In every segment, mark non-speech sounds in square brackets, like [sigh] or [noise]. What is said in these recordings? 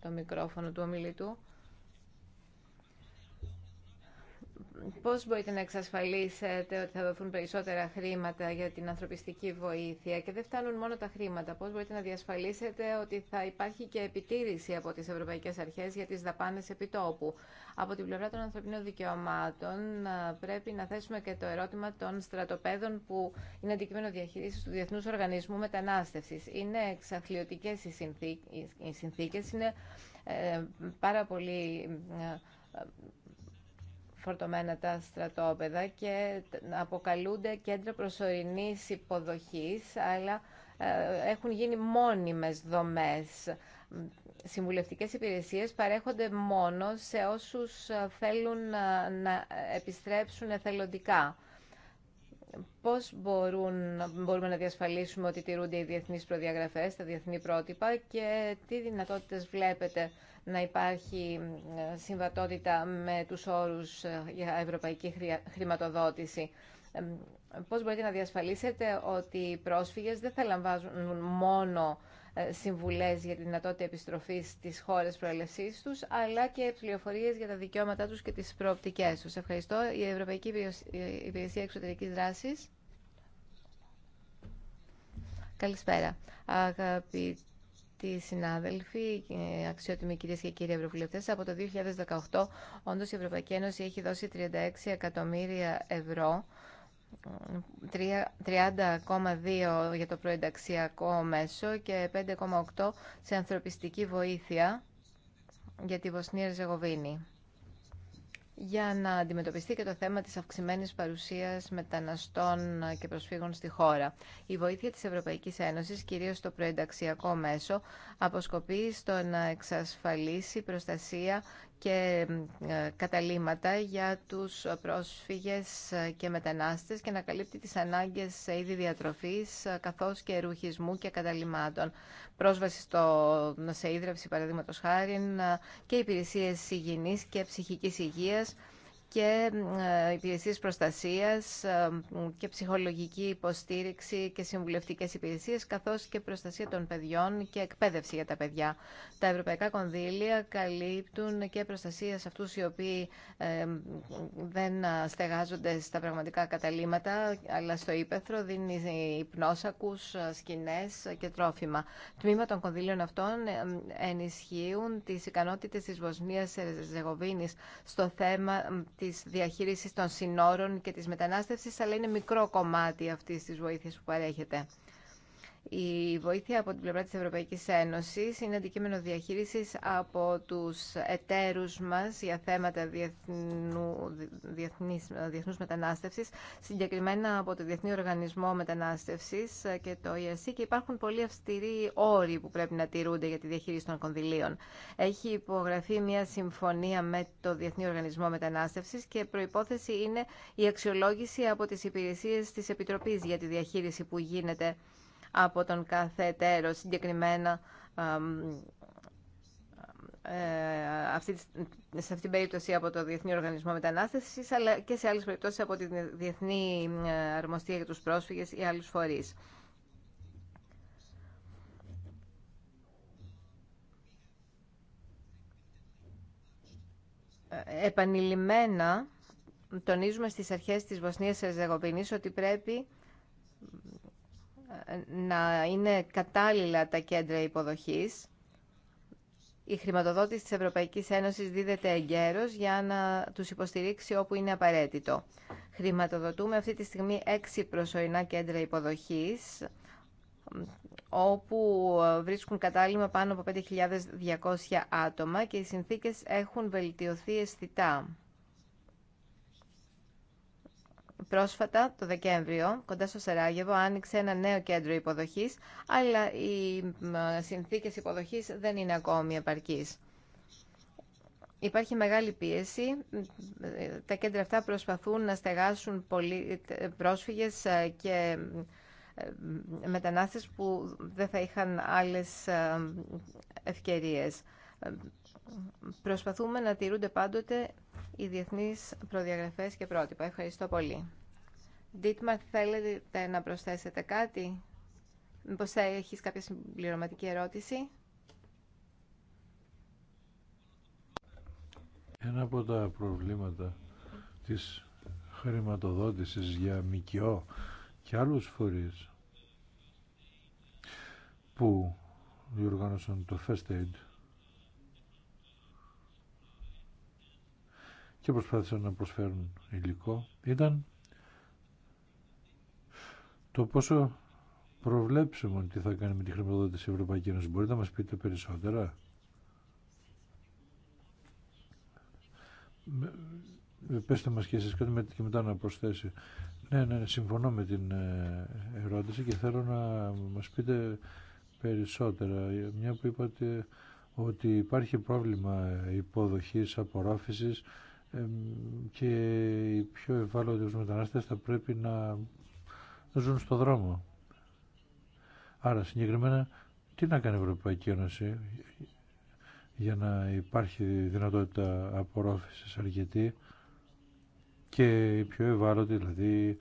το μικρόφωνο του ομιλητού. πώς μπορείτε να εξασφαλίσετε ότι θα δοθούν περισσότερα χρήματα για την ανθρωπιστική βοήθεια και δεν φτάνουν μόνο τα χρήματα. Πώς μπορείτε να διασφαλίσετε ότι θα υπάρχει και επιτήρηση από τις ευρωπαϊκές αρχές για τις δαπάνες επιτόπου. Από την πλευρά των ανθρωπίνων δικαιωμάτων πρέπει να θέσουμε και το ερώτημα των στρατοπέδων που είναι αντικείμενο διαχείρισης του Διεθνούς Οργανισμού Μετανάστευσης. Είναι εξαθλειωτικές οι συνθήκες, είναι ε, πάρα πολύ ε, φορτωμένα τα στρατόπεδα και αποκαλούνται κέντρα προσωρινής υποδοχής, αλλά ε, έχουν γίνει μόνιμες δομές. Συμβουλευτικές υπηρεσίες παρέχονται μόνο σε όσους ε, θέλουν ε, να επιστρέψουν εθελοντικά. Πώς μπορούν, μπορούμε να διασφαλίσουμε ότι τηρούνται οι διεθνείς προδιαγραφές, τα διεθνή πρότυπα και τι δυνατότητες βλέπετε να υπάρχει ε, συμβατότητα με τους όρους ε, για ευρωπαϊκή χρηματοδότηση. Ε, πώς μπορείτε να διασφαλίσετε ότι οι πρόσφυγες δεν θα λαμβάνουν μόνο συμβουλές για τη δυνατότητα επιστροφής στις χώρες προελευσής τους, αλλά και πληροφορίες για τα δικαιώματά τους και τις προοπτικές τους. Ευχαριστώ. Η Ευρωπαϊκή Υπηρεσία Εξωτερικής Δράσης. Καλησπέρα τη συνάδελφοι, αξιότιμοι κυρίες και κύριοι ευρωβουλευτές, από το 2018 όντως η Ευρωπαϊκή Ένωση έχει δώσει 36 εκατομμύρια ευρώ 30,2 για το προενταξιακό μέσο και 5,8 σε ανθρωπιστική βοήθεια για τη Βοσνία Ριζεγοβίνη για να αντιμετωπιστεί και το θέμα της αυξημένης παρουσίας μεταναστών και προσφύγων στη χώρα. Η βοήθεια της Ευρωπαϊκής Ένωσης, κυρίως στο προενταξιακό μέσο, αποσκοπεί στο να εξασφαλίσει προστασία και ε, καταλήματα για τους πρόσφυγες ε, και μετανάστες και να καλύπτει τις ανάγκες σε είδη διατροφής ε, καθώς και ρουχισμού και καταλήμματων. Πρόσβαση στο, σε ίδρυυση παραδείγματος χάρη και υπηρεσίες υγιεινής και ψυχικής υγείας και ε, υπηρεσίε προστασίας ε, και ψυχολογική υποστήριξη και συμβουλευτικές υπηρεσίες καθώς και προστασία των παιδιών και εκπαίδευση για τα παιδιά. Τα ευρωπαϊκά κονδύλια καλύπτουν και προστασία σε αυτούς οι οποίοι ε, δεν στεγάζονται στα πραγματικά καταλήματα, αλλά στο ύπεθρο δίνει υπνόσακους, σκηνές και τρόφιμα. Τμήμα των κονδύλιων αυτών ενισχύουν τις ικανότητες της Βοσνίας Ζεγοβίνης στο θέμα της διαχείρισης των συνόρων και της μετανάστευσης, αλλά είναι μικρό κομμάτι αυτής της βοήθειας που παρέχεται. Η βοήθεια από την πλευρά της Ευρωπαϊκής Ένωσης είναι αντικείμενο διαχείρισης από τους εταίρους μας για θέματα διεθνού, διεθνής, διεθνούς μετανάστευσης, συγκεκριμένα από το Διεθνή Οργανισμό Μετανάστευσης και το ERC και υπάρχουν πολύ αυστηροί όροι που πρέπει να τηρούνται για τη διαχείριση των κονδυλίων. Έχει υπογραφεί μια συμφωνία με το Διεθνή Οργανισμό Μετανάστευσης και προϋπόθεση είναι η αξιολόγηση από τις υπηρεσίες της Επιτροπής για τη διαχείριση που γίνεται από τον κάθε εταίρο συγκεκριμένα ε, αυτή, σε αυτήν την περίπτωση από το Διεθνή Οργανισμό Μετανάστευσης αλλά και σε άλλες περιπτώσεις από τη Διεθνή ε, Αρμοστία για τους Πρόσφυγες ή άλλους φορείς. Ε, επανειλημμένα τονίζουμε στις αρχές της Βοσνίας Ερζεγοβίνης ότι πρέπει να είναι κατάλληλα τα κέντρα υποδοχής. Η χρηματοδότηση της Ευρωπαϊκής Ένωσης δίδεται εγκαίρως για να τους υποστηρίξει όπου είναι απαραίτητο. Χρηματοδοτούμε αυτή τη στιγμή έξι προσωρινά κέντρα υποδοχής, όπου βρίσκουν κατάλημα πάνω από 5.200 άτομα και οι συνθήκες έχουν βελτιωθεί αισθητά. Πρόσφατα, το Δεκέμβριο, κοντά στο Σεράγεβο, άνοιξε ένα νέο κέντρο υποδοχής, αλλά οι συνθήκες υποδοχής δεν είναι ακόμη επαρκείς. Υπάρχει μεγάλη πίεση. Τα κέντρα αυτά προσπαθούν να στεγάσουν πρόσφυγες ε, και ε, μετανάστες που δεν θα είχαν άλλες ε, ευκαιρίες. Προσπαθούμε να τηρούνται πάντοτε οι διεθνείς προδιαγραφές και πρότυπα. Ευχαριστώ πολύ. Δίτμα, θέλετε να προσθέσετε κάτι. Μήπως έχεις κάποια συμπληρωματική ερώτηση. Ένα από τα προβλήματα της χρηματοδότησης για ΜΚΟ και άλλους φορείς που διοργάνωσαν το First Aid και προσπάθησαν να προσφέρουν υλικό ήταν το πόσο προβλέψουμε τι θα κάνει με τη χρηματοδότηση της Ευρωπαϊκής Ένωσης. Μπορείτε να μας πείτε περισσότερα. πέστε μας και εσείς κάτι και μετά να προσθέσει. Ναι, ναι, συμφωνώ με την ε, ερώτηση και θέλω να μας πείτε περισσότερα. Μια που είπατε ότι υπάρχει πρόβλημα υποδοχής, απορρόφησης, και οι πιο ευάλωτες μετανάστες θα πρέπει να ζουν στο δρόμο. Άρα συγκεκριμένα τι να κάνει η Ευρωπαϊκή Ένωση για να υπάρχει δυνατότητα απορρόφησης αρκετή και οι πιο ευάλωτοι, δηλαδή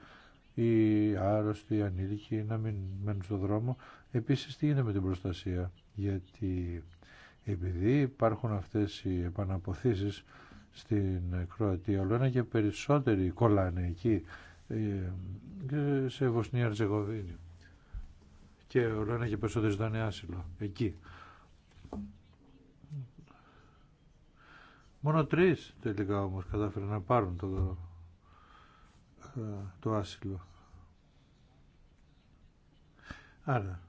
οι άρρωστοι, οι ανήλικοι, να μην μένουν στο δρόμο. Επίσης, τι γίνεται με την προστασία, γιατί επειδή υπάρχουν αυτές οι επαναποθήσεις, στην Κροατία. Όλο ένα και περισσότεροι κολλάνε εκεί ε, σε Βοσνία Ρτζεγοβίνη Και όλο ένα και περισσότερο ζητάνε άσυλο εκεί. Μόνο τρεις τελικά όμως κατάφεραν να πάρουν το, ε, το άσυλο. Άρα,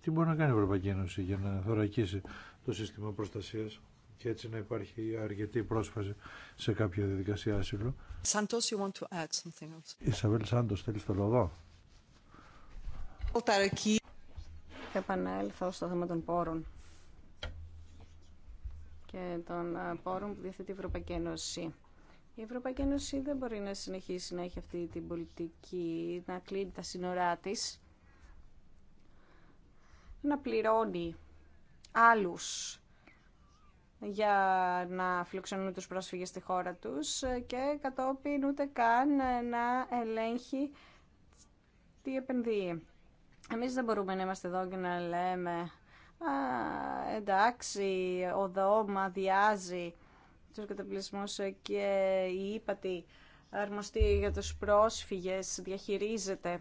τι μπορεί να κάνει η Ευρωπαϊκή Ένωση για να θωρακίσει το σύστημα προστασίας και έτσι να υπάρχει αρκετή πρόσφαση σε κάποια διαδικασία άσυλου. Santos, you want to add something else. Ισαβέλ Σάντος, θέλεις το λόγο. Θα επανέλθω στο θέμα των πόρων και των πόρων που διαθέτει η Ευρωπαϊκή Ένωση. Η Ευρωπαϊκή Ένωση δεν μπορεί να συνεχίσει να έχει αυτή την πολιτική, να κλείνει τα σύνορά της, να πληρώνει άλλους για να φιλοξενούν τους πρόσφυγες στη χώρα τους και κατόπιν ούτε καν να ελέγχει τι επενδύει. Εμείς δεν μπορούμε να είμαστε εδώ και να λέμε εντάξει, ο δώμα διάζει τους καταπλησμούς και η ύπατη αρμοστή για τους πρόσφυγες διαχειρίζεται»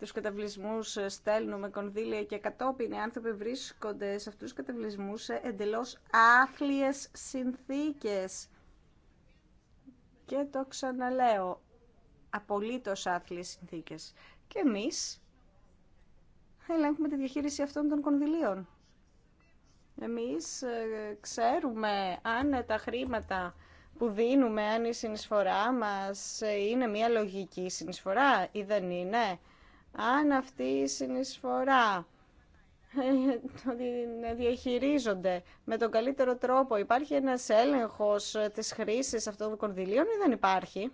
τους καταβλισμούς ε, στέλνουμε κονδύλια και κατόπιν οι άνθρωποι βρίσκονται σε αυτούς τους καταβλισμούς σε εντελώς άθλιες συνθήκες. Και το ξαναλέω, απολύτως άθλιες συνθήκες. Και εμείς ελέγχουμε τη διαχείριση αυτών των κονδυλίων. Εμείς ε, ξέρουμε αν τα χρήματα που δίνουμε, αν η συνεισφορά μας ε, είναι μια λογική συνεισφορά ή δεν είναι αν αυτή η συνεισφορά ε, διαχειρίζονται με τον καλύτερο τρόπο. Υπάρχει ένας έλεγχος ε, της χρήσης αυτών των κονδυλίων ή δεν υπάρχει.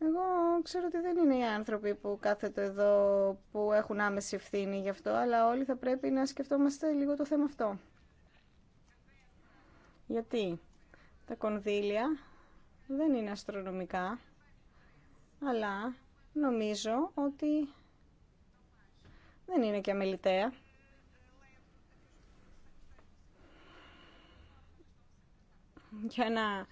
Εγώ ξέρω ότι δεν είναι οι άνθρωποι που κάθεται εδώ που έχουν άμεση ευθύνη γι' αυτό, αλλά όλοι θα πρέπει να σκεφτόμαστε λίγο το θέμα αυτό. Γιατί τα κονδύλια δεν είναι αστρονομικά αλλά νομίζω ότι δεν είναι και αμεληταία. Για να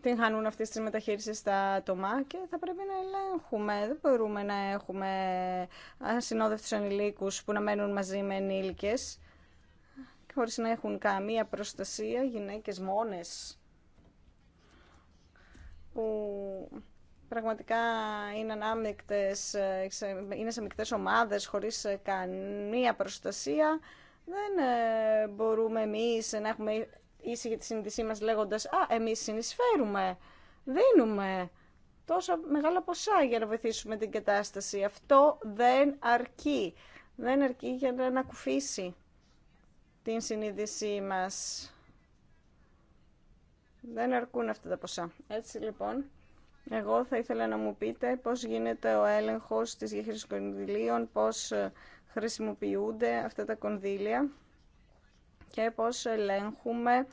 την χάνουν αυτές τις μεταχείρισεις στα άτομα και θα πρέπει να ελέγχουμε. Δεν μπορούμε να έχουμε ασυνόδευτους ανηλίκους που να μένουν μαζί με ενήλικες χωρίς να έχουν καμία προστασία γυναίκες μόνες που πραγματικά είναι ανάμεικτες, είναι σε μεικτές ομάδες χωρίς ε, καμία προστασία, δεν ε, μπορούμε εμείς να έχουμε ίση για τη συνείδησή μας λέγοντας «Α, εμείς συνεισφέρουμε, δίνουμε» τόσα μεγάλα ποσά για να βοηθήσουμε την κατάσταση. Αυτό δεν αρκεί. Δεν αρκεί για να ανακουφίσει την συνείδησή μας. Δεν αρκούν αυτά τα ποσά. Έτσι λοιπόν, εγώ θα ήθελα να μου πείτε πώς γίνεται ο έλεγχος της διαχείρισης κονδυλίων, πώς χρησιμοποιούνται αυτά τα κονδύλια και πώς ελέγχουμε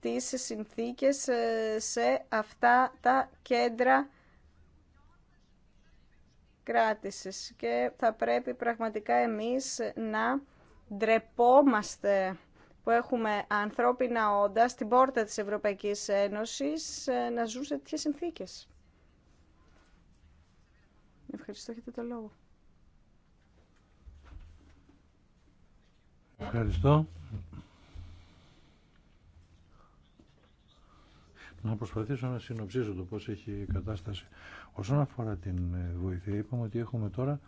τις συνθήκες ε, σε αυτά τα κέντρα κράτησης. Και θα πρέπει πραγματικά εμείς να ντρεπόμαστε που έχουμε ανθρώπινα όντα στην πόρτα της Ευρωπαϊκής Ένωσης ε, να ζουν σε τέτοιες συνθήκες. Ευχαριστώ, έχετε το λόγο. Ευχαριστώ. Να προσπαθήσω να συνοψίσω το πώς έχει η κατάσταση. Όσον αφορά την ε, βοήθεια, είπαμε ότι έχουμε τώρα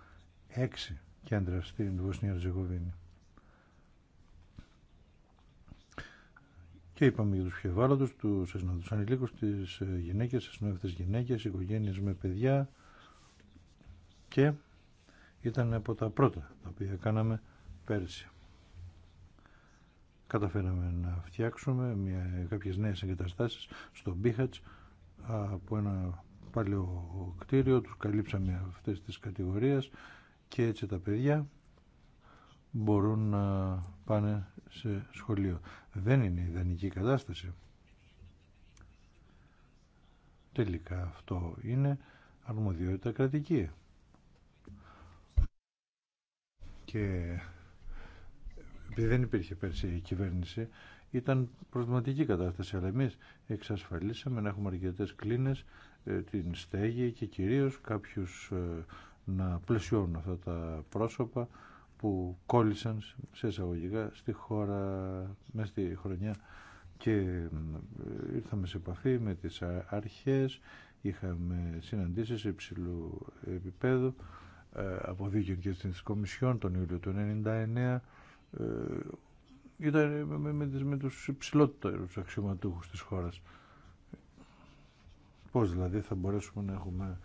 έξι κέντρα στην Βοσνία Ριζεγοβίνη. Και είπαμε για τους πιο ευάλωτους, τους ανηλίκους, τις ε, γυναίκες, τις συνόδευτες γυναίκες, οικογένειες με παιδιά, και ήταν από τα πρώτα τα οποία κάναμε πέρσι. Καταφέραμε να φτιάξουμε μια, κάποιες νέες εγκαταστάσεις στο Μπίχατς από ένα παλαιό κτίριο, τους καλύψαμε αυτές τις κατηγορίες και έτσι τα παιδιά μπορούν να πάνε σε σχολείο. Δεν είναι ιδανική κατάσταση. Τελικά αυτό είναι αρμοδιότητα κρατική. και επειδή δεν υπήρχε πέρσι η κυβέρνηση, ήταν προβληματική κατάσταση, αλλά εμεί εξασφαλίσαμε να έχουμε αρκετές κλίνες, ε, την στέγη και κυρίως κάποιους ε, να πλαισιώνουν αυτά τα πρόσωπα που κόλλησαν σε εισαγωγικά στη χώρα, μέσα στη χρονιά και ε, ήρθαμε σε επαφή με τις αρχές, είχαμε συναντήσεις υψηλού επίπεδου ε, δίκαιο και της Κομισιόν τον Ιούλιο του 1999 ε, ήταν με, με, με τους υψηλότερους αξιωματούχους της χώρας. Πώς δηλαδή θα μπορέσουμε να έχουμε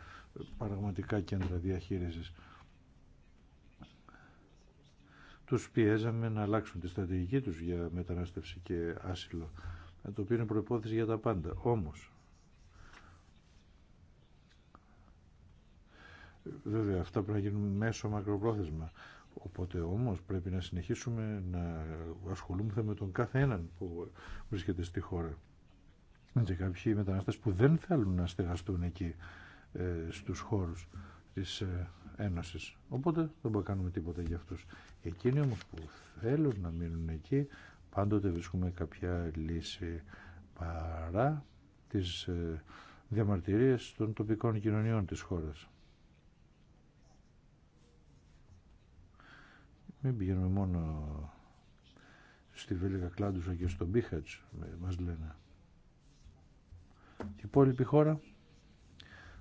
πραγματικά κέντρα διαχείρισης. Τους πιέζαμε να αλλάξουν τη στρατηγική τους για μετανάστευση και άσυλο, το οποίο είναι προϋπόθεση για τα πάντα. Όμως, Βέβαια αυτά πρέπει να γίνουν μέσω μακροπρόθεσμα. Οπότε όμω πρέπει να συνεχίσουμε να ασχολούμαστε με τον κάθε έναν που βρίσκεται στη χώρα. Και κάποιοι μετανάστες που δεν θέλουν να στεγαστούν εκεί ε, στους χώρους της ε, Ένωση. Οπότε δεν μπορούμε να κάνουμε τίποτα για αυτούς. Εκείνοι όμω που θέλουν να μείνουν εκεί πάντοτε βρίσκουμε κάποια λύση παρά τις ε, διαμαρτυρίε των τοπικών κοινωνιών τη χώρα. Μην πηγαίνουμε μόνο στη Βέλγα Κλάντουσα και στον Μπίχατς, μας λένε. Και η υπόλοιπη χώρα,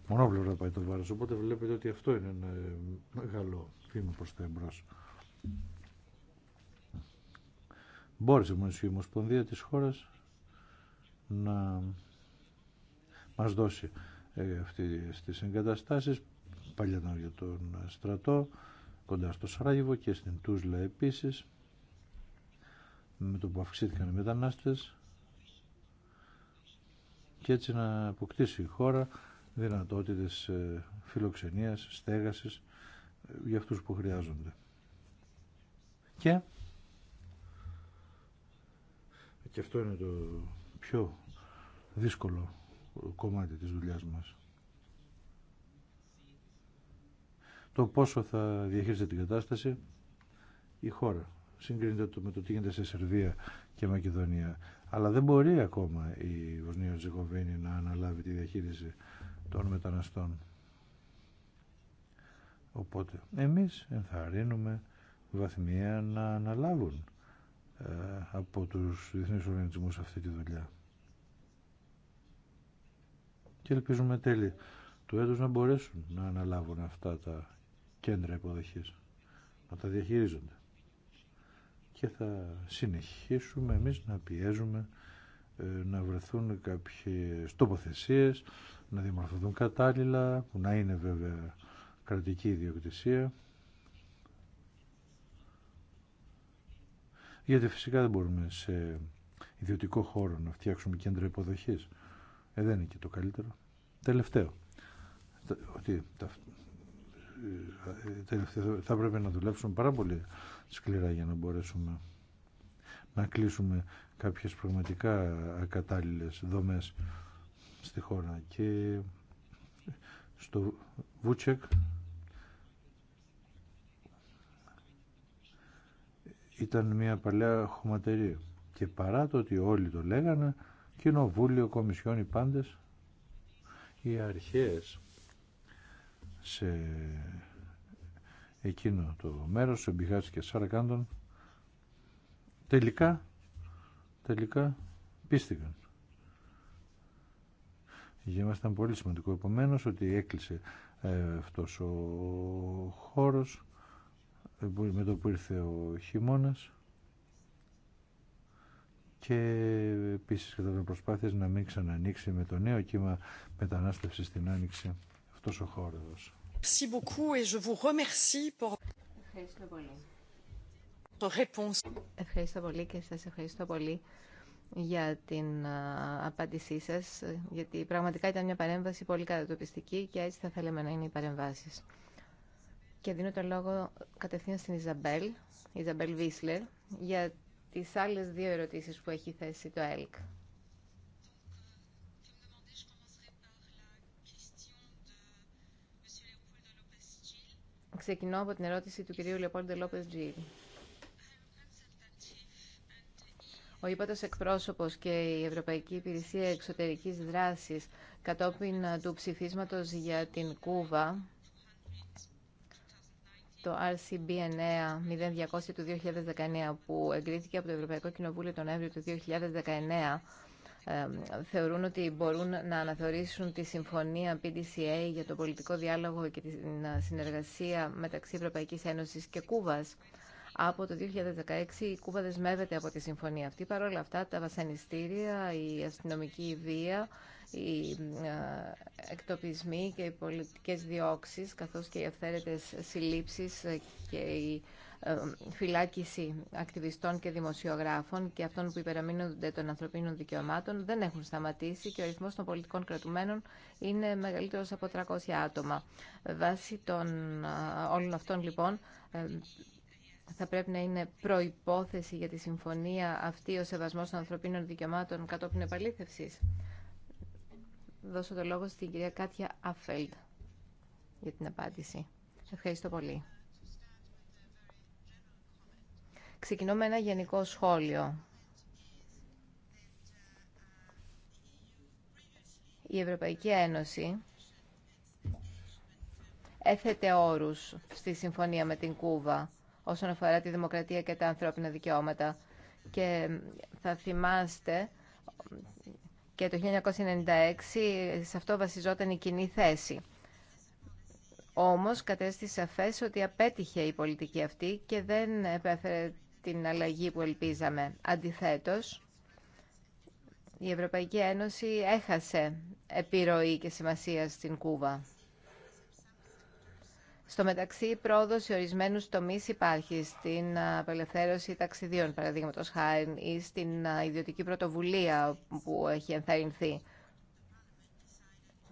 μονόπλευρα πάει το βάρος, οπότε βλέπετε ότι αυτό είναι ένα ε, μεγάλο βήμα προς τα εμπρός. Μπόρεσε η Ομοσπονδία της χώρας να μας δώσει ε, αυτές τις εγκαταστάσεις, παλιά για τον στρατό, κοντά στο Σαράγεβο και στην Τούσλα επίσης με το που αυξήθηκαν οι μετανάστες και έτσι να αποκτήσει η χώρα δυνατότητες ε, φιλοξενίας, στέγασης ε, για αυτούς που χρειάζονται. Και, και αυτό είναι το πιο δύσκολο κομμάτι της δουλειάς μας. το πόσο θα διαχείριζε την κατάσταση η χώρα. Συγκρίνεται το με το τι γίνεται σε Σερβία και Μακεδονία. Αλλά δεν μπορεί ακόμα η Βοσνία Ζεγοβίνη να αναλάβει τη διαχείριση των μεταναστών. Οπότε εμείς ενθαρρύνουμε βαθμία να αναλάβουν ε, από τους διεθνείς οργανισμούς αυτή τη δουλειά. Και ελπίζουμε τέλη του έτους να μπορέσουν να αναλάβουν αυτά τα κέντρα υποδοχής. Να τα διαχειρίζονται. Και θα συνεχίσουμε εμείς να πιέζουμε ε, να βρεθούν κάποιες τοποθεσίες, να δημορφωθούν κατάλληλα, που να είναι βέβαια κρατική ιδιοκτησία. Γιατί φυσικά δεν μπορούμε σε ιδιωτικό χώρο να φτιάξουμε κέντρα υποδοχής. Ε, δεν είναι και το καλύτερο. Τελευταίο, ότι θα πρέπει να δουλέψουμε πάρα πολύ σκληρά για να μπορέσουμε να κλείσουμε κάποιες πραγματικά ακατάλληλες δομές στη χώρα και στο Βούτσεκ ήταν μια παλιά χωματερή και παρά το ότι όλοι το λέγανε κοινοβούλιο, κομισιόν, οι πάντες οι αρχές σε εκείνο το μέρος, σε Μπιχάτς και Σαρακάντων, τελικά, τελικά πίστηκαν. Για μας ήταν πολύ σημαντικό επομένως ότι έκλεισε ε, αυτός ο χώρος ε, με το που ήρθε ο χειμώνα. και επίσης κατάλληλα προσπάθειες να μην ξανανοίξει με το νέο κύμα μετανάστευση στην άνοιξη αυτός ο χώρος. Ευχαριστώ πολύ. και σας ευχαριστώ πολύ για την απάντησή σας, γιατί πραγματικά ήταν μια παρέμβαση πολύ κατατοπιστική και έτσι θα θέλαμε να είναι οι παρεμβάσεις. Και δίνω το λόγο κατευθείαν στην Ιζαμπέλ, Ιζαμπέλ Βίσλερ, για τις άλλες δύο ερωτήσεις που έχει θέσει το ΕΛΚ. Ξεκινώ από την ερώτηση του κυρίου Λεπόρντε Λόπες Τζιλ. Ο ύπατος εκπρόσωπο και η Ευρωπαϊκή Υπηρεσία Εξωτερικής Δράσης κατόπιν του ψηφίσματος για την Κούβα το RCB 9 0200 του 2019 που εγκρίθηκε από το Ευρωπαϊκό Κοινοβούλιο τον Νοέμβριο του 2019 θεωρούν ότι μπορούν να αναθεωρήσουν τη συμφωνία PDCA για το πολιτικό διάλογο και τη συνεργασία μεταξύ Ευρωπαϊκής Ένωσης και Κούβας. Από το 2016 η Κούβα δεσμεύεται από τη συμφωνία αυτή. Παρ' όλα αυτά τα βασανιστήρια, η αστυνομική βία, οι ε, εκτοπισμοί και οι πολιτικές διώξεις καθώς και οι αυθαίρετες συλλήψεις ε, και οι ε, φυλάκιση ακτιβιστών και δημοσιογράφων και αυτών που υπεραμείνονται των ανθρωπίνων δικαιωμάτων δεν έχουν σταματήσει και ο αριθμός των πολιτικών κρατουμένων είναι μεγαλύτερος από 300 άτομα. Βάσει των ε, όλων αυτών λοιπόν ε, θα πρέπει να είναι προϋπόθεση για τη συμφωνία αυτή ο σεβασμός των ανθρωπίνων δικαιωμάτων κατόπιν επαλήθευσης. Δώσω το λόγο στην κυρία Κάτια Αφέλτ για την απάντηση. Ευχαριστώ πολύ. Ξεκινώ με ένα γενικό σχόλιο. Η Ευρωπαϊκή Ένωση έθετε όρους στη συμφωνία με την Κούβα όσον αφορά τη δημοκρατία και τα ανθρώπινα δικαιώματα. Και θα θυμάστε και το 1996 σε αυτό βασιζόταν η κοινή θέση. Όμως κατέστησε σαφές ότι απέτυχε η πολιτική αυτή και δεν επέφερε την αλλαγή που ελπίζαμε. Αντιθέτως, η Ευρωπαϊκή Ένωση έχασε επιρροή και σημασία στην Κούβα. Στο μεταξύ, η πρόοδο σε ορισμένου τομεί υπάρχει, στην απελευθέρωση ταξιδίων, παραδείγματο χάρη, ή στην ε, ιδιωτική πρωτοβουλία που έχει ενθαρρυνθεί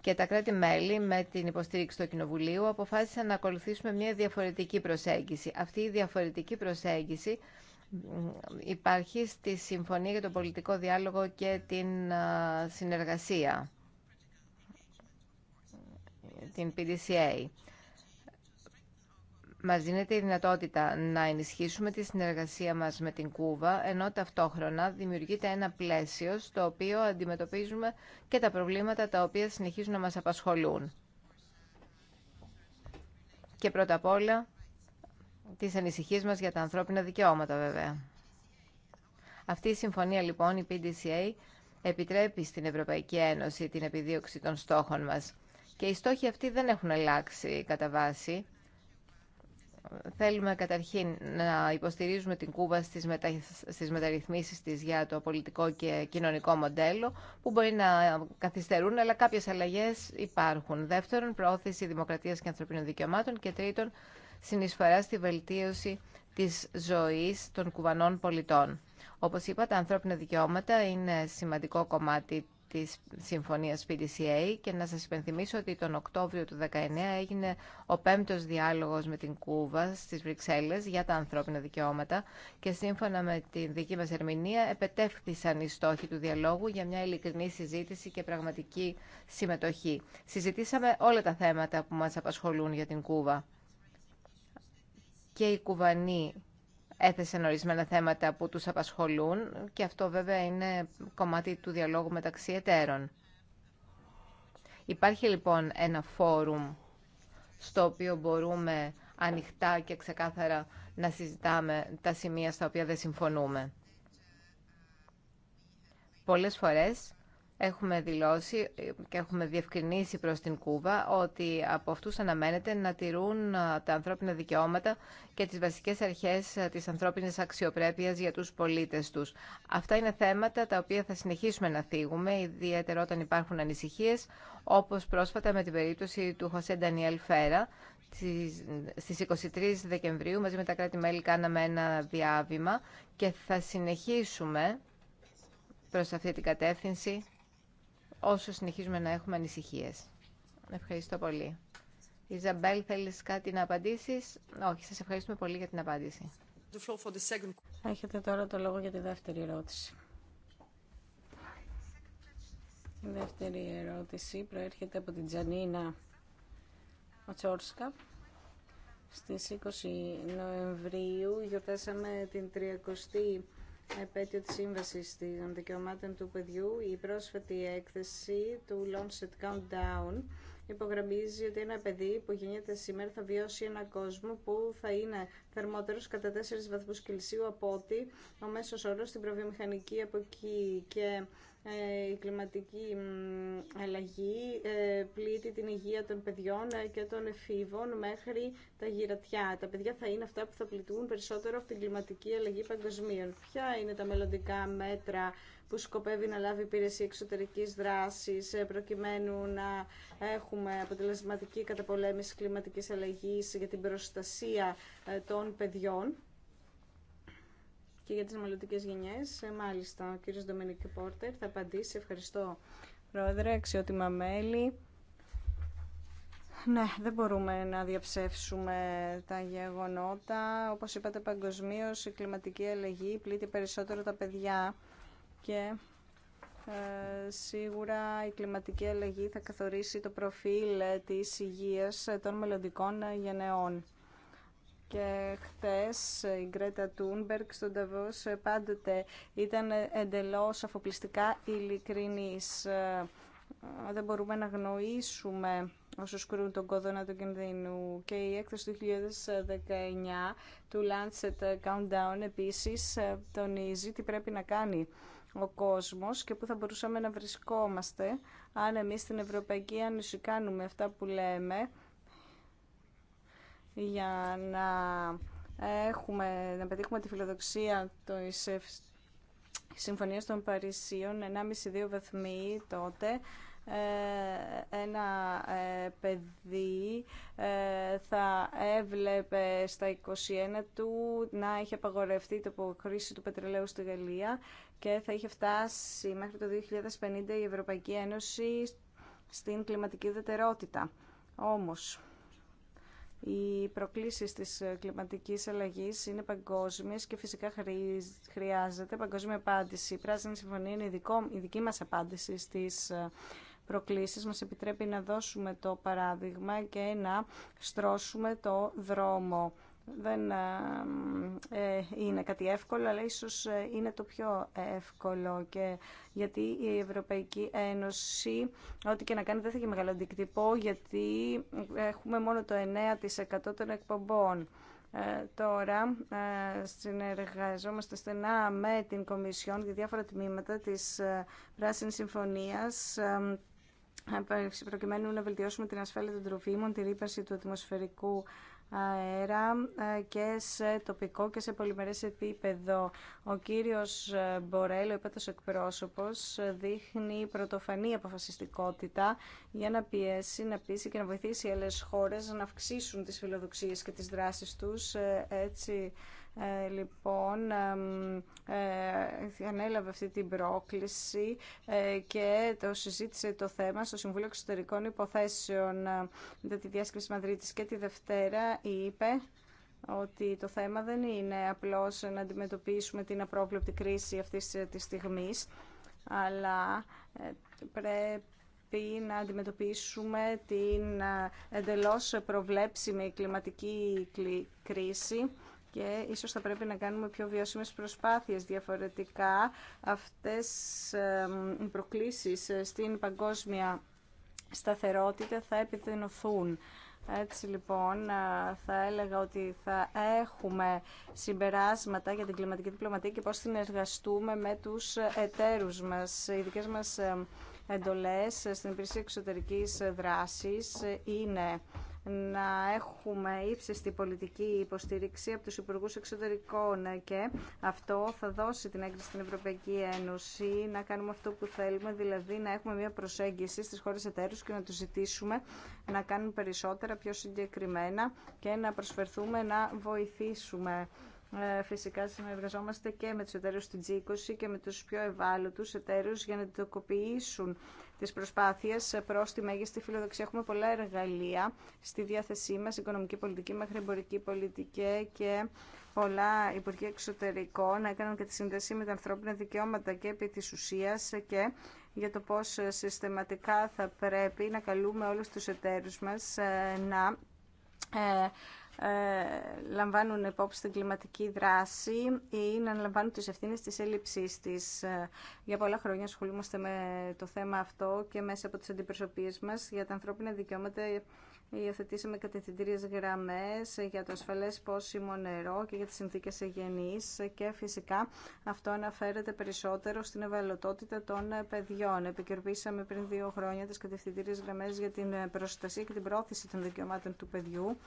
και τα κράτη-μέλη με την υποστήριξη του Κοινοβουλίου αποφάσισαν να ακολουθήσουμε μια διαφορετική προσέγγιση. Αυτή η διαφορετική προσέγγιση υπάρχει στη Συμφωνία για τον Πολιτικό Διάλογο και την συνεργασία, την PDCA. Μας δίνεται η δυνατότητα να ενισχύσουμε τη συνεργασία μας με την Κούβα, ενώ ταυτόχρονα δημιουργείται ένα πλαίσιο στο οποίο αντιμετωπίζουμε και τα προβλήματα τα οποία συνεχίζουν να μας απασχολούν. Και πρώτα απ' όλα, τις ανησυχίες μας για τα ανθρώπινα δικαιώματα βέβαια. Αυτή η συμφωνία λοιπόν, η PDCA, επιτρέπει στην Ευρωπαϊκή Ένωση την επιδίωξη των στόχων μας. Και οι στόχοι αυτοί δεν έχουν αλλάξει κατά βάση. Θέλουμε καταρχήν να υποστηρίζουμε την Κούβα στις, μετα... στις μεταρρυθμίσεις της για το πολιτικό και κοινωνικό μοντέλο που μπορεί να καθυστερούν αλλά κάποιες αλλαγές υπάρχουν. Δεύτερον, προώθηση δημοκρατίας και ανθρωπίνων δικαιωμάτων και τρίτον, συνεισφορά στη βελτίωση της ζωής των κουβανών πολιτών. Όπως είπα, τα ανθρώπινα δικαιώματα είναι σημαντικό κομμάτι της Συμφωνίας PDCA και να σας υπενθυμίσω ότι τον Οκτώβριο του 2019 έγινε ο πέμπτος διάλογος με την Κούβα στις Βρυξέλλες για τα ανθρώπινα δικαιώματα και σύμφωνα με τη δική μας ερμηνεία επετέφθησαν οι στόχοι του διαλόγου για μια ειλικρινή συζήτηση και πραγματική συμμετοχή. Συζητήσαμε όλα τα θέματα που μας απασχολούν για την Κούβα. Και οι Κουβανοί έθεσαν ορισμένα θέματα που τους απασχολούν και αυτό βέβαια είναι κομμάτι του διαλόγου μεταξύ εταίρων. Υπάρχει λοιπόν ένα φόρουμ στο οποίο μπορούμε ανοιχτά και ξεκάθαρα να συζητάμε τα σημεία στα οποία δεν συμφωνούμε. Πολλές φορές Έχουμε δηλώσει και έχουμε διευκρινίσει προς την Κούβα ότι από αυτούς αναμένεται να τηρούν ε, τα ανθρώπινα δικαιώματα και τις βασικές αρχές ε, της ανθρώπινης αξιοπρέπειας για τους πολίτες τους. Αυτά είναι θέματα τα οποία θα συνεχίσουμε να θίγουμε, ιδιαίτερα όταν υπάρχουν ανησυχίες, όπως πρόσφατα με την περίπτωση του Χωσέ Ντανιέλ Φέρα. Στις 23 Δεκεμβρίου μαζί με τα κράτη-μέλη κάναμε ένα διάβημα και θα συνεχίσουμε προς αυτή την κατεύθυνση όσο συνεχίζουμε να έχουμε ανησυχίες. Ευχαριστώ πολύ. Ιζαμπέλ, θέλεις κάτι να απαντήσεις? Όχι, σας ευχαριστούμε πολύ για την απάντηση. Έχετε τώρα το λόγο για τη δεύτερη ερώτηση. Η δεύτερη ερώτηση προέρχεται από την Τζανίνα Ματσόρσκα. Στις 20 Νοεμβρίου γιορτάσαμε την 30η επέτειο της Σύμβασης των Δικαιωμάτων του Παιδιού, η πρόσφατη έκθεση του Launch Countdown υπογραμμίζει ότι ένα παιδί που γεννιέται σήμερα θα βιώσει ένα κόσμο που θα είναι θερμότερος κατά 4 βαθμούς Κελσίου από ότι ο μέσος όρος στην προβιομηχανική εποχή και ε, η κλιματική αλλαγή ε, πλήττει την υγεία των παιδιών ε, και των εφήβων μέχρι τα γυρατιά. Τα παιδιά θα είναι αυτά που θα πληττούν περισσότερο από την κλιματική αλλαγή παγκοσμίων. Ποια είναι τα μελλοντικά μέτρα που σκοπεύει να λάβει υπηρεσία εξωτερική δράση προκειμένου να έχουμε αποτελεσματική καταπολέμηση κλιματική αλλαγή για την προστασία των παιδιών και για τις μελλοντικέ γενιές. Ε, μάλιστα, ο κύριος Ντομινίκ Πόρτερ θα απαντήσει. Ευχαριστώ, Πρόεδρε, αξιότιμα μέλη. Ναι, δεν μπορούμε να διαψεύσουμε τα γεγονότα. Όπως είπατε παγκοσμίω, η κλιματική αλλαγή πλήττει περισσότερο τα παιδιά και ε, σίγουρα η κλιματική αλλαγή θα καθορίσει το προφίλ της υγείας των μελλοντικών γενεών. Και χτες η Γκρέτα Τούνμπερκ στον Ταβός πάντοτε ήταν εντελώς αφοπλιστικά ειλικρινής. Ε, δεν μπορούμε να γνωρίσουμε όσους κρούν τον κόδωνα του κινδύνου. Και η έκθεση του 2019 του Lancet Countdown επίσης ε, τονίζει τι πρέπει να κάνει ο κόσμος και πού θα μπορούσαμε να βρισκόμαστε αν εμείς στην Ευρωπαϊκή Ένωση κάνουμε αυτά που λέμε για να έχουμε, να πετύχουμε τη φιλοδοξία του Συμφωνίας των Παρισίων 1,5-2 βαθμοί τότε ε, ένα ε, παιδί ε, θα έβλεπε στα 21 του να είχε απαγορευτεί το χρήση του πετρελαίου στη Γαλλία και θα είχε φτάσει μέχρι το 2050 η Ευρωπαϊκή Ένωση στην κλιματική δετερότητα. Όμως, οι προκλήσεις της κλιματικής αλλαγής είναι παγκόσμιες και φυσικά χρειάζεται παγκόσμια απάντηση. Η Πράσινη Συμφωνία είναι η δική μας απάντηση στις ε, προκλήσεις. Μας επιτρέπει να δώσουμε το παράδειγμα και να στρώσουμε το δρόμο δεν ε, ε, είναι κάτι εύκολο, αλλά ίσως ε, είναι το πιο εύκολο και γιατί η Ευρωπαϊκή Ένωση, ό,τι και να κάνει δεν θα έχει μεγάλο αντικτυπώ, γιατί έχουμε μόνο το 9% των εκπομπών. τώρα συνεργαζόμαστε στενά με την Κομισιόν για διάφορα τμήματα της ε, Πράσινης Συμφωνίας προκειμένου να βελτιώσουμε την ασφάλεια των τροφίμων, την ρήπανση του ατμοσφαιρικού αέρα ε, και σε τοπικό και σε πολυμερές επίπεδο. Ο κύριος ε, Μπορέλ, ο υπέτος εκπρόσωπος, ε, δείχνει πρωτοφανή αποφασιστικότητα για να πιέσει, να πείσει και να βοηθήσει άλλες χώρες να αυξήσουν τις φιλοδοξίες και τις δράσεις τους έτσι ε, λοιπόν, ε, ανέλαβε αυτή την πρόκληση ε, και το συζήτησε το θέμα στο Συμβούλιο Εξωτερικών Υποθέσεων για ε, τη διάσκεψη Μαδρίτης και τη Δευτέρα είπε ότι το θέμα δεν είναι απλώς να αντιμετωπίσουμε την απρόβλεπτη κρίση αυτής της στιγμής, αλλά πρέπει να αντιμετωπίσουμε την εντελώς προβλέψιμη κλιματική κρίση και ίσως θα πρέπει να κάνουμε πιο βιώσιμες προσπάθειες διαφορετικά αυτές οι προκλήσεις ε, στην παγκόσμια σταθερότητα θα επιδεινωθούν. Έτσι λοιπόν ε, θα έλεγα ότι θα έχουμε συμπεράσματα για την κλιματική διπλωματία και πώς συνεργαστούμε με τους εταίρους μας. Οι δικές μας εντολές ε, στην υπηρεσία εξωτερικής δράσης είναι να έχουμε ύψιστη πολιτική υποστήριξη από τους Υπουργούς Εξωτερικών και αυτό θα δώσει την έγκριση στην Ευρωπαϊκή Ένωση να κάνουμε αυτό που θέλουμε, δηλαδή να έχουμε μια προσέγγιση στις χώρες εταίρους και να τους ζητήσουμε να κάνουν περισσότερα, πιο συγκεκριμένα και να προσφερθούμε να βοηθήσουμε. Ε, φυσικά συνεργαζόμαστε και με τους εταίρους του G20 και με τους πιο ευάλωτους εταίρους για να διδοκοποιήσουν τις προσπάθειες προ τη μέγιστη φιλοδοξία. Έχουμε πολλά εργαλεία στη διάθεσή μα, οικονομική πολιτική μέχρι εμπορική πολιτική και πολλά Υπουργεία Εξωτερικών έκαναν και τη σύνδεση με τα ανθρώπινα δικαιώματα και επί τη ουσία και για το πώς συστηματικά θα πρέπει να καλούμε όλους τους εταίρους μας ε, να ε, ε, λαμβάνουν υπόψη την κλιματική δράση ή να αναλαμβάνουν τις ευθύνες της έλλειψής της. Ε, για πολλά χρόνια ασχολούμαστε με το θέμα αυτό και μέσα από τις αντιπροσωπείες μας για τα ανθρώπινα δικαιώματα Υιοθετήσαμε κατευθυντήριες γραμμές για το ασφαλές πόσιμο νερό και για τις συνθήκες εγγενής και φυσικά αυτό αναφέρεται περισσότερο στην ευαλωτότητα των παιδιών. Επικερπίσαμε πριν δύο χρόνια τις κατευθυντήριες γραμμές για την προστασία και την πρόθεση των δικαιωμάτων του παιδιού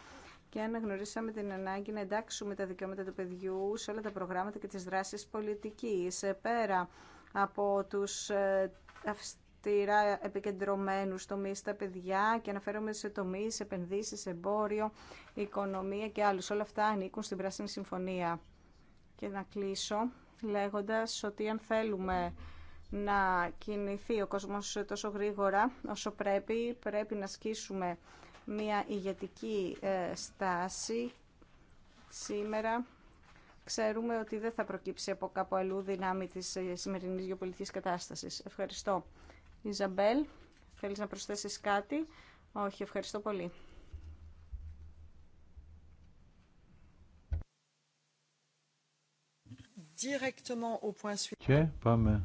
και αναγνωρίσαμε την ανάγκη να εντάξουμε τα δικαιώματα του παιδιού σε όλα τα προγράμματα και τις δράσεις πολιτικής. Ε, πέρα από τους ε, αυστηρά επικεντρωμένους τομείς στα παιδιά και αναφέρομαι σε τομείς, επενδύσεις, εμπόριο, οικονομία και άλλους. Όλα αυτά ανήκουν στην Πράσινη Συμφωνία. Και να κλείσω λέγοντας ότι αν θέλουμε να κινηθεί ο κόσμος τόσο γρήγορα όσο πρέπει, πρέπει να σκίσουμε μια ηγετική ε, στάση σήμερα ξέρουμε ότι δεν θα προκύψει από κάπου αλλού δυνάμει της ε, σημερινής γεωπολιτικής κατάστασης. Ευχαριστώ. Ιζαμπέλ, θέλεις να προσθέσεις κάτι? Όχι, ευχαριστώ πολύ. Και πάμε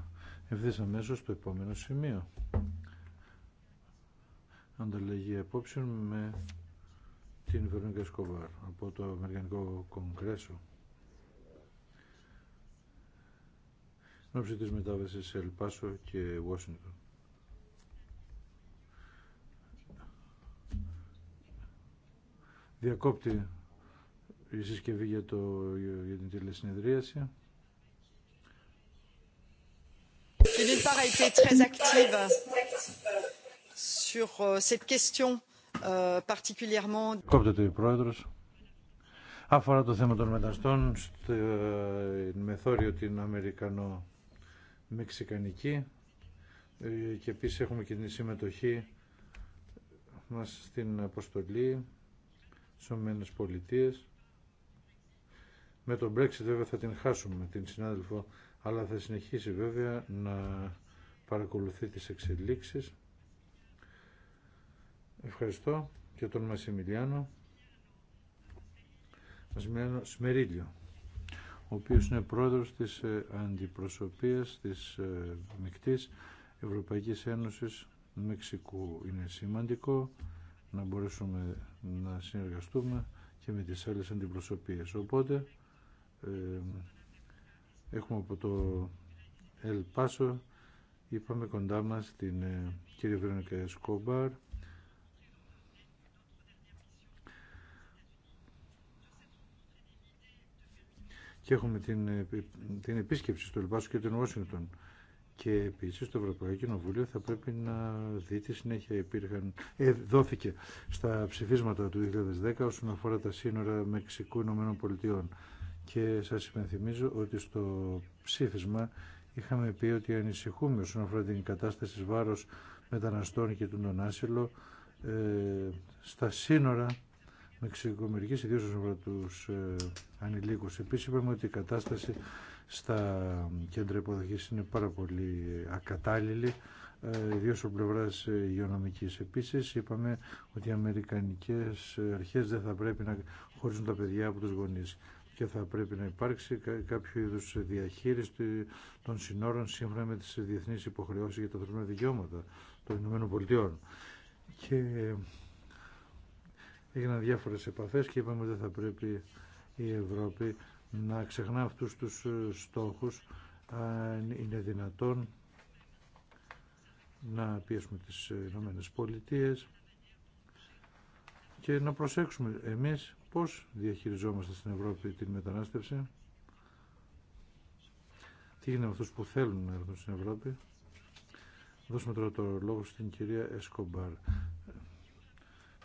ευθύς αμέσως στο επόμενο σημείο ανταλλαγή απόψεων με την Βερνίκα Σκοβάρ από το Αμερικανικό Κογκρέσο. Νόψη της μετάβασης σε Ελπάσο και Ουάσινγκτον. Διακόπτη η συσκευή για, το, για την τηλεσυνεδρίαση. a été très sur euh, cette question euh, particulièrement. Αφορά το θέμα των μεταστών στη ε, μεθόριο την Αμερικανο-Μεξικανική ε, και επίσης έχουμε και την συμμετοχή μας στην αποστολή στις Ομένες Πολιτείες. Με τον Brexit βέβαια θα την χάσουμε την συνάδελφο, αλλά θα συνεχίσει βέβαια να παρακολουθεί τις εξελίξεις. Ευχαριστώ και τον Μασιμιλιάνο Μασιμιλιάνο Σμερίλιο ο οποίος είναι πρόεδρος της ε, αντιπροσωπείας της ε, Μικτής Ευρωπαϊκής Ένωσης Μεξικού. Είναι σημαντικό να μπορέσουμε να συνεργαστούμε και με τις άλλες αντιπροσωπείες. Οπότε ε, έχουμε από το Ελ είπαμε κοντά μας την κυρία κύριε Σκόμπαρ και έχουμε την, την επίσκεψη στο Ελβάσο και την Ουάσιγκτον. Και επίση το Ευρωπαϊκό Κοινοβούλιο θα πρέπει να δει τη συνέχεια υπήρχαν, ε, δόθηκε στα ψηφίσματα του 2010 όσον αφορά τα σύνορα Μεξικού Ηνωμένων Πολιτειών. Και σας υπενθυμίζω ότι στο ψήφισμα είχαμε πει ότι ανησυχούμε όσον αφορά την κατάσταση βάρος μεταναστών και του άσυλο ε, στα σύνορα μεξικομερικής, ιδίως όσον αφορά τους ε, ανηλίκους. Επίσης είπαμε ότι η κατάσταση στα κέντρα υποδοχής είναι πάρα πολύ ακατάλληλη, ε, ιδίως από πλευρά υγειονομική. Επίσης είπαμε ότι οι αμερικανικές αρχές δεν θα πρέπει να χωρίζουν τα παιδιά από τους γονείς και θα πρέπει να υπάρξει κάποιο είδου διαχείριση των συνόρων σύμφωνα με τι διεθνεί υποχρεώσει για τα ανθρώπινα δικαιώματα των ΗΠΑ. Και έγιναν διάφορες επαφές και είπαμε ότι θα πρέπει η Ευρώπη να ξεχνά αυτούς τους ε, στόχους αν είναι δυνατόν να πιέσουμε τις ε, Ηνωμένε Πολιτείε και να προσέξουμε εμείς πώς διαχειριζόμαστε στην Ευρώπη την μετανάστευση τι γίνεται με αυτούς που θέλουν να έρθουν στην Ευρώπη δώσουμε τώρα το λόγο στην κυρία Εσκομπάρ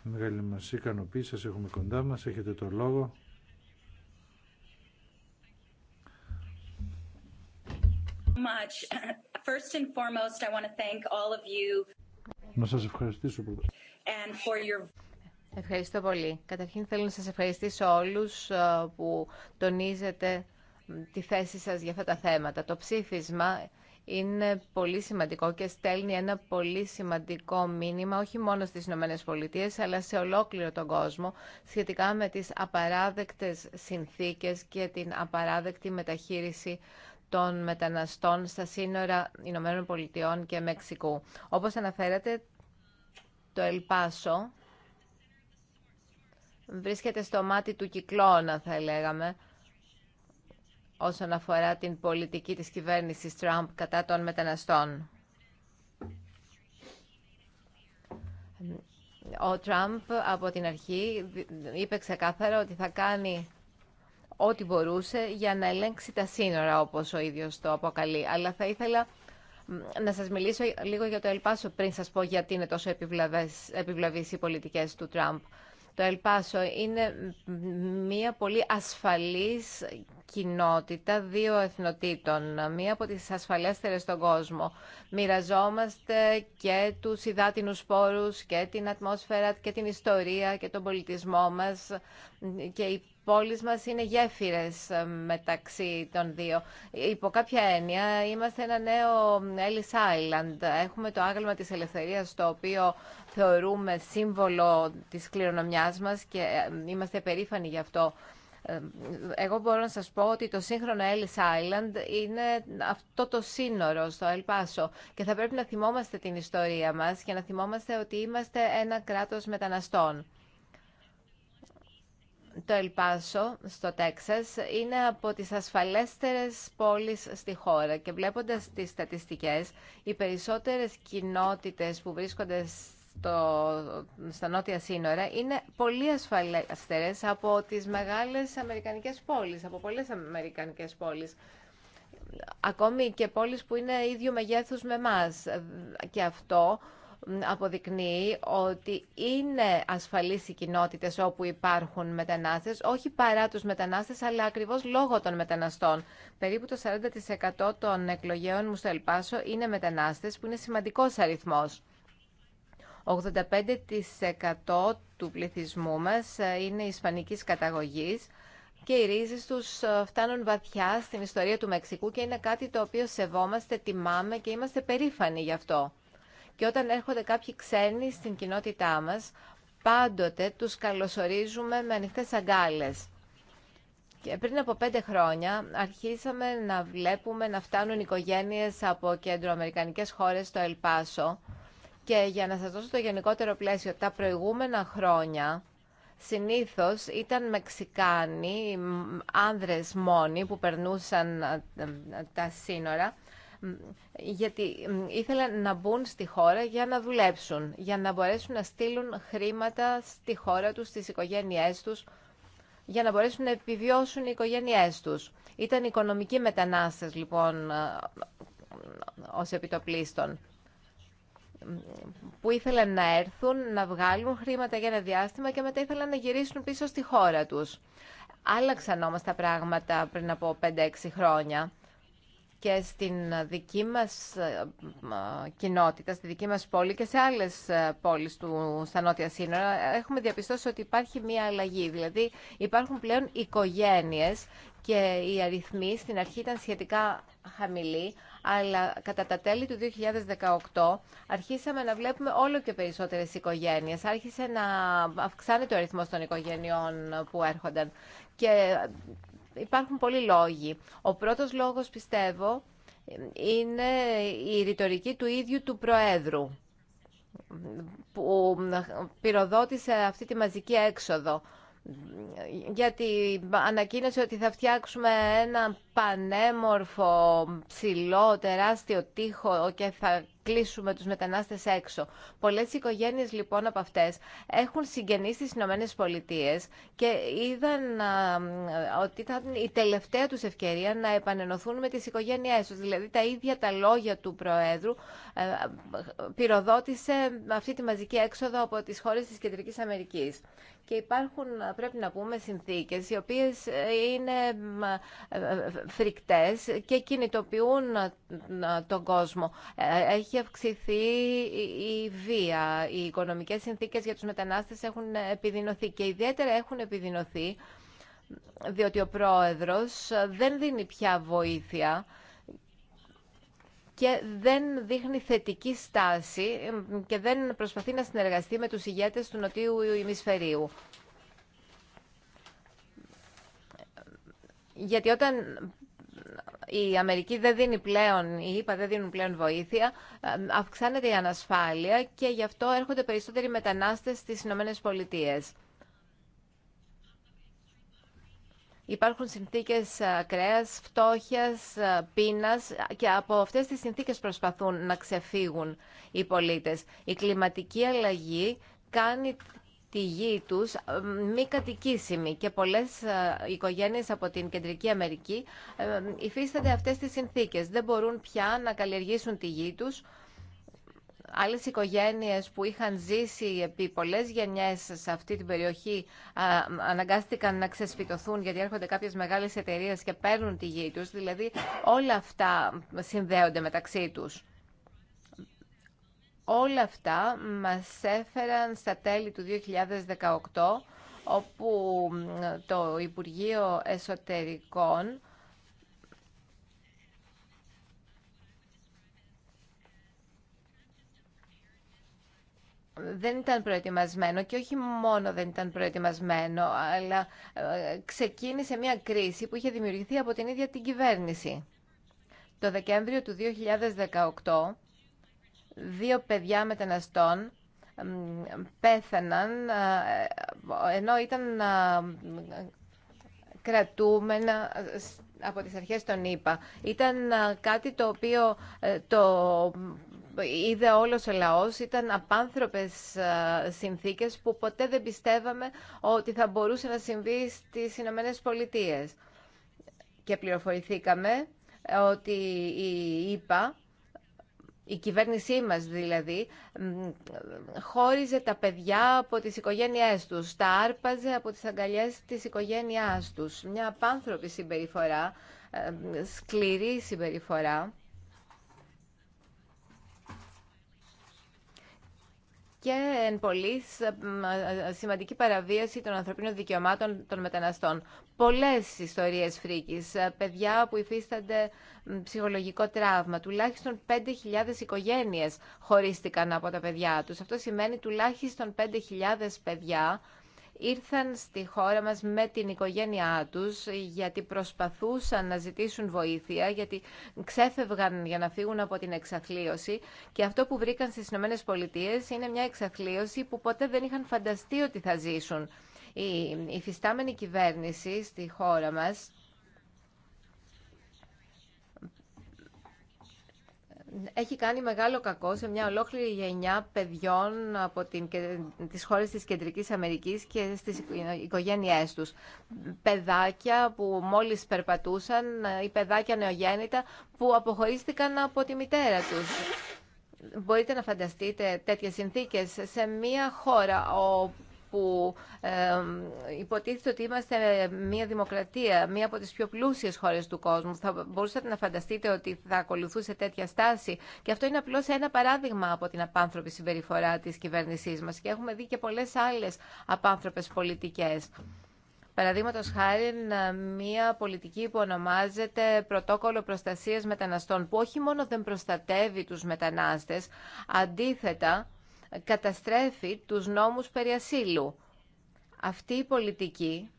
Μεγάλη μας ικανοποίηση, σας έχουμε κοντά μας, έχετε το λόγο. Να σας ευχαριστήσω πολύ. your... Ευχαριστώ πολύ. Καταρχήν θέλω να σας ευχαριστήσω όλους ε, που τονίζετε τη θέση σας για αυτά τα θέματα. Το ψήφισμα είναι πολύ σημαντικό και στέλνει ένα πολύ σημαντικό μήνυμα όχι μόνο στις Ηνωμένες Πολιτείες αλλά σε ολόκληρο τον κόσμο σχετικά με τις απαράδεκτες συνθήκες και την απαράδεκτη μεταχείριση των μεταναστών στα σύνορα Ηνωμένων Πολιτειών και Μεξικού. Όπως αναφέρατε, το Ελπάσο βρίσκεται στο μάτι του κυκλώνα, θα λέγαμε, όσον αφορά την πολιτική της κυβέρνησης Τραμπ κατά των μεταναστών. Ο Τραμπ από την αρχή είπε ξεκάθαρα ότι θα κάνει ό,τι μπορούσε για να ελέγξει τα σύνορα, όπως ο ίδιος το αποκαλεί. Αλλά θα ήθελα να σας μιλήσω λίγο για το Ελπάσο πριν σας πω γιατί είναι τόσο επιβλαβές, επιβλαβείς οι πολιτικές του Τραμπ. Το Ελπάσο είναι μια πολύ ασφαλής κοινότητα δύο εθνοτήτων, μία από τις ασφαλέστερες στον κόσμο. Μοιραζόμαστε και τους υδάτινους σπόρους και την ατμόσφαιρα και την ιστορία και τον πολιτισμό μας και πόλεις μας είναι γέφυρες ε, μεταξύ των δύο. Υπό κάποια έννοια είμαστε ένα νέο Ellis Island. Έχουμε το άγαλμα της ελευθερίας το οποίο θεωρούμε σύμβολο της κληρονομιάς μας και ε, είμαστε περήφανοι γι' αυτό. Ε, εγώ μπορώ να σας πω ότι το σύγχρονο Ellis Island είναι αυτό το σύνορο στο Paso και θα πρέπει να θυμόμαστε την ιστορία μας και να θυμόμαστε ότι είμαστε ένα κράτος μεταναστών το Ελπάσο στο Τέξας είναι από τις ασφαλέστερες πόλεις στη χώρα και βλέποντας τις στατιστικές, οι περισσότερες κοινότητες που βρίσκονται στα νότια σύνορα είναι πολύ ασφαλέστερες από τις μεγάλες αμερικανικές πόλεις, από πολλές αμερικανικές πόλεις. Ακόμη και πόλεις που είναι ίδιου μεγέθους με μας. Και αυτό αποδεικνύει ότι είναι ασφαλείς οι κοινότητες όπου υπάρχουν μετανάστες, όχι παρά τους μετανάστες, αλλά ακριβώς λόγω των μεταναστών. Περίπου το 40% των εκλογέων μου στο Ελπάσο είναι μετανάστες, που είναι σημαντικός αριθμός. 85% του πληθυσμού μας ε, είναι ισπανικής καταγωγής και οι ρίζες τους ε, φτάνουν βαθιά στην ιστορία του Μεξικού και είναι κάτι το οποίο σεβόμαστε, τιμάμε και είμαστε περήφανοι γι' αυτό. Και όταν έρχονται κάποιοι ξένοι στην κοινότητά μας, πάντοτε τους καλωσορίζουμε με ανοιχτέ αγκάλες. Και πριν από πέντε χρόνια αρχίσαμε να βλέπουμε να φτάνουν οικογένειες από κεντροαμερικανικές χώρες στο Ελπάσο. Και για να σας δώσω το γενικότερο πλαίσιο, τα προηγούμενα χρόνια συνήθως ήταν Μεξικάνοι, άνδρες μόνοι που περνούσαν ε, ε, τα σύνορα γιατί ήθελαν να μπουν στη χώρα για να δουλέψουν, για να μπορέσουν να στείλουν χρήματα στη χώρα τους, στις οικογένειές τους, για να μπορέσουν να επιβιώσουν οι οικογένειές τους. Ήταν οικονομικοί μετανάστες, λοιπόν, ε, ως επιτοπλίστων που ήθελαν να έρθουν, να βγάλουν χρήματα για ένα διάστημα και μετά ήθελαν να γυρίσουν πίσω στη χώρα τους. Άλλαξαν όμως τα πράγματα πριν από 5-6 χρόνια και στην δική μας ε, κοινότητα, στη δική μας πόλη και σε άλλες ε, πόλεις του, στα νότια σύνορα, έχουμε διαπιστώσει ότι υπάρχει μία αλλαγή. Δηλαδή υπάρχουν πλέον οικογένειες και οι αριθμοί στην αρχή ήταν σχετικά χαμηλοί, αλλά κατά τα τέλη του 2018 αρχίσαμε να βλέπουμε όλο και περισσότερες οικογένειες. Άρχισε να αυξάνεται ο αριθμός των οικογενειών που έρχονταν. Και Υπάρχουν πολλοί λόγοι. Ο πρώτος λόγος, πιστεύω, είναι η ρητορική του ίδιου του Προέδρου που πυροδότησε αυτή τη μαζική έξοδο γιατί ανακοίνωσε ότι θα φτιάξουμε ένα πανέμορφο, ψηλό, τεράστιο τείχο και θα κλείσουμε τους μετανάστες έξω. Πολλές οικογένειες λοιπόν από αυτές έχουν συγγενείς στις Ηνωμένε Πολιτείε και είδαν ότι ήταν η τελευταία τους ευκαιρία να επανενωθούν με τις οικογένειές τους. Δηλαδή τα ίδια τα λόγια του Προέδρου ε, πυροδότησε αυτή τη μαζική έξοδο από τις χώρες της Κεντρικής Αμερικής. Και υπάρχουν, πρέπει να πούμε, συνθήκες οι οποίες ε, είναι ε, φρικτές και κινητοποιούν τον κόσμο έχει αυξηθεί η βία. Οι οικονομικές συνθήκες για τους μετανάστες έχουν επιδεινωθεί και ιδιαίτερα έχουν επιδεινωθεί διότι ο πρόεδρος δεν δίνει πια βοήθεια και δεν δείχνει θετική στάση και δεν προσπαθεί να συνεργαστεί με τους ηγέτες του νοτίου ημισφαιρίου. Γιατί όταν η Αμερική δεν δίνει πλέον, ΗΠΑ δεν δίνουν πλέον βοήθεια, ε, αυξάνεται η ανασφάλεια και γι' αυτό έρχονται περισσότεροι μετανάστες στις Ηνωμένες Πολιτείες. Υπάρχουν συνθήκες ε, κρέας, φτώχειας, ε, πείνας και από αυτές τις συνθήκες προσπαθούν να ξεφύγουν οι πολίτες. Η κλιματική αλλαγή κάνει τη γη τους ε, μη κατοικήσιμη και πολλές ε, οικογένειες από την Κεντρική Αμερική ε, υφίστανται αυτές τις συνθήκες. Δεν μπορούν πια να καλλιεργήσουν τη γη τους. Άλλες οικογένειες που είχαν ζήσει επί πολλές γενιές σε αυτή την περιοχή αναγκάστηκαν να ξεσπιτωθούν γιατί έρχονται κάποιες μεγάλες εταιρείες και παίρνουν τη γη τους. Δηλαδή όλα αυτά συνδέονται μεταξύ τους. Όλα αυτά μας έφεραν στα τέλη του 2018, όπου το Υπουργείο Εσωτερικών δεν ήταν προετοιμασμένο και όχι μόνο δεν ήταν προετοιμασμένο, αλλά ε, ξεκίνησε μια κρίση που είχε δημιουργηθεί από την ίδια την κυβέρνηση. Το Δεκέμβριο του 2018 δύο παιδιά μεταναστών πέθαναν ε, ενώ ήταν ε, κρατούμενα ε, από τις αρχές των ΗΠΑ. Ήταν κάτι το οποίο το είδε όλος ο λαός, ήταν απάνθρωπες συνθήκες που ποτέ δεν πιστεύαμε ότι θα μπορούσε να συμβεί στις Ηνωμένε Πολιτείες. Και πληροφορηθήκαμε ότι η ΗΠΑ η κυβέρνησή μας δηλαδή, χώριζε τα παιδιά από τις οικογένειές τους, τα άρπαζε από τις αγκαλιές της οικογένειάς τους. Μια απάνθρωπη συμπεριφορά, ε, σκληρή συμπεριφορά και εν πολύ ε, ε, ε, σημαντική παραβίαση των ανθρωπίνων δικαιωμάτων των μεταναστών. Πολλές ιστορίες φρίκης, παιδιά που υφίστανται ψυχολογικό τραύμα, τουλάχιστον 5.000 οικογένειες χωρίστηκαν από τα παιδιά τους. Αυτό σημαίνει τουλάχιστον 5.000 παιδιά ήρθαν στη χώρα μας με την οικογένειά τους γιατί προσπαθούσαν να ζητήσουν βοήθεια, γιατί ξέφευγαν για να φύγουν από την εξαθλίωση και αυτό που βρήκαν στις ΗΠΑ είναι μια εξαθλίωση που ποτέ δεν είχαν φανταστεί ότι θα ζήσουν. Η υφιστάμενη κυβέρνηση στη χώρα μας έχει κάνει μεγάλο κακό σε μια ολόκληρη γενιά παιδιών από την, τις χώρες της Κεντρικής Αμερικής και στις οικογένειές τους. Παιδάκια που μόλις περπατούσαν ή ε, παιδάκια νεογέννητα που αποχωρίστηκαν από τη μητέρα τους. Μπορείτε να φανταστείτε τέτοιες συνθήκες σε μια χώρα που υποτίθεται ότι είμαστε μια δημοκρατία, μια από τις πιο πλούσιες χώρες του κόσμου. Θα μπορούσατε να φανταστείτε ότι θα ακολουθούσε τέτοια στάση. Και αυτό είναι απλώς ένα παράδειγμα από την απάνθρωπη συμπεριφορά της κυβέρνησής μας. Και έχουμε δει και πολλές άλλες απάνθρωπες πολιτικές. Παραδείγματο χάρη, μια πολιτική που ονομάζεται Πρωτόκολλο Προστασία Μεταναστών, που όχι μόνο δεν προστατεύει του μετανάστε, αντίθετα καταστρέφει τους νόμους περί Αυτή η πολιτική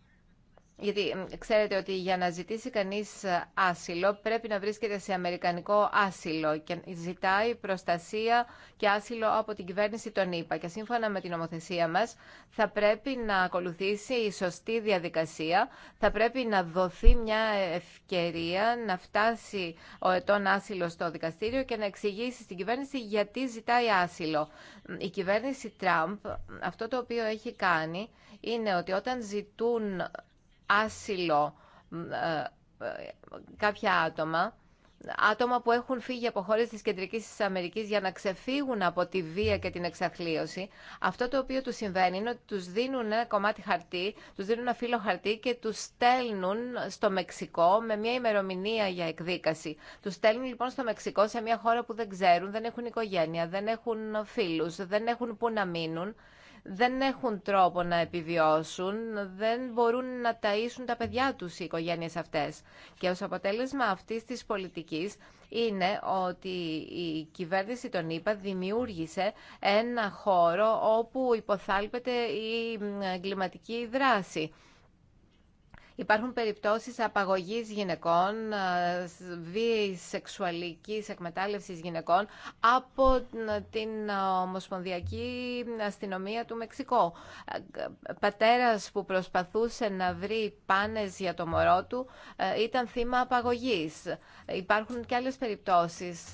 γιατί ξέρετε ότι για να ζητήσει κανείς ε, άσυλο πρέπει να βρίσκεται σε αμερικανικό άσυλο και ζητάει προστασία και άσυλο από την κυβέρνηση των ΗΠΑ. Και σύμφωνα με την νομοθεσία μας θα πρέπει να ακολουθήσει η σωστή διαδικασία, θα πρέπει να δοθεί μια ευκαιρία να φτάσει ο ετών άσυλο στο δικαστήριο και να εξηγήσει στην κυβέρνηση γιατί ζητάει άσυλο. Η κυβέρνηση Τραμπ αυτό το οποίο έχει κάνει είναι ότι όταν ζητούν άσυλο ε, ε, κάποια άτομα, άτομα που έχουν φύγει από χώρες της Κεντρικής της Αμερικής για να ξεφύγουν από τη βία και την εξαθλίωση, αυτό το οποίο τους συμβαίνει είναι ότι τους δίνουν ένα κομμάτι χαρτί, τους δίνουν ένα φύλλο χαρτί και τους στέλνουν στο Μεξικό με μια ημερομηνία για εκδίκαση. Τους στέλνουν λοιπόν στο Μεξικό σε μια χώρα που δεν ξέρουν, δεν έχουν οικογένεια, δεν έχουν φίλους, δεν έχουν που να μείνουν δεν έχουν τρόπο να επιβιώσουν, δεν μπορούν να ταΐσουν τα παιδιά τους οι οικογένειες αυτές. Και ως αποτέλεσμα αυτής της πολιτικής είναι ότι η κυβέρνηση των ΗΠΑ δημιούργησε ένα χώρο όπου υποθάλπεται η εγκληματική δράση. Υπάρχουν περιπτώσεις απαγωγής γυναικών, ε, βίαιης σεξουαλικής εκμετάλλευσης γυναικών από την ε, Ομοσπονδιακή Αστυνομία του Μεξικό. Ε, πατέρας που προσπαθούσε να βρει πάνες για το μωρό του ήταν θύμα απαγωγής. Υπάρχουν και άλλες περιπτώσεις,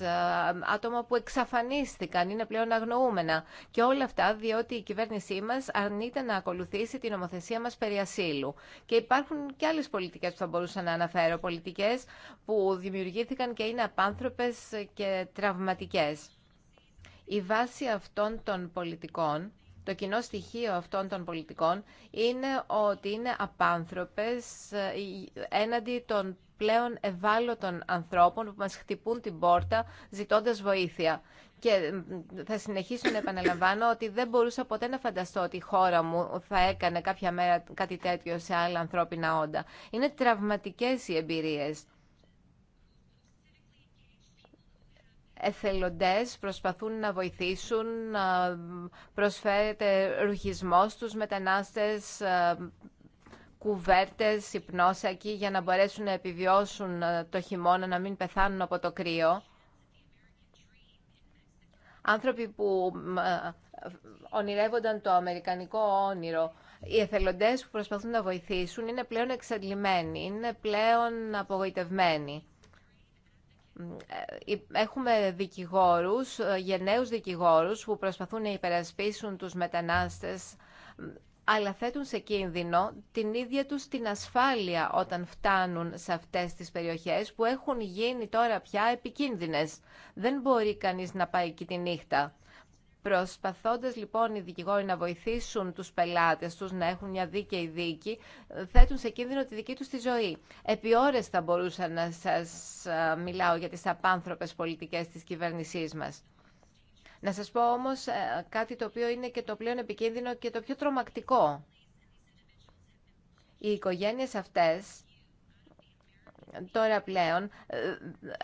άτομα που εξαφανίστηκαν, είναι πλέον αγνοούμενα. Και όλα αυτά διότι η κυβέρνησή μας αρνείται να ακολουθήσει την ομοθεσία μας περί ασύλου. Και υπάρχουν και άλλες πολιτικές που θα μπορούσα να αναφέρω, πολιτικές που δημιουργήθηκαν και είναι απάνθρωπες και τραυματικές. Η βάση αυτών των πολιτικών, το κοινό στοιχείο αυτών των πολιτικών, είναι ότι είναι απάνθρωπες ε, έναντι των πλέον ευάλωτων ανθρώπων που μας χτυπούν την πόρτα ζητώντας βοήθεια. Και θα συνεχίσω να επαναλαμβάνω ότι δεν μπορούσα ποτέ να φανταστώ ότι η χώρα μου θα έκανε κάποια μέρα κάτι τέτοιο σε άλλα ανθρώπινα όντα. Είναι τραυματικές οι εμπειρίες. εθελοντές προσπαθούν να βοηθήσουν, προσφέρεται ρουχισμό στους μετανάστες, ε, κουβέρτες, υπνόσακοι για να μπορέσουν να επιβιώσουν ε, το χειμώνα, να μην πεθάνουν από το κρύο. Άνθρωποι που ε, ονειρεύονταν το αμερικανικό όνειρο, οι εθελοντές που προσπαθούν να βοηθήσουν είναι πλέον εξαντλημένοι, είναι πλέον απογοητευμένοι. Ε, έχουμε δικηγόρους, ε, γενναίους δικηγόρους που προσπαθούν να υπερασπίσουν τους μετανάστες αλλά θέτουν σε κίνδυνο την ίδια τους την ασφάλεια όταν φτάνουν σε αυτές τις περιοχές που έχουν γίνει τώρα πια επικίνδυνες. Δεν μπορεί κανείς να πάει εκεί τη νύχτα. Προσπαθώντας λοιπόν οι δικηγόροι να βοηθήσουν τους πελάτες τους να έχουν μια δίκαιη δίκη, θέτουν σε κίνδυνο τη δική τους τη ζωή. Επί ώρες θα μπορούσα να σας μιλάω για τις απάνθρωπες πολιτικές της κυβέρνησής μας. Να σας πω όμως ε, κάτι το οποίο είναι και το πλέον επικίνδυνο και το πιο τρομακτικό. Οι οικογένειες αυτές τώρα πλέον ε,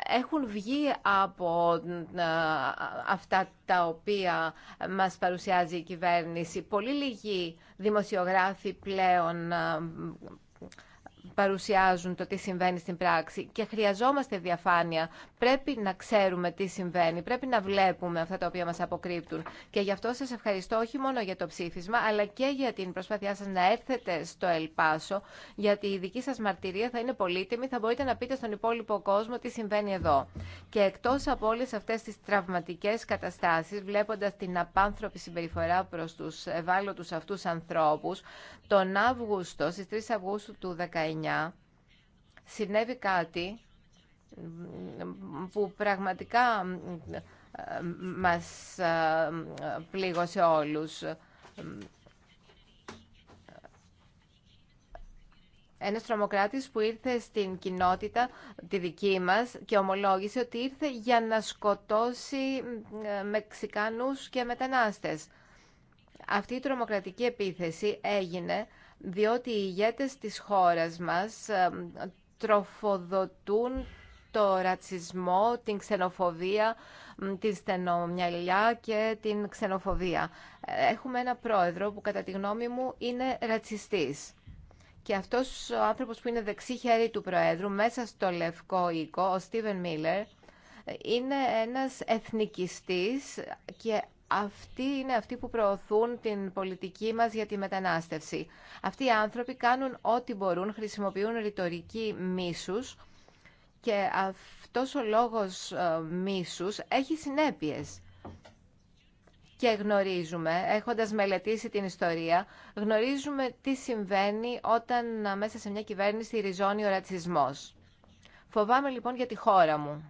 έχουν βγει από ε, αυτά τα οποία μας παρουσιάζει η κυβέρνηση. Πολύ λίγοι δημοσιογράφοι πλέον παρουσιάζουν το τι συμβαίνει στην πράξη και χρειαζόμαστε διαφάνεια. Πρέπει να ξέρουμε τι συμβαίνει, πρέπει να βλέπουμε αυτά τα οποία μας αποκρύπτουν. Και γι' αυτό σας ευχαριστώ όχι μόνο για το ψήφισμα, αλλά και για την προσπάθειά σας να έρθετε στο Ελπάσο, γιατί η δική σας μαρτυρία θα είναι πολύτιμη, θα μπορείτε να πείτε στον υπόλοιπο κόσμο τι συμβαίνει εδώ. Και εκτός από όλες αυτές τις τραυματικές καταστάσεις, βλέποντας την απάνθρωπη συμπεριφορά προς τους ευάλωτους αυτούς ανθρώπους, τον Αύγουστο, στις 3 Αυγούστου του 19 συνέβη κάτι που πραγματικά μας ε, πλήγωσε όλους. Ένας τρομοκράτης που ήρθε στην κοινότητα τη δική μας και ομολόγησε ότι ήρθε για να σκοτώσει ε, Μεξικάνους και μετανάστες. Αυτή η τρομοκρατική επίθεση έγινε διότι οι ηγέτες της χώρας μας τροφοδοτούν το ρατσισμό, την ξενοφοβία, τη στενομυαλιά και την ξενοφοβία. Έχουμε ένα πρόεδρο που κατά τη γνώμη μου είναι ρατσιστής. Και αυτός ο άνθρωπος που είναι δεξί χέρι του Προέδρου μέσα στο Λευκό Οίκο, ο Στίβεν Μίλλερ, είναι ένας εθνικιστής και αυτοί είναι αυτοί που προωθούν την πολιτική μας για τη μετανάστευση. Αυτοί οι άνθρωποι κάνουν ό,τι μπορούν, χρησιμοποιούν ρητορική μίσους και αυτός ο λόγος ε, μίσους έχει συνέπειες. Και γνωρίζουμε, έχοντας μελετήσει την ιστορία, γνωρίζουμε τι συμβαίνει όταν ε, μέσα σε μια κυβέρνηση ριζώνει ο ρατσισμός. Φοβάμαι λοιπόν για τη χώρα μου.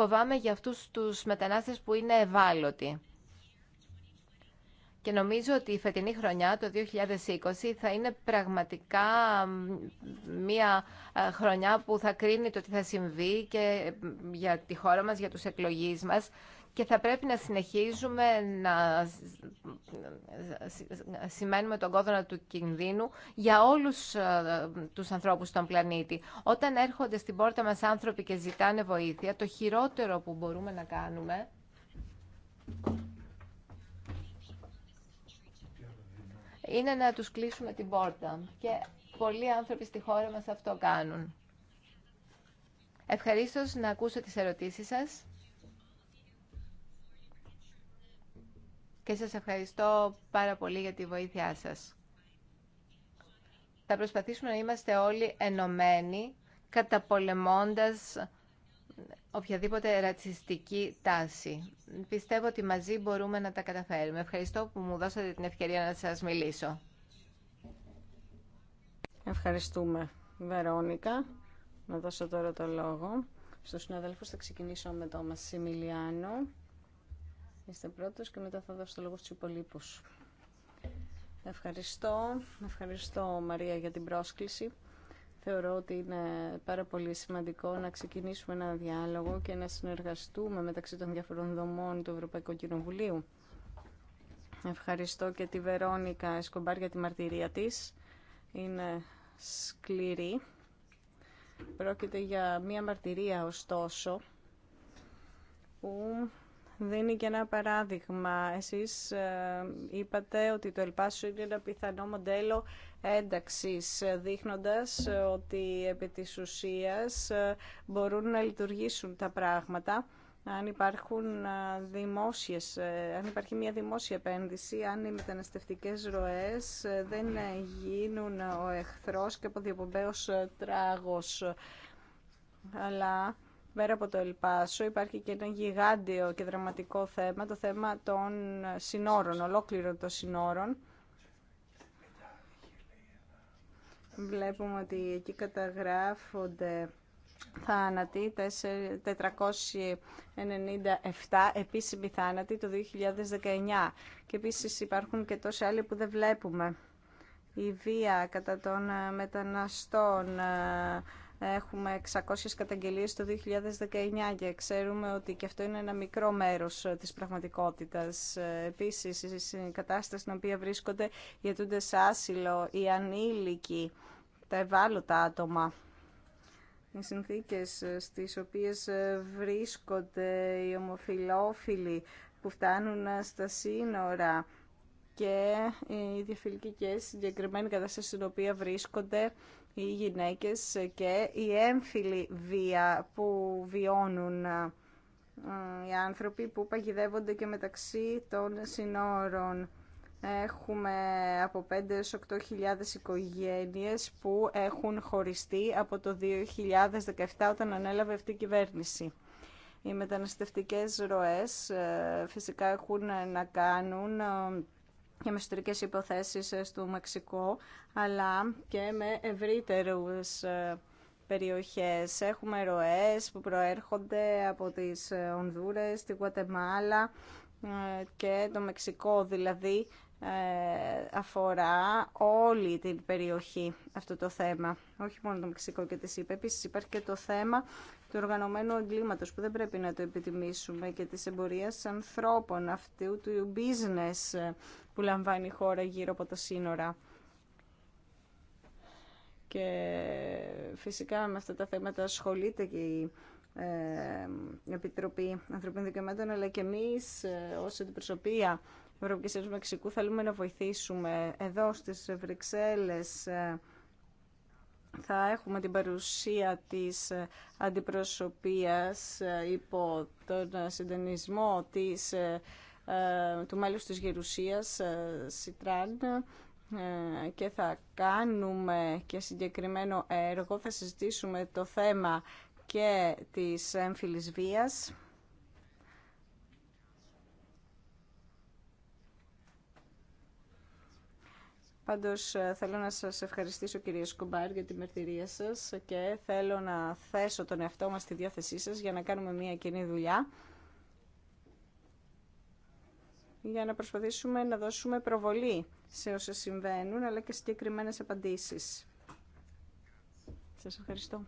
Φοβάμαι για αυτούς τους μετανάστες που είναι ευάλωτοι. Και νομίζω ότι η φετινή χρονιά, το 2020, θα είναι πραγματικά μια ε, χρονιά που θα κρίνει το τι θα συμβεί και ε, για τη χώρα μας, για τους εκλογείς μας και θα πρέπει να συνεχίζουμε να σημαίνουμε τον κόδωνα του κινδύνου για όλους ε, τους ανθρώπους στον πλανήτη. Όταν έρχονται στην πόρτα μας άνθρωποι και ζητάνε βοήθεια, το χειρότερο που μπορούμε να κάνουμε είναι να τους κλείσουμε την πόρτα. Και πολλοί άνθρωποι στη χώρα μας αυτό κάνουν. Ευχαρίστως να ακούσω τις ερωτήσεις σας. και σας ευχαριστώ πάρα πολύ για τη βοήθειά σας. Θα προσπαθήσουμε να είμαστε όλοι ενωμένοι, καταπολεμώντας οποιαδήποτε ρατσιστική τάση. Πιστεύω ότι μαζί μπορούμε να τα καταφέρουμε. Ευχαριστώ που μου δώσατε την ευκαιρία να σας μιλήσω. Ευχαριστούμε, Βερόνικα. Να δώσω τώρα το λόγο. Στους συναδέλφους θα ξεκινήσω με τον Μασιμιλιάνο Είστε πρώτος και μετά θα δώσω το λόγο στους υπολείπους. Ευχαριστώ. Ευχαριστώ Μαρία για την πρόσκληση. Θεωρώ ότι είναι πάρα πολύ σημαντικό να ξεκινήσουμε ένα διάλογο και να συνεργαστούμε μεταξύ των διαφορών δομών του Ευρωπαϊκού Κοινοβουλίου. Ευχαριστώ και τη Βερόνικα Εσκομπάρ για τη μαρτυρία της. Είναι σκληρή. Πρόκειται για μία μαρτυρία ωστόσο που δίνει και ένα παράδειγμα. Εσείς ε, είπατε ότι το Ελπάσο είναι ένα πιθανό μοντέλο ένταξης, δείχνοντας ότι επί της ουσίας ε, μπορούν να λειτουργήσουν τα πράγματα αν, υπάρχουν ε, δημόσιες, αν υπάρχει μια δημόσια επένδυση, αν οι μεταναστευτικές ροές δεν γίνουν ο εχθρός και αποδιοπομπαίος τράγος. Αλλά Πέρα από το Ελπάσο υπάρχει και ένα γιγάντιο και δραματικό θέμα, το θέμα των συνόρων, ολόκληρο των συνόρων. Βλέπουμε ότι εκεί καταγράφονται θάνατοι, 497 επίσημοι θάνατοι το 2019. Και επίσης υπάρχουν και τόσοι άλλοι που δεν βλέπουμε. Η βία κατά των μεταναστών, Έχουμε 600 καταγγελίες το 2019 και ξέρουμε ότι και αυτό είναι ένα μικρό μέρος ε, της πραγματικότητας. Ε, επίσης, η κατάσταση στην οποία βρίσκονται οι αιτούντες άσυλο, οι ανήλικοι, τα ευάλωτα άτομα. Οι συνθήκες ε, στις οποίες βρίσκονται οι ομοφιλόφιλοι που φτάνουν στα σύνορα και οι διαφυλικικές, και συγκεκριμένη κατάσταση στην οποία βρίσκονται οι γυναίκες και η έμφυλη βία που βιώνουν ε, οι άνθρωποι που παγιδεύονται και μεταξύ των συνόρων. Έχουμε από 5-8 χιλιάδες οικογένειες που έχουν χωριστεί από το 2017 όταν ανέλαβε αυτή η κυβέρνηση. Οι μεταναστευτικές ροές ε, φυσικά έχουν να κάνουν ε, και με ιστορικέ υποθέσεις ε, στο Μεξικό, αλλά και με ευρύτερου ε, περιοχές. Έχουμε ροές που προέρχονται από τις ε, Ονδούρες, τη Γουατεμάλα και το Μεξικό, δηλαδή αφορά όλη την περιοχή αυτό το θέμα. Όχι μόνο το Μεξικό και τις είπε. Επίσης υπάρχει και το θέμα του οργανωμένου εγκλήματος που δεν πρέπει να το επιτιμήσουμε και της εμπορίας ανθρώπων αυτού του business που λαμβάνει η χώρα γύρω από τα σύνορα. Και φυσικά με αυτά τα θέματα ασχολείται και η ε, Επιτροπή Ανθρωπίνων Δικαιωμάτων, αλλά και εμείς ε, ως αντιπροσωπεία Ευρωπαϊκής Ένωσης Μεξικού θέλουμε να βοηθήσουμε εδώ στις Βρυξέλλες ε, θα έχουμε την παρουσία της αντιπροσωπείας υπό τον συντονισμό της ε, του μέλους της Γερουσίας ε, Σιτράν ε, και θα κάνουμε και συγκεκριμένο έργο. Θα συζητήσουμε το θέμα και της έμφυλης βίας. Πάντως θέλω να σας ευχαριστήσω κυρία Σκουμπάρ για τη μερτυρία σας και θέλω να θέσω τον εαυτό μας στη διάθεσή σας για να κάνουμε μια κοινή δουλειά για να προσπαθήσουμε να δώσουμε προβολή σε όσα συμβαίνουν, αλλά και συγκεκριμένε απαντήσεις. Σας ευχαριστώ.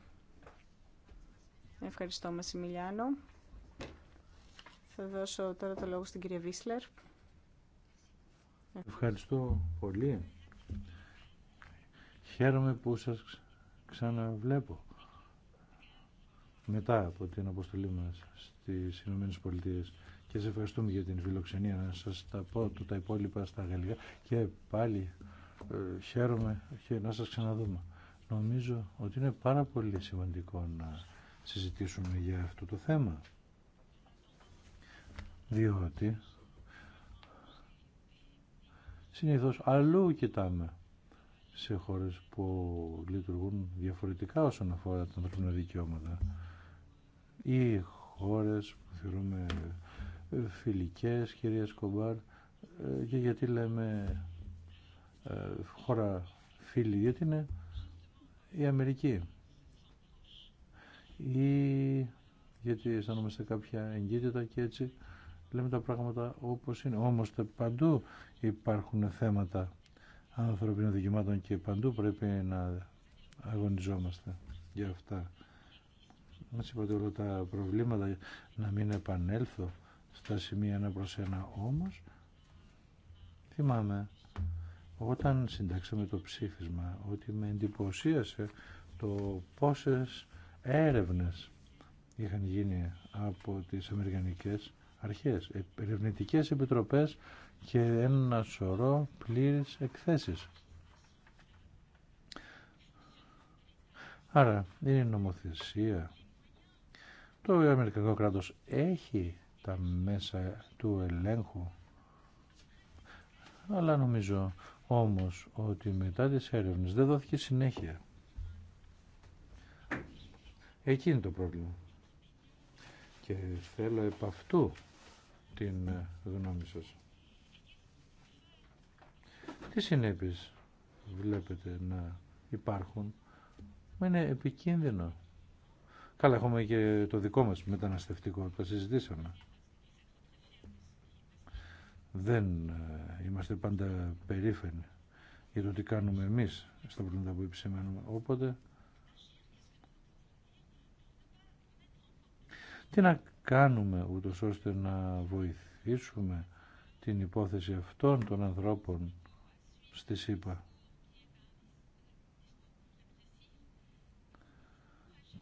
Ευχαριστώ, Μασιμιλιάνο. Θα δώσω τώρα το λόγο στην κυρία Βίσλερ. Ευχαριστώ πολύ. Χαίρομαι που σας ξαναβλέπω μετά από την αποστολή μας στις Ηνωμένες Πολιτείες και σε ευχαριστούμε για την φιλοξενία να σας τα πω τα υπόλοιπα στα γαλλικά και πάλι ε, χαίρομαι και να σας ξαναδούμε. Νομίζω ότι είναι πάρα πολύ σημαντικό να συζητήσουμε για αυτό το θέμα διότι συνήθως αλλού κοιτάμε σε χώρες που λειτουργούν διαφορετικά όσον αφορά τα ανθρώπινα δικαιώματα ή χώρες που θεωρούμε φιλικές, κυρία Σκομπάρ, ε, και γιατί λέμε ε, χώρα φίλη, γιατί είναι η Αμερική. Ή γιατί αισθανόμαστε κάποια εγκύτητα και έτσι λέμε τα πράγματα όπως είναι. Όμως παντού υπάρχουν θέματα ανθρωπίνων δικαιωμάτων και παντού πρέπει να αγωνιζόμαστε για αυτά. Μας είπατε όλα τα προβλήματα, να μην επανέλθω στα σημεία ένα προς ένα όμως θυμάμαι όταν συντάξαμε το ψήφισμα ότι με εντυπωσίασε το πόσες έρευνες είχαν γίνει από τις Αμερικανικές αρχές, ε, ερευνητικές επιτροπές και ένα σωρό πλήρης εκθέσεις. Άρα είναι νομοθεσία. Το Αμερικανικό κράτος έχει τα μέσα του ελέγχου. Αλλά νομίζω όμως ότι μετά τις έρευνες δεν δόθηκε συνέχεια. Εκεί είναι το πρόβλημα. Και θέλω επ' αυτού την γνώμη σας. Τι συνέπειες βλέπετε να υπάρχουν. Μα είναι επικίνδυνο. Καλά, έχουμε και το δικό μας μεταναστευτικό, το συζητήσαμε δεν ε, είμαστε πάντα περήφανοι για το τι κάνουμε εμείς στα προβλήματα που επισημαίνουμε. Όποτε, τι να κάνουμε ούτως ώστε να βοηθήσουμε την υπόθεση αυτών των ανθρώπων στη ΣΥΠΑ.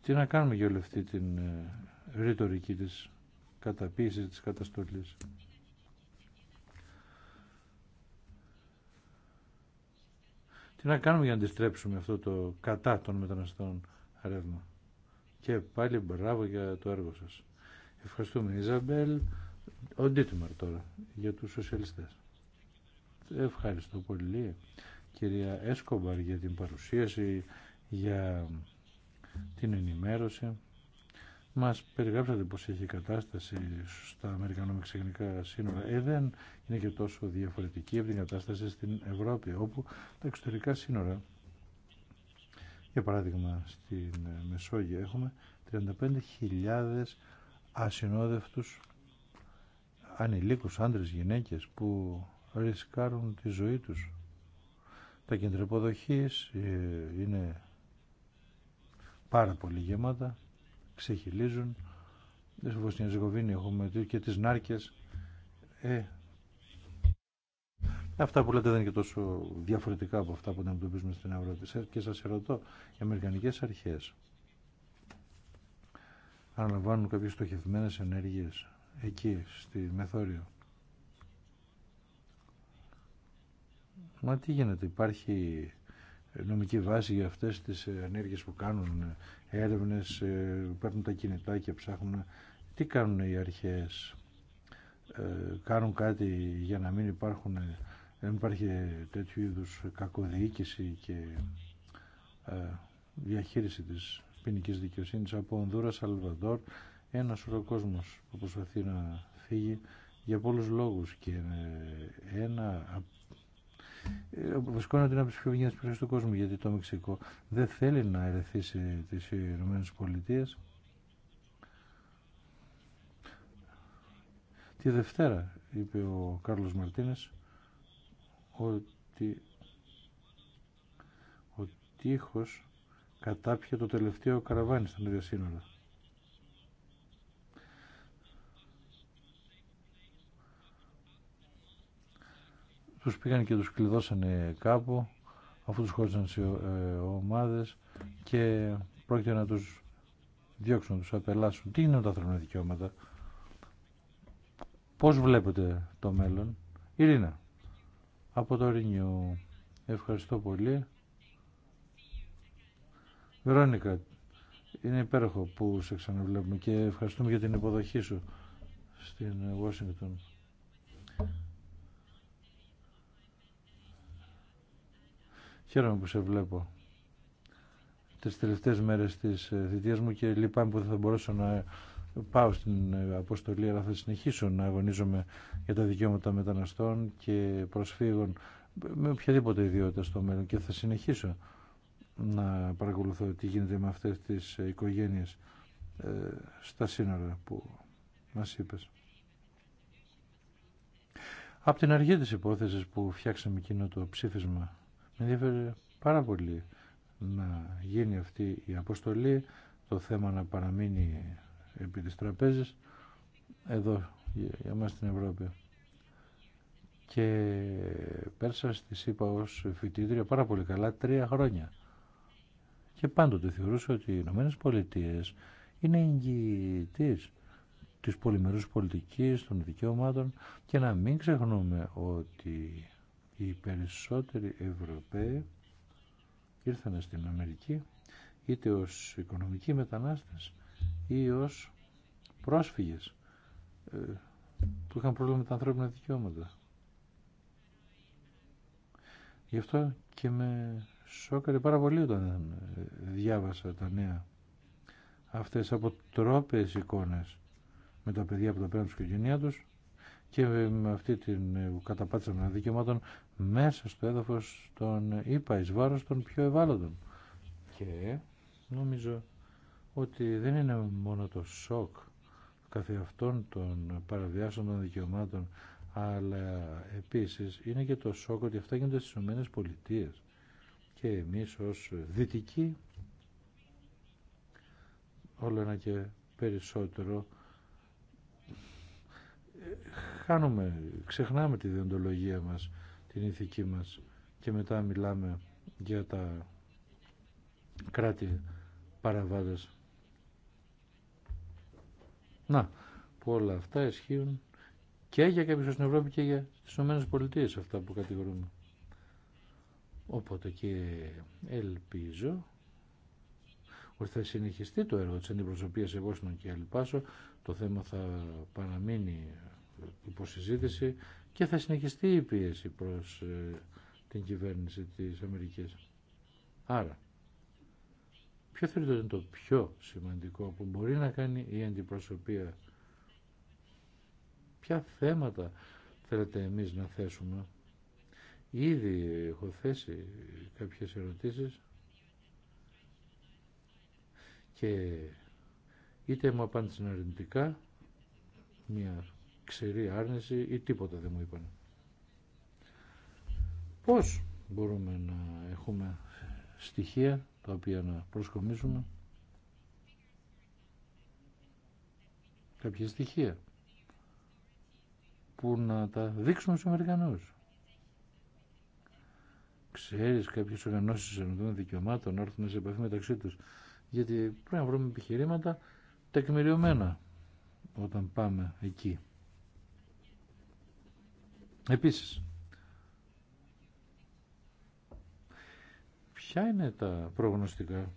Τι να κάνουμε για όλη αυτή την ε, ρητορική της καταπίεσης, της καταστολής. Τι να κάνουμε για να αντιστρέψουμε αυτό το κατά των μεταναστών ρεύμα. Και πάλι μπράβο για το έργο σας. Ευχαριστούμε Ιζαμπέλ. Ο Ντίτμαρ τώρα για τους σοσιαλιστές. Ευχαριστώ πολύ κυρία Έσκομπαρ για την παρουσίαση, για την ενημέρωση. Μας περιγράψατε πως έχει η κατάσταση στα αμερικανο σύνορα. Ε, δεν είναι και τόσο διαφορετική από την κατάσταση στην Ευρώπη, όπου τα εξωτερικά σύνορα, για παράδειγμα στην Μεσόγειο, έχουμε 35.000 ασυνόδευτους ανηλίκους άντρες, γυναίκες που ρισκάρουν τη ζωή τους. Τα κέντρα υποδοχή ε, είναι πάρα πολύ γεμάτα ξεχυλίζουν. πω ε, στην έχουμε και τις νάρκες. Ε, αυτά που λέτε δεν είναι και τόσο διαφορετικά από αυτά που αντιμετωπίζουμε στην Ευρώπη. Και σας ρωτώ οι Αμερικανικέ αρχές αναλαμβάνουν κάποιες στοχευμένες ενέργειες εκεί, στη Μεθόριο. Μα τι γίνεται, υπάρχει νομική βάση για αυτές τις ε, ενέργειες που κάνουν ε, έρευνες, ε, παίρνουν τα κινητά και ψάχνουν. Τι κάνουν οι αρχές, κάνουν κάτι για να μην υπάρχουν, δεν υπάρχει τέτοιου είδους κακοδιοίκηση και διαχείριση της ποινική δικαιοσύνης από Ονδούρα Σαλβαδόρ, ένα σωρό κόσμος που προσπαθεί να φύγει για πολλούς λόγους και ένα βασικό ε, είναι ότι είναι από τι πιο βγαίνει του κόσμου, γιατί το Μεξικό δεν θέλει να ερεθίσει τι ΗΠΑ. Τη Δευτέρα είπε ο Κάρλος Μαρτίνες ότι ο τείχος κατάπιε το τελευταίο καραβάνι στα ίδια τους πήγαν και τους κλειδώσανε κάπου αφού τους χώρισαν σε ε, ομάδες και πρόκειται να τους διώξουν, να τους απελάσουν. Τι είναι τα ανθρώπινα δικαιώματα. Πώς βλέπετε το μέλλον. Ειρήνα, από το Ρήνιο. Ευχαριστώ πολύ. Βερόνικα, είναι υπέροχο που σε ξαναβλέπουμε και ευχαριστούμε για την υποδοχή σου στην Washington. Χαίρομαι που σε βλέπω τις τελευταίες μέρες της ε, θητείας μου και λυπάμαι που δεν θα μπορέσω να ε, πάω στην ε, αποστολή αλλά θα συνεχίσω να αγωνίζομαι για τα δικαιώματα μεταναστών και προσφύγων με οποιαδήποτε ιδιότητα στο μέλλον και θα συνεχίσω να παρακολουθώ τι γίνεται με αυτές τις οικογένειες στα σύνορα που μας είπες. Από την αρχή της υπόθεσης που φτιάξαμε εκείνο το ψήφισμα με ενδιαφέρει πάρα πολύ να γίνει αυτή η αποστολή, το θέμα να παραμείνει επί της τραπέζης, εδώ για μας στην Ευρώπη. Και πέρσα τη είπα ως φοιτήτρια πάρα πολύ καλά τρία χρόνια. Και πάντοτε θεωρούσα ότι οι Ηνωμένε Πολιτείε είναι εγγυητής της πολυμερούς πολιτικής, των δικαιωμάτων και να μην ξεχνούμε ότι οι περισσότεροι Ευρωπαίοι ήρθαν στην Αμερική είτε ως οικονομικοί μετανάστες ή ως πρόσφυγες ε, που είχαν πρόβλημα με τα ανθρώπινα δικαιώματα. Γι' αυτό και με σώκαρε πάρα πολύ όταν ε, διάβασα τα νέα αυτές από τρόπες εικόνες με τα παιδιά που τα παίρνουν στην οικογένειά τους και με αυτή την ε, καταπάτηση των δικαιωμάτων μέσα στο έδαφος των ΙΠΑ ε, εις βάρος των πιο ευάλωτων. Και νομίζω ότι δεν είναι μόνο το σοκ καθε αυτών των παραβιάσεων των δικαιωμάτων αλλά επίσης είναι και το σοκ ότι αυτά γίνονται στις Ηνωμένες Πολιτείες και εμείς ως δυτικοί όλο ένα και περισσότερο χάνουμε, ξεχνάμε τη διοντολογία μας, την ηθική μας και μετά μιλάμε για τα κράτη παραβάδες. Να, που όλα αυτά ισχύουν και για κάποιους στην Ευρώπη και για τις Ηνωμένες Πολιτείες αυτά που κατηγορούν. Οπότε και ελπίζω ότι θα συνεχιστεί το έργο της αντιπροσωπείας Ευώσινων και ελπάσω το θέμα θα παραμείνει υποσυζήτηση και θα συνεχιστεί η πίεση προς ε, την κυβέρνηση της Αμερικής. Άρα, ποιο θεωρείτε ότι είναι το πιο σημαντικό που μπορεί να κάνει η αντιπροσωπεία. Ποια θέματα θέλετε εμείς να θέσουμε. Ήδη έχω θέσει κάποιες ερωτήσεις και είτε μου απάντησαν αρνητικά, μια ξερή άρνηση ή τίποτα δεν μου είπαν. Πώς μπορούμε να έχουμε στοιχεία τα οποία να προσκομίσουμε κάποια στοιχεία που να τα δείξουμε στους Αμερικανούς. Ξέρεις κάποιες οργανώσεις ενωτών δικαιωμάτων να έρθουν σε επαφή μεταξύ τους γιατί πρέπει να βρούμε επιχειρήματα τεκμηριωμένα όταν πάμε εκεί. Επίσης, ποια είναι τα προγνωστικά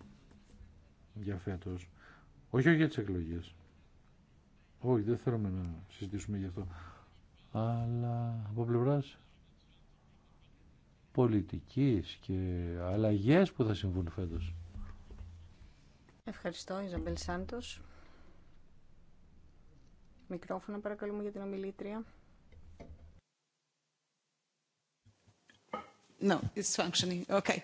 για φέτος, όχι για τις εκλογές, όχι δεν θέλουμε να συζητήσουμε γι' αυτό, αλλά από πλευράς πολιτικής και αλλαγές που θα συμβούν φέτος. Ευχαριστώ, Ιζαμπέλ Σάντος. Μικρόφωνα παρακαλούμε για την ομιλήτρια. No, it's functioning. Okay.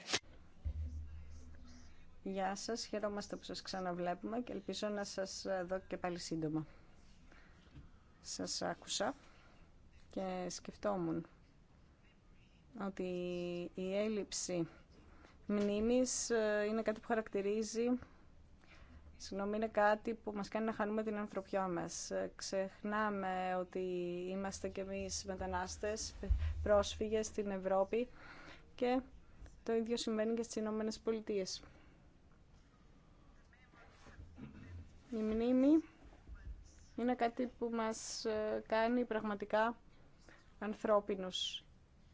Γεια σας, χαιρόμαστε που σας ξαναβλέπουμε και ελπίζω να σας δω και πάλι σύντομα. Σας άκουσα και σκεφτόμουν ότι η έλλειψη μνήμης ε, είναι κάτι που χαρακτηρίζει Συγγνώμη, είναι κάτι που μας κάνει να χάνουμε την ανθρωπιά μας. Ξεχνάμε ότι είμαστε κι εμείς μετανάστες, πρόσφυγες στην Ευρώπη και το ίδιο συμβαίνει και στις Ηνωμένε Πολιτείε. Η μνήμη είναι κάτι που μας ε, κάνει πραγματικά ανθρώπινους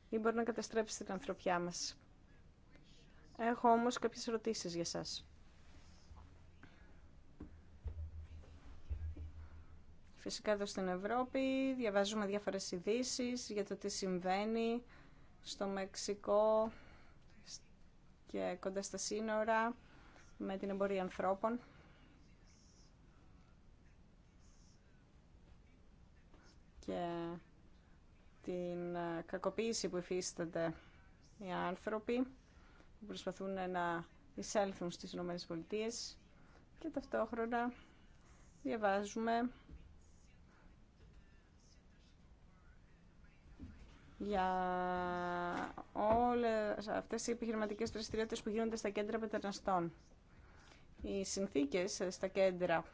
ή μπορεί να καταστρέψει την ανθρωπιά μας. Έχω όμως κάποιες ερωτήσεις για σας. Φυσικά εδώ στην Ευρώπη διαβάζουμε διάφορες ειδήσει για το τι συμβαίνει στο Μεξικό και κοντά στα σύνορα με την εμπορία ανθρώπων. και την ε, κακοποίηση που υφίστανται οι άνθρωποι που προσπαθούν να εισέλθουν στις ΗΠΑ Πολιτείες και ταυτόχρονα διαβάζουμε για όλες αυτές οι επιχειρηματικές δραστηριότητες που γίνονται στα κέντρα μεταναστών. Οι συνθήκες στα κέντρα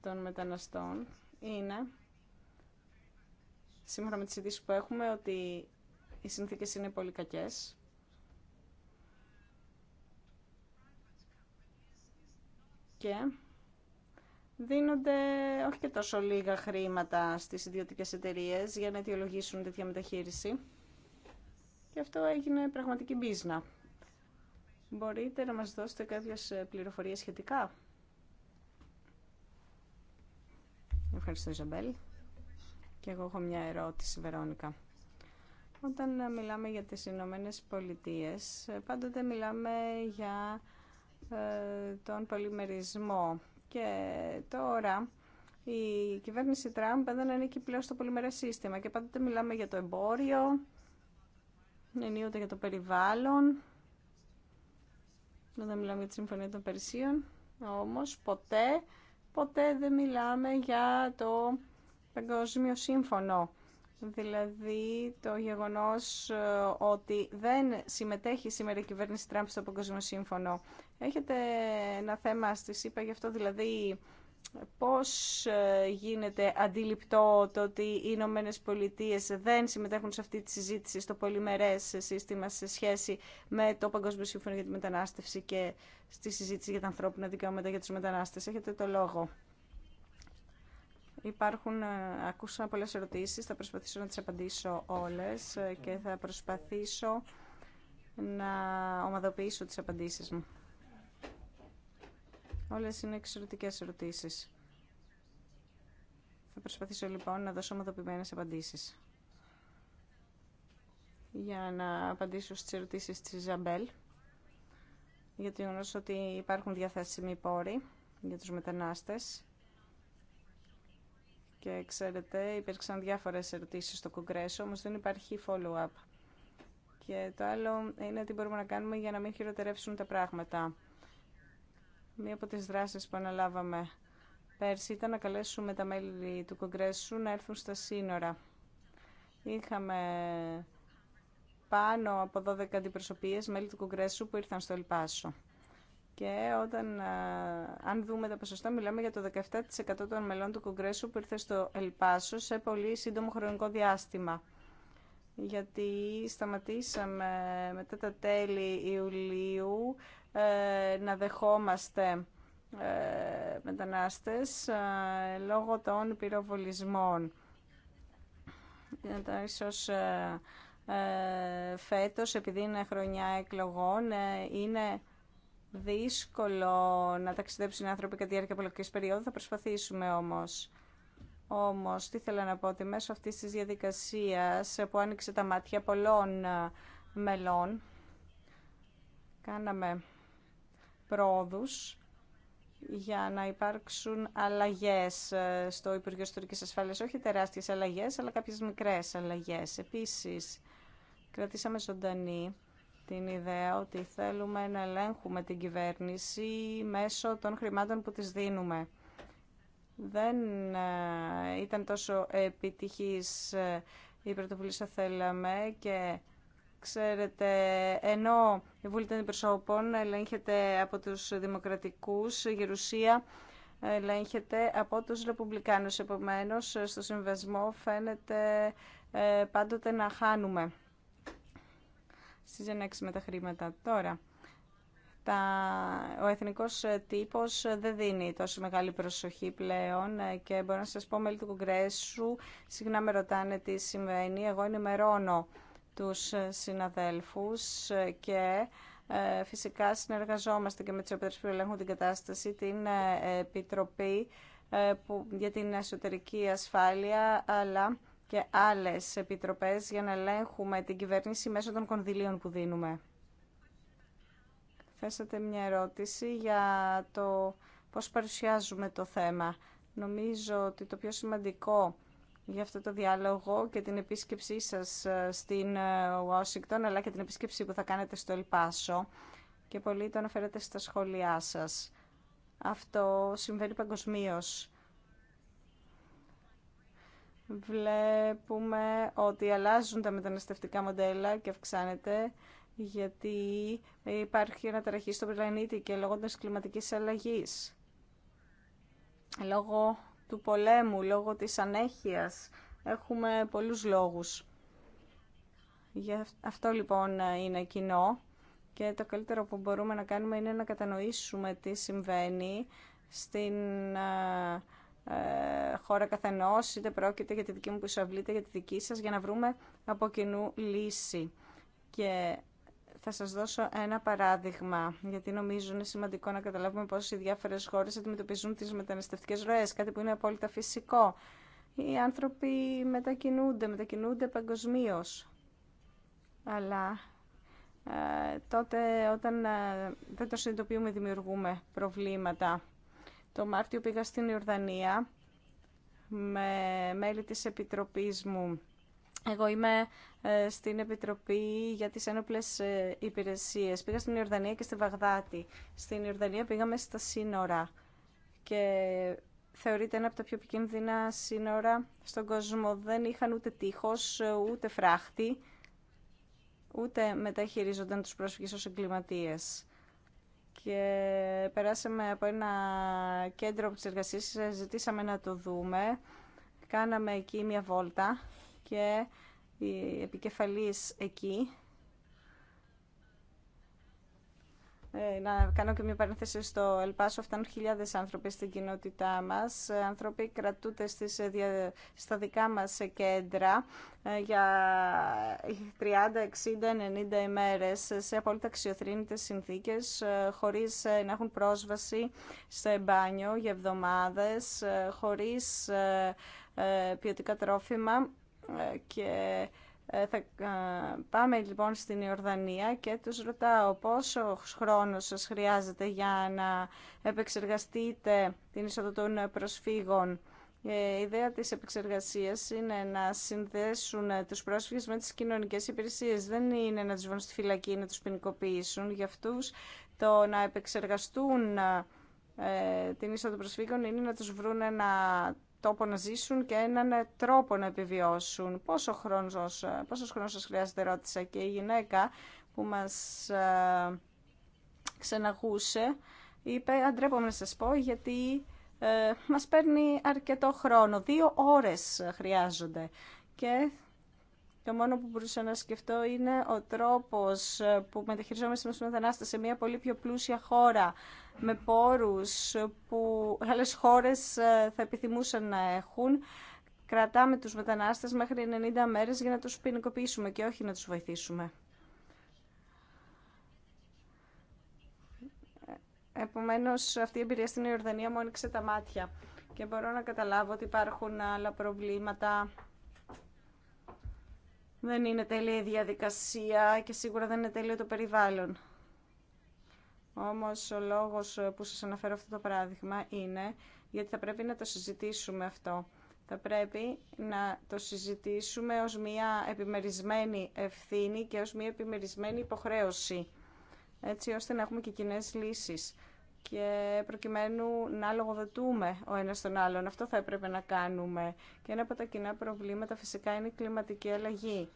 των μεταναστών είναι, σύμφωνα με τις ειδήσει που έχουμε, ότι οι συνθήκες είναι πολύ κακές. Και δίνονται όχι και τόσο λίγα χρήματα στις ιδιωτικές εταιρείες για να αιτιολογήσουν τέτοια μεταχείριση. Και αυτό έγινε πραγματική μπίζνα. Μπορείτε να μας δώσετε κάποιες πληροφορίες σχετικά. Ευχαριστώ Ιζαμπέλ. Και εγώ έχω μια ερώτηση, Βερόνικα. Όταν μιλάμε για τις Ηνωμένε Πολιτείε, πάντοτε μιλάμε για ε, τον πολυμερισμό και τώρα η κυβέρνηση Τραμπ δεν ανήκει πλέον στο πολυμερέ σύστημα και πάντοτε μιλάμε για το εμπόριο, ενίοτε για το περιβάλλον, Δεν μιλάμε για τη Συμφωνία των Περσίων, όμως ποτέ, ποτέ δεν μιλάμε για το Παγκόσμιο Σύμφωνο. Δηλαδή το γεγονός ε, ότι δεν συμμετέχει σήμερα η κυβέρνηση Τραμπ στο Παγκόσμιο Σύμφωνο Έχετε ένα θέμα στις είπα γι' αυτό δηλαδή πώς ε, γίνεται αντιληπτό το ότι οι Ηνωμένε Πολιτείε δεν συμμετέχουν σε αυτή τη συζήτηση στο πολυμερές σύστημα σε σχέση με το Παγκόσμιο Σύμφωνο για τη Μετανάστευση και στη συζήτηση για τα ανθρώπινα δικαιώματα για τους μετανάστες. Έχετε το λόγο. Υπάρχουν, ε, ακούσα πολλές ερωτήσεις, θα προσπαθήσω να τις απαντήσω όλες ε, και θα προσπαθήσω να ομαδοποιήσω τις απαντήσεις μου. Όλες είναι εξαιρετικές ερωτήσεις. Θα προσπαθήσω λοιπόν να δώσω ομοδοποιημένες απαντήσεις. Για να απαντήσω στις ερωτήσεις της Ζαμπέλ, για το ότι υπάρχουν διαθέσιμοι πόροι για τους μετανάστες. Και ξέρετε, υπήρξαν διάφορες ερωτήσεις στο Κογκρέσο, όμως δεν υπάρχει follow-up. Και το άλλο είναι τι μπορούμε να κάνουμε για να μην χειροτερεύσουν τα πράγματα. Μία από τις δράσεις που αναλάβαμε πέρσι ήταν να καλέσουμε τα μέλη του Κογκρέσου να έρθουν στα σύνορα. Είχαμε πάνω από 12 αντιπροσωπείες μέλη του Κογκρέσου που ήρθαν στο Ελπάσο. Και όταν, αν δούμε τα ποσοστά, μιλάμε για το 17% των μελών του Κογκρέσου που ήρθε στο Ελπάσο σε πολύ σύντομο χρονικό διάστημα γιατί σταματήσαμε μετά τα τέλη Ιουλίου ε, να δεχόμαστε ε, μετανάστες ε, λόγω των πυροβολισμών. Ίσως φέτος, επειδή είναι χρονιά εκλογών, είναι δύσκολο να ταξιδέψουν οι άνθρωποι κατά τη διάρκεια περίοδου. Θα προσπαθήσουμε όμως. Όμως, τι θέλω να πω, ότι μέσω αυτής της διαδικασίας που άνοιξε τα μάτια πολλών ε, μελών, κάναμε πρόοδους για να υπάρξουν αλλαγές ε, στο Υπουργείο Ιστορικής Ασφάλειας. Όχι τεράστιες αλλαγές, αλλά κάποιες μικρές αλλαγές. Επίσης, κρατήσαμε ζωντανή την ιδέα ότι θέλουμε να ελέγχουμε την κυβέρνηση μέσω των χρημάτων που της δίνουμε δεν ε, ήταν τόσο επιτυχής ε, η πρωτοβουλία θέλαμε και ξέρετε, ενώ η Βουλή των Υπερσώπων ελέγχεται από τους Δημοκρατικούς, η Γερουσία ελέγχεται από τους Ρεπουμπλικάνους. Επομένως, στο συμβασμό φαίνεται ε, πάντοτε να χάνουμε στις ενέξεις με τα χρήματα. Τώρα, τα, ο εθνικός ε, τύπος ε, δεν δίνει τόσο μεγάλη προσοχή πλέον ε, και μπορώ να σας πω μέλη του Κογκρέσου συχνά με ρωτάνε τι συμβαίνει. Εγώ ενημερώνω τους συναδέλφους και φυσικά συνεργαζόμαστε και με τις επιτροπές που ελέγχουν την κατάσταση, την Επιτροπή που, για την Εσωτερική Ασφάλεια, αλλά και άλλες επιτροπές για να ελέγχουμε την κυβέρνηση μέσω των κονδυλίων που δίνουμε θέσατε μια ερώτηση για το πώς παρουσιάζουμε το θέμα. Νομίζω ότι το πιο σημαντικό για αυτό το διάλογο και την επίσκεψή σας ε, στην ε, Ουάσιγκτον αλλά και την επίσκεψη που θα κάνετε στο Ελπάσο και πολύ το αναφέρετε στα σχόλιά σας. Αυτό συμβαίνει παγκοσμίω. Βλέπουμε ότι αλλάζουν τα μεταναστευτικά μοντέλα και αυξάνεται γιατί υπάρχει ανατεραχή στον πλανήτη και λόγω της κλιματικής αλλαγής, λόγω του πολέμου, λόγω της ανέχειας. Έχουμε πολλούς λόγους. Για αυτό λοιπόν είναι κοινό και το καλύτερο που μπορούμε να κάνουμε είναι να κατανοήσουμε τι συμβαίνει στην ε, ε, χώρα καθενός, είτε πρόκειται για τη δική μου που εισαυλείται, για τη δική σας, για να βρούμε από κοινού λύση. Και θα σας δώσω ένα παράδειγμα, γιατί νομίζω είναι σημαντικό να καταλάβουμε πώς οι διάφορες χώρες αντιμετωπίζουν τις μεταναστευτικές ροές, κάτι που είναι απόλυτα φυσικό. Οι άνθρωποι μετακινούνται, μετακινούνται παγκοσμίω. Αλλά ε, τότε όταν ε, δεν το συνειδητοποιούμε δημιουργούμε προβλήματα. Το Μάρτιο πήγα στην Ιορδανία με μέλη της Επιτροπής μου. Εγώ είμαι ε, στην Επιτροπή για τις Ένοπλες ε, Υπηρεσίες. Πήγα στην Ιορδανία και στη Βαγδάτη. Στην Ιορδανία πήγαμε στα σύνορα και θεωρείται ένα από τα πιο επικίνδυνα σύνορα στον κόσμο. Δεν είχαν ούτε τείχος, ούτε φράχτη, ούτε μεταχειρίζονταν τους πρόσφυγες ως εγκληματίες. Και περάσαμε από ένα κέντρο από τις ζητήσαμε να το δούμε. Κάναμε εκεί μια βόλτα και οι επικεφαλής εκεί. Ε, να κάνω και μια παρένθεση στο Ελπάσο, φτάνουν χιλιάδες άνθρωποι στην κοινότητά μας. Ε, άνθρωποι κρατούνται στις, ε, στα δικά μας κέντρα για 30, 60, 90 ημέρες σε απόλυτα αξιοθρύνητες συνθήκες, χωρίς να έχουν πρόσβαση σε μπάνιο για εβδομάδες, χωρίς ποιοτικά τρόφιμα ε, και ε, θα ε, πάμε λοιπόν στην Ιορδανία και τους ρωτάω πόσο χρόνο σας χρειάζεται για να επεξεργαστείτε την είσοδο των προσφύγων. Η ιδέα της επεξεργασίας είναι να συνδέσουν τους πρόσφυγες με τις κοινωνικές υπηρεσίες. Δεν είναι να τους βγουν στη φυλακή, να τους ποινικοποιήσουν. Για αυτούς το να επεξεργαστούν την είσοδο των προσφύγων είναι να τους βρουν ένα τόπο να ζήσουν και έναν ε, τρόπο να επιβιώσουν. Πόσο χρόνο ε, πόσο χρόνος σας χρειάζεται, ρώτησα και η γυναίκα που μας ε, ξεναγούσε είπε, αντρέπομαι να σας πω, γιατί ε, μας παίρνει αρκετό χρόνο. Δύο ώρες χρειάζονται. Και το μόνο που μπορούσα να σκεφτώ είναι ο τρόπος που μεταχειριζόμαστε με μετανάστες σε μια πολύ πιο πλούσια χώρα με πόρους που άλλες χώρες ε, θα επιθυμούσαν να έχουν. Κρατάμε τους μετανάστες μέχρι 90 μέρες για να τους ποινικοποιήσουμε και όχι να τους βοηθήσουμε. Επομένως, αυτή η εμπειρία στην Ιορδανία μου άνοιξε τα μάτια και μπορώ να καταλάβω ότι υπάρχουν άλλα προβλήματα. Δεν είναι τέλεια η διαδικασία και σίγουρα δεν είναι τέλειο το περιβάλλον. Όμως ο λόγος ε, που σας αναφέρω αυτό το παράδειγμα είναι γιατί θα πρέπει να το συζητήσουμε αυτό. Θα πρέπει να το συζητήσουμε ως μια επιμερισμένη ευθύνη και ως μια επιμερισμένη υποχρέωση, έτσι ώστε να έχουμε και κοινέ λύσεις και προκειμένου να λογοδοτούμε ο ένας τον άλλον. Αυτό θα έπρεπε να κάνουμε. Και ένα από τα κοινά προβλήματα φυσικά είναι η κλιματική αλλαγή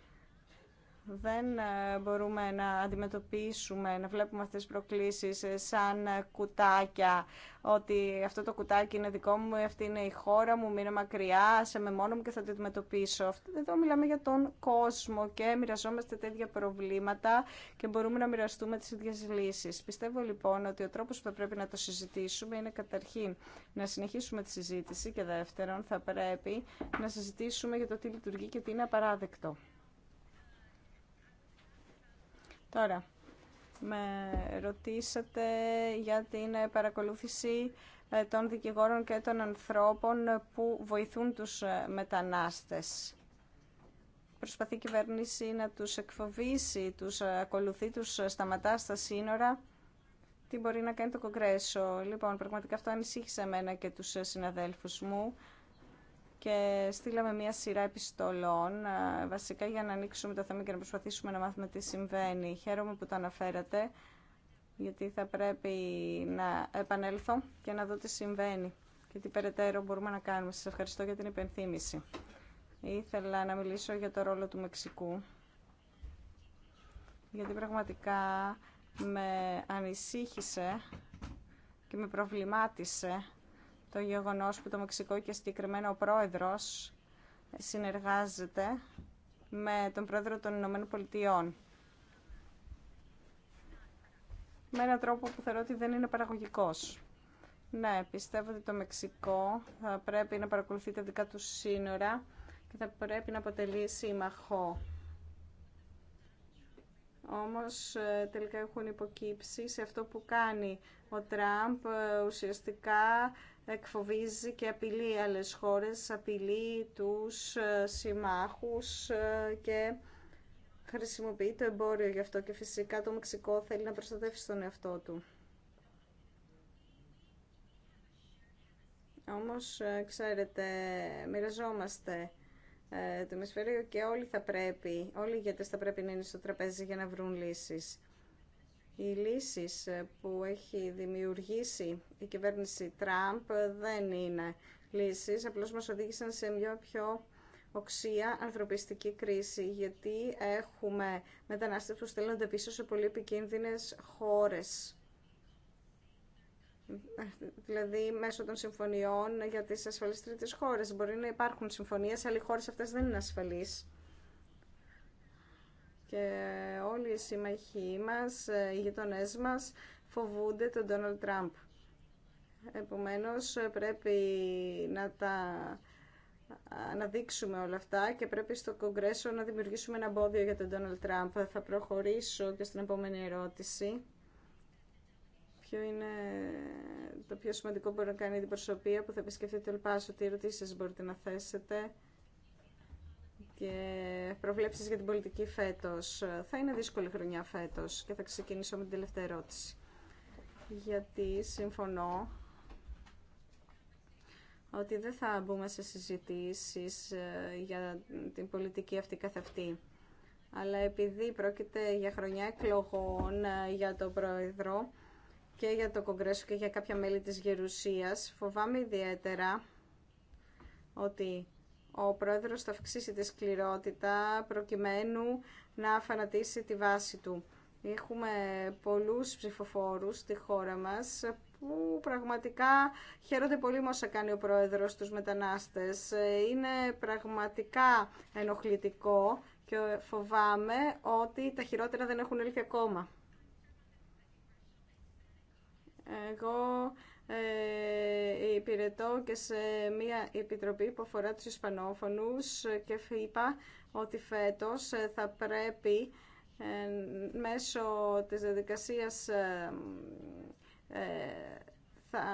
δεν ε, μπορούμε να αντιμετωπίσουμε, να βλέπουμε αυτές τις προκλήσεις ε, σαν ε, κουτάκια, ότι αυτό το κουτάκι είναι δικό μου, αυτή είναι η χώρα μου, μείνω μακριά, σε με μόνο μου και θα το αντιμετωπίσω. Εδώ μιλάμε για τον κόσμο και μοιραζόμαστε τέτοια προβλήματα και μπορούμε να μοιραστούμε τις ίδιες λύσεις. Πιστεύω λοιπόν ότι ο τρόπος που θα πρέπει να το συζητήσουμε είναι καταρχήν να συνεχίσουμε τη συζήτηση και δεύτερον θα πρέπει να συζητήσουμε για το τι λειτουργεί και τι είναι απαράδεκτο. Τώρα, με ρωτήσατε για την παρακολούθηση ε, των δικηγόρων και των ανθρώπων που βοηθούν τους ε, μετανάστες. Προσπαθεί η κυβέρνηση να τους εκφοβήσει, τους ε, ακολουθεί, τους σταματά στα σύνορα. Τι μπορεί να κάνει το Κογκρέσο. Λοιπόν, πραγματικά αυτό ανησύχησε εμένα και τους συναδέλφους μου και στείλαμε μια σειρά επιστολών ε, βασικά για να ανοίξουμε το θέμα και να προσπαθήσουμε να μάθουμε τι συμβαίνει. Χαίρομαι που το αναφέρατε γιατί θα πρέπει να επανέλθω και να δω τι συμβαίνει και τι περαιτέρω μπορούμε να κάνουμε. Σας ευχαριστώ για την υπενθύμηση. Ήθελα να μιλήσω για το ρόλο του Μεξικού γιατί πραγματικά με ανησύχησε και με προβλημάτισε το γεγονός που το Μεξικό και συγκεκριμένα ο πρόεδρος συνεργάζεται με τον πρόεδρο των Ηνωμένων Πολιτειών. Με έναν τρόπο που θεωρώ ότι δεν είναι παραγωγικός. Ναι, πιστεύω ότι το Μεξικό θα πρέπει να παρακολουθεί τα δικά του σύνορα και θα πρέπει να αποτελεί σύμμαχο όμως ε, τελικά έχουν υποκύψει σε αυτό που κάνει ο Τραμπ ε, ουσιαστικά εκφοβίζει και απειλεί άλλες χώρες, απειλεί τους ε, συμμάχους και χρησιμοποιεί το εμπόριο γι' αυτό και φυσικά το Μεξικό θέλει να προστατεύσει τον εαυτό του. Όμως, ξέρετε, μοιραζόμαστε ε, το ημισφαίριο και όλοι θα πρέπει, όλοι οι ηγέτες θα πρέπει να είναι στο τραπέζι για να βρουν λύσεις. Οι λύσεις ε, που έχει δημιουργήσει η κυβέρνηση Τραμπ δεν είναι λύσεις, απλώς μας οδήγησαν σε μια πιο οξία ανθρωπιστική κρίση, γιατί έχουμε μετανάστες που στέλνονται πίσω σε πολύ επικίνδυνες χώρες δηλαδή μέσω των συμφωνιών για τις ασφαλείς τρίτες χώρες. Μπορεί να υπάρχουν συμφωνίες, αλλά οι χώρες αυτές δεν είναι ασφαλείς. Και όλοι οι συμμαχοί μας, ε, οι γειτονέ μας, φοβούνται τον Ντόναλτ Τραμπ. Επομένως, ε, πρέπει να τα αναδείξουμε όλα αυτά και πρέπει στο Κογκρέσο να δημιουργήσουμε ένα εμπόδιο για τον Ντόναλτ Τραμπ. Θα προχωρήσω και στην επόμενη ερώτηση ποιο είναι το πιο σημαντικό που μπορεί να κάνει την προσωπία που θα επισκεφτείτε το Ελπάσο, τι ερωτήσεις μπορείτε να θέσετε και προβλέψεις για την πολιτική φέτος. Θα είναι δύσκολη χρονιά φέτος και θα ξεκινήσω με την τελευταία ερώτηση. Γιατί συμφωνώ ότι δεν θα μπούμε σε συζητήσεις ε, για την πολιτική αυτή καθ' αυτή. Αλλά επειδή πρόκειται για χρονιά εκλογών ε, για τον Πρόεδρο, και για το Κογκρέσο και για κάποια μέλη της Γερουσίας. Φοβάμαι ιδιαίτερα ότι ο πρόεδρος θα αυξήσει τη σκληρότητα προκειμένου να φανατίσει τη βάση του. Έχουμε πολλούς ψηφοφόρους στη χώρα μας που πραγματικά χαίρονται πολύ με όσα κάνει ο πρόεδρος τους μετανάστες. Είναι πραγματικά ενοχλητικό και φοβάμαι ότι τα χειρότερα δεν έχουν έλθει ακόμα. Εγώ ε, υπηρετώ και σε μια επιτροπή που αφορά τους Ισπανόφωνους και είπα ότι φέτος θα πρέπει ε, μέσω της διαδικασίας ε, θα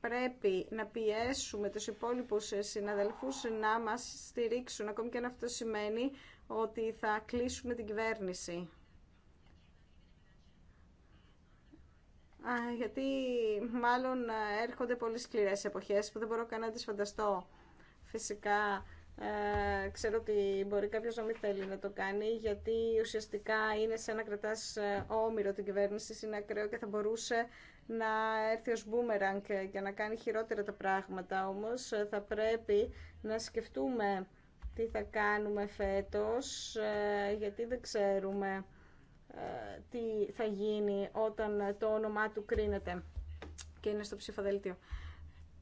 πρέπει να πιέσουμε τους υπόλοιπους συναδελφούς να μας στηρίξουν, ακόμη και αν αυτό σημαίνει ότι θα κλείσουμε την κυβέρνηση. γιατί μάλλον ε, έρχονται πολύ σκληρές εποχές που δεν μπορώ καν να τις φανταστώ. Φυσικά, ε, ξέρω ότι μπορεί κάποιος να μην θέλει να το κάνει, γιατί ουσιαστικά είναι σαν να κρατάς ε, όμοιρο την κυβέρνηση, είναι ακραίο και θα μπορούσε να έρθει ως μπούμεραγκ και να κάνει χειρότερα τα πράγματα. Όμως θα πρέπει να σκεφτούμε τι θα κάνουμε φέτος, γιατί δεν ξέρουμε τι θα γίνει όταν το όνομά του κρίνεται και είναι στο ψηφοδέλτιο.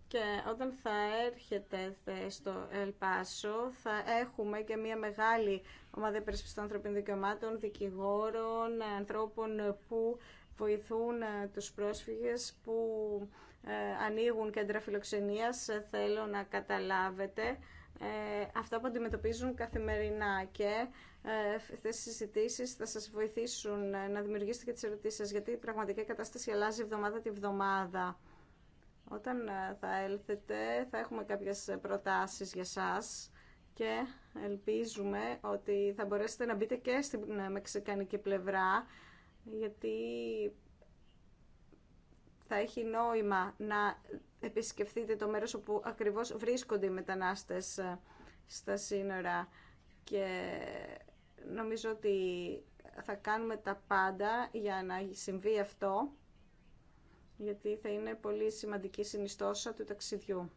Και όταν θα έρχεται στο Ελπάσο θα έχουμε και μια μεγάλη ομάδα υπερασπιστών ανθρωπίνων δικαιωμάτων, δικηγόρων, ανθρώπων που βοηθούν ε, τους πρόσφυγες, που ε, ανοίγουν κέντρα φιλοξενίας. Θέλω να καταλάβετε ε, αυτά που αντιμετωπίζουν καθημερινά και αυτέ ε, οι συζητήσει θα σας βοηθήσουν ε, να δημιουργήσετε και τις ερωτήσεις σα, γιατί η κατάσταση αλλάζει εβδομάδα τη εβδομάδα Όταν θα έλθετε, θα έχουμε κάποιες προτάσεις για σας και ελπίζουμε ότι θα μπορέσετε να μπείτε και στην μεξικανική πλευρά, γιατί έχει νόημα να επισκεφθείτε το μέρος όπου ακριβώς βρίσκονται οι μετανάστες ε, στα σύνορα και νομίζω ότι θα κάνουμε τα πάντα για να συμβεί αυτό γιατί θα είναι πολύ σημαντική συνιστόσα του ταξιδιού.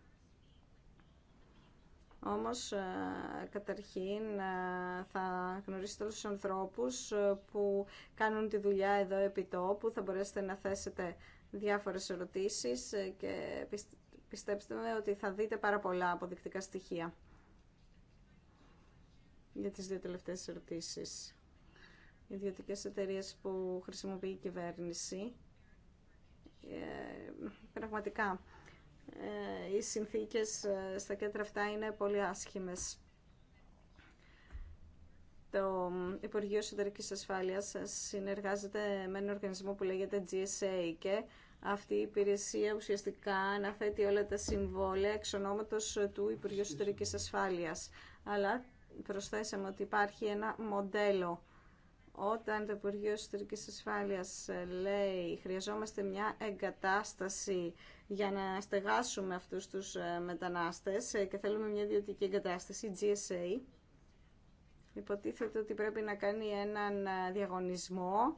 Όμως, ε, καταρχήν, ε, θα γνωρίσετε όλους τους ανθρώπους που κάνουν τη δουλειά εδώ επί τόπου, θα μπορέσετε να θέσετε διάφορες ερωτήσεις ε, και πιστέψτε με ότι θα δείτε πάρα πολλά αποδεικτικά στοιχεία για τις δύο τελευταίες ερωτήσεις. Οι ιδιωτικές που χρησιμοποιεί η κυβέρνηση, ε, πραγματικά, ε, οι συνθήκες στα κέντρα αυτά είναι πολύ άσχημες το Υπουργείο Εσωτερική Ασφάλειας συνεργάζεται με έναν οργανισμό που λέγεται GSA και αυτή η υπηρεσία ουσιαστικά αναθέτει όλα τα συμβόλαια εξ ονόματος του Υπουργείου Εσωτερική Ασφάλειας. Αλλά προσθέσαμε ότι υπάρχει ένα μοντέλο. Όταν το Υπουργείο Εσωτερική Ασφάλειας λέει χρειαζόμαστε μια εγκατάσταση για να στεγάσουμε αυτούς τους ε, μετανάστες ε, και θέλουμε μια ιδιωτική εγκατάσταση, GSA, υποτίθεται ότι πρέπει να κάνει έναν ε, διαγωνισμό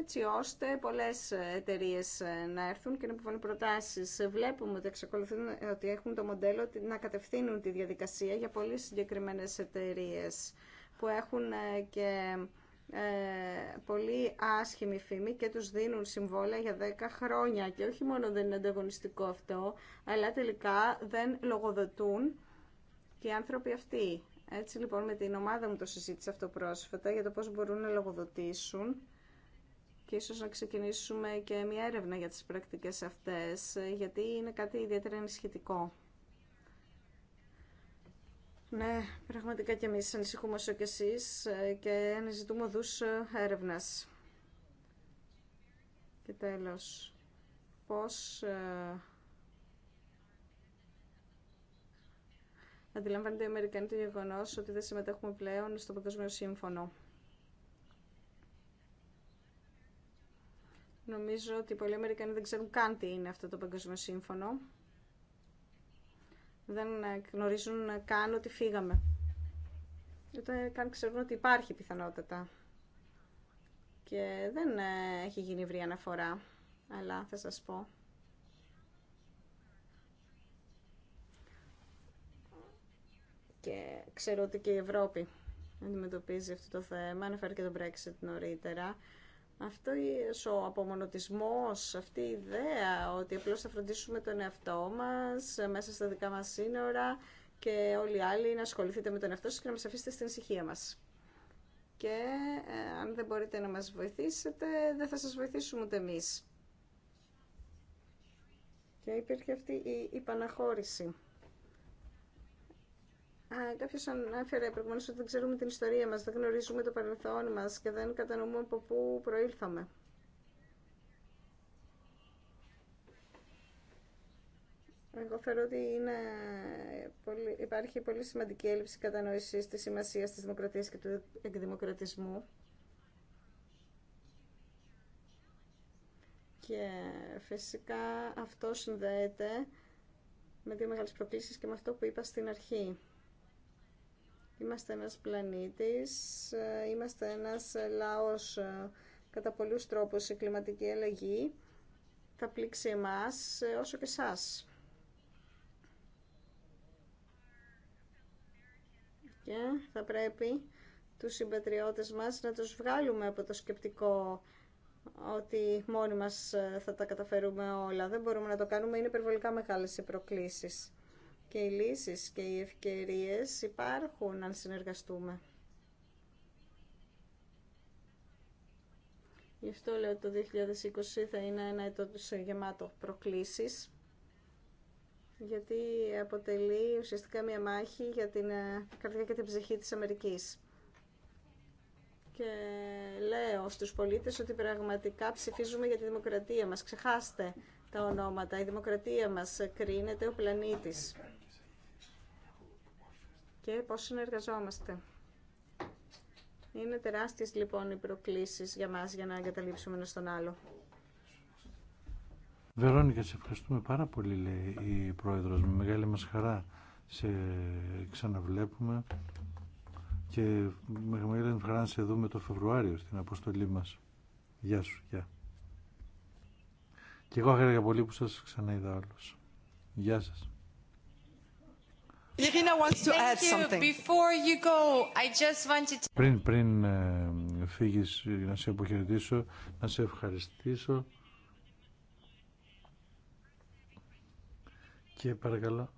έτσι ώστε πολλές εταιρείε ε, να έρθουν και να υποβάλουν προτάσεις. Βλέπουμε ότι εξακολουθούν ότι έχουν το μοντέλο να κατευθύνουν τη διαδικασία για πολύ συγκεκριμένες εταιρείε που έχουν ε, και ε, πολύ άσχημη φήμη και τους δίνουν συμβόλαια για 10 χρόνια και όχι μόνο δεν είναι ανταγωνιστικό αυτό αλλά τελικά δεν λογοδοτούν και οι άνθρωποι αυτοί έτσι λοιπόν με την ομάδα μου το συζήτησα αυτό πρόσφατα για το πώς μπορούν να λογοδοτήσουν και ίσως να ξεκινήσουμε και μια έρευνα για τις πρακτικές αυτές, γιατί είναι κάτι ιδιαίτερα ενισχυτικό. Ναι, πραγματικά και εμείς ανησυχούμε όσο και εσείς ε, και αναζητούμε οδούς ε, έρευνας. Και τέλος, πώς ε, Αντιλαμβάνεται οι Αμερικανοί το γεγονό ότι δεν συμμετέχουμε πλέον στο Παγκόσμιο Σύμφωνο. Νομίζω ότι πολλοί Αμερικανοί δεν ξέρουν καν τι είναι αυτό το Παγκόσμιο Σύμφωνο. Δεν ε, γνωρίζουν καν ότι φύγαμε. Ούτε καν ξέρουν ότι υπάρχει πιθανότητα. Και δεν ε, έχει γίνει ευρύ αναφορά. Αλλά θα σας πω Και ξέρω ότι και η Ευρώπη αντιμετωπίζει αυτό το θέμα, αναφέρει και τον Brexit νωρίτερα. Αυτό ο απομονωτισμός, αυτή η ιδέα ότι απλώς θα φροντίσουμε τον εαυτό μας μέσα στα δικά μας σύνορα και όλοι οι άλλοι να ασχοληθείτε με τον εαυτό σας και να μας αφήσετε στην ησυχία μας. Και ε, αν δεν μπορείτε να μας βοηθήσετε, δεν θα σας βοηθήσουμε ούτε εμείς. Και υπήρχε αυτή η παναχώρηση Κάποιο ανέφερε προηγουμένω ότι δεν ξέρουμε την ιστορία μα, δεν γνωρίζουμε το παρελθόν μα και δεν κατανοούμε από πού προήλθαμε. Εγώ θεωρώ ότι είναι πολύ, υπάρχει πολύ σημαντική έλλειψη κατανόηση τη σημασία τη δημοκρατία και του εκδημοκρατισμού. Και φυσικά αυτό συνδέεται με δύο μεγάλες προκλήσεις και με αυτό που είπα στην αρχή. Είμαστε ένας πλανήτης, ε, είμαστε ένας ε, λαός ε, κατά πολλούς τρόπους η κλιματική αλλαγή θα πλήξει εμάς όσο και εσάς. Και θα πρέπει τους συμπατριώτες μας να τους βγάλουμε από το σκεπτικό ότι μόνοι μας θα τα καταφέρουμε όλα. Δεν μπορούμε να το κάνουμε, είναι υπερβολικά μεγάλες οι προκλήσεις και οι λύσεις και οι ευκαιρίες υπάρχουν αν συνεργαστούμε. Γι' αυτό λέω ότι το 2020 θα είναι ένα έτος γεμάτο προκλήσεις, γιατί αποτελεί ουσιαστικά μια μάχη για την ε, καρδιά και την ψυχή της Αμερικής. Και λέω στους πολίτες ότι πραγματικά ψηφίζουμε για τη δημοκρατία μας. Ξεχάστε τα ονόματα. Η δημοκρατία μας κρίνεται ο πλανήτης και πώς συνεργαζόμαστε. Είναι τεράστιες λοιπόν οι προκλήσεις για μας για να εγκαταλείψουμε ένα στον άλλο. Βερόνικα, σε ευχαριστούμε πάρα πολύ, λέει η Πρόεδρος. Με μεγάλη μας χαρά σε ξαναβλέπουμε και με μεγάλη χαρά να σε δούμε το Φεβρουάριο στην αποστολή μας. Γεια σου, γεια. Και εγώ χαίρομαι πολύ που σας ξαναείδα όλους. Γεια σας. Πριν, πριν ε, φύγεις να σε αποχαιρετήσω, να σε ευχαριστήσω και παρακαλώ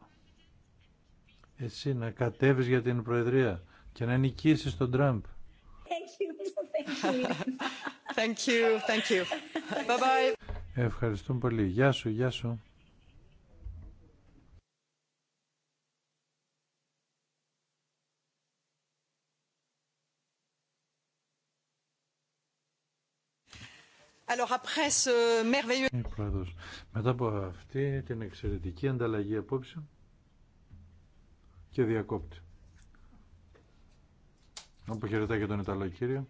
εσύ να κατέβεις για την Προεδρία και να νικήσεις τον Τραμπ. Ευχαριστούμε πολύ. Γεια σου, γεια σου. μετά από αυτή την εξαιρετική ανταλλαγή απόψεων και διακόπτη. Αποχαιρετά και τον Ιταλό κύριο.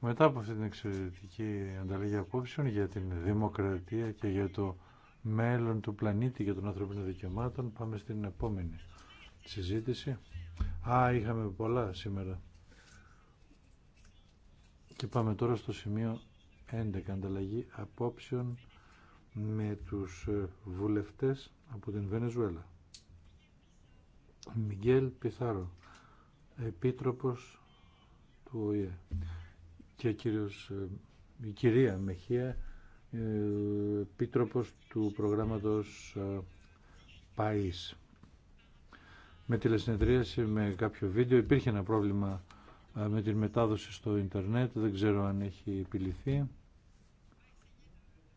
Μετά από αυτή την εξαιρετική ανταλλαγή απόψεων για την δημοκρατία και για το μέλλον του πλανήτη και των ανθρωπίνων δικαιωμάτων, πάμε στην επόμενη συζήτηση. Α, είχαμε πολλά σήμερα. Και πάμε τώρα στο σημείο 11 ανταλλαγή απόψεων με τους ε, βουλευτές από την Βενεζουέλα. Μιγγέλ Πιθάρο, επίτροπος του ΟΗΕ και κύριος, ε, η κυρία Μεχία, ε, επίτροπος του προγράμματος ΠΑΙΣ. Με τηλεσυνεδρίαση, με κάποιο βίντεο, υπήρχε ένα πρόβλημα με την μετάδοση στο ίντερνετ, δεν ξέρω αν έχει επιληθεί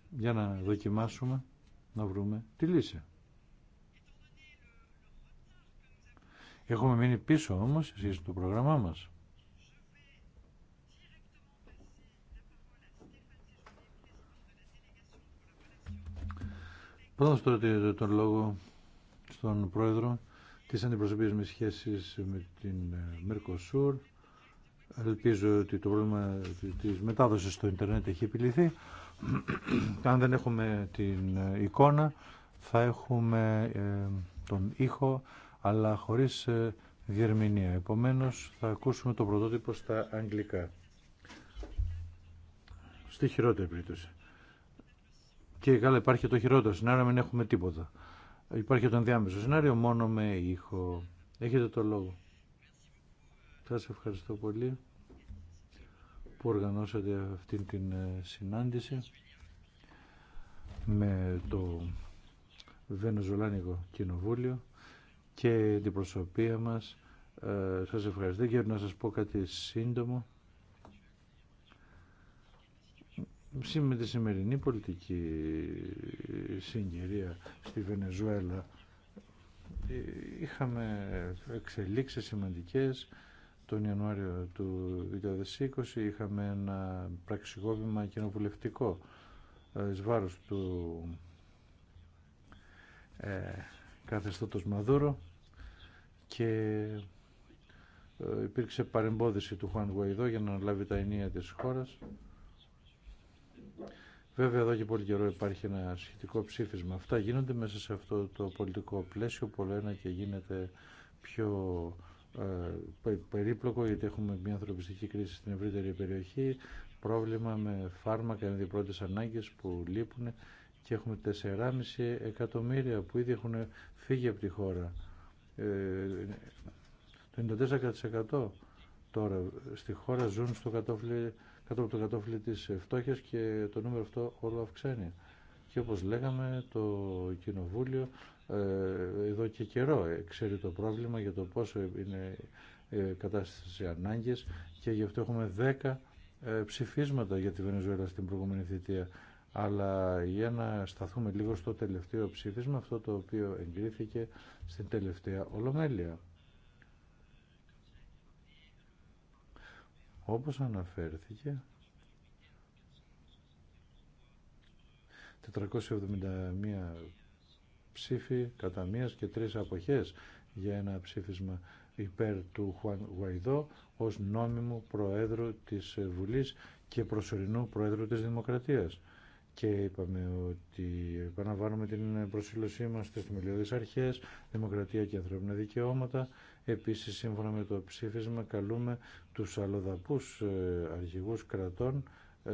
για να δοκιμάσουμε να βρούμε τη λύση. Έχουμε μείνει πίσω όμως εσείς το πρόγραμμά μας. Πρώτα τον λόγο στον πρόεδρο της αντιπροσωπείας με σχέσεις με την Μερκοσούρ. Ελπίζω ότι το πρόβλημα της μετάδοσης στο ίντερνετ έχει επιληθεί. [clears throat] αν δεν έχουμε την ε, εικόνα θα έχουμε ε, τον ήχο αλλά χωρίς ε, διερμηνία. Επομένως θα ακούσουμε το πρωτότυπο στα αγγλικά. Στη χειρότερη περίπτωση. Και καλά υπάρχει το χειρότερο σενάριο, μην έχουμε τίποτα. Υπάρχει το ενδιάμεσο σενάριο, μόνο με ήχο. Έχετε το λόγο. Σας ευχαριστώ πολύ που οργανώσατε αυτήν την ε, συνάντηση με το Βενεζολάνικο Κοινοβούλιο και την προσωπία μας. Ε, σας ευχαριστώ και να σας πω κάτι σύντομο. με τη σημερινή πολιτική συγκυρία στη Βενεζουέλα ε, είχαμε εξελίξεις σημαντικές τον Ιανουάριο του 2020 είχαμε ένα πραξικόπημα κοινοβουλευτικό ε, εις βάρος του ε, καθεστώτος Μαδούρο και ε, υπήρξε παρεμπόδιση του Χουάν Γουαϊδό για να αναλάβει τα ενία της χώρας. Βέβαια εδώ και πολύ καιρό υπάρχει ένα σχετικό ψήφισμα. Αυτά γίνονται μέσα σε αυτό το πολιτικό πλαίσιο που ένα και γίνεται πιο ε, περίπλοκο γιατί έχουμε μια ανθρωπιστική κρίση στην ευρύτερη περιοχή, πρόβλημα με φάρμακα, είναι οι ανάγκες που λείπουν και έχουμε 4,5 εκατομμύρια που ήδη έχουν φύγει από τη χώρα. Ε, το 94% τώρα στη χώρα ζουν στο κάτω από το κατόφλι της φτώχειας και το νούμερο αυτό όλο αυξάνει. Και όπως λέγαμε το Κοινοβούλιο ε, εδώ και καιρό. Ε, ξέρει το πρόβλημα για το πόσο είναι ε, κατάσταση ανάγκες και γι' αυτό έχουμε 10 ψηφίσματα για τη Βενεζουέλα στην προηγούμενη θητεία. Αλλά για να σταθούμε λίγο στο τελευταίο ψήφισμα, αυτό το οποίο εγκρίθηκε στην τελευταία Ολομέλεια. Όπως αναφέρθηκε, 471 ψήφι κατά μίας και τρεις αποχές για ένα ψήφισμα υπέρ του Χουάν Γουαϊδό ως νόμιμου Προέδρου της Βουλής και προσωρινού Προέδρου της Δημοκρατίας. Και είπαμε ότι επαναβάλλουμε την προσήλωσή μα στι θεμελιώδει Αρχέ, δημοκρατία και ανθρώπινα δικαιώματα. Επίση, σύμφωνα με το ψήφισμα, καλούμε του αλλοδαπού ε, αρχηγού κρατών ε,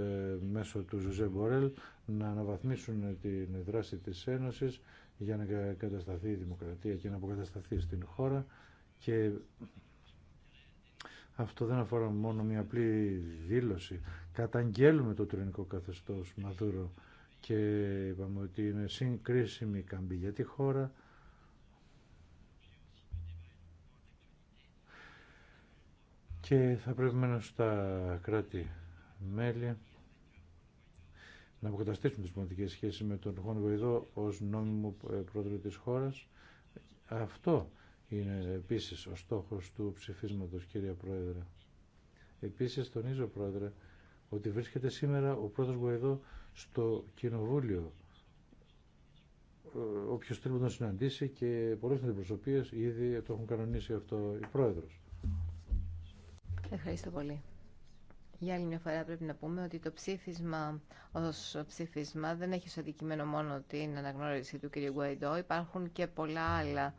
μέσω του Ζουζέ Μπορέλ να αναβαθμίσουν την δράση της Ένωσης για να κατασταθεί η δημοκρατία και να αποκατασταθεί στην χώρα και αυτό δεν αφορά μόνο μια απλή δήλωση. Καταγγέλουμε το τρινικό καθεστώς Μαδούρο και είπαμε ότι είναι συγκρίσιμη καμπή για τη χώρα. Και θα πρέπει να στα κράτη-μέλη να αποκαταστήσουν τι πολιτικέ σχέσεις με τον Χον Βοηδό ως νόμιμο ε, πρόεδρο της χώρας. Αυτό είναι επίσης ο στόχος του ψηφίσματος, κύριε Πρόεδρε. Επίσης, τονίζω, Πρόεδρε, ότι βρίσκεται σήμερα ο πρόεδρος Γουαϊδό στο Κοινοβούλιο. οποίο ε, θέλει να τον συναντήσει και πολλές αντιπροσωπείε ήδη το έχουν κανονίσει αυτό οι πρόεδρο. Ευχαριστώ πολύ. Για άλλη μια φορά πρέπει να πούμε ότι το ψήφισμα ως ψήφισμα δεν έχει ως αντικείμενο μόνο την αναγνώριση του κ. Γκουαϊντό. Υπάρχουν και πολλά άλλα.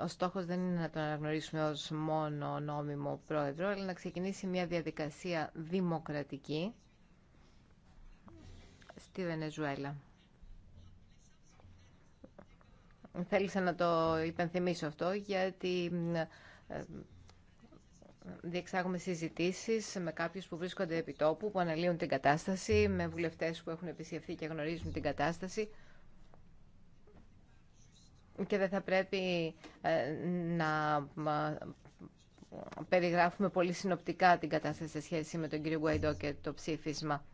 Ο στόχος δεν είναι να τον αναγνωρίσουμε ως μόνο νόμιμο πρόεδρο, αλλά να ξεκινήσει μια διαδικασία δημοκρατική στη Βενεζουέλα. Θέλησα να το υπενθυμίσω αυτό γιατί ε, διεξάγουμε συζητήσεις με κάποιους που βρίσκονται επί τόπου, που αναλύουν την κατάσταση, με βουλευτέ που έχουν επισκεφθεί και γνωρίζουν την κατάσταση και δεν θα πρέπει ε, να περιγράφουμε πολύ συνοπτικά την κατάσταση σε σχέση με τον κύριο Γκουαϊντό και το ψήφισμα.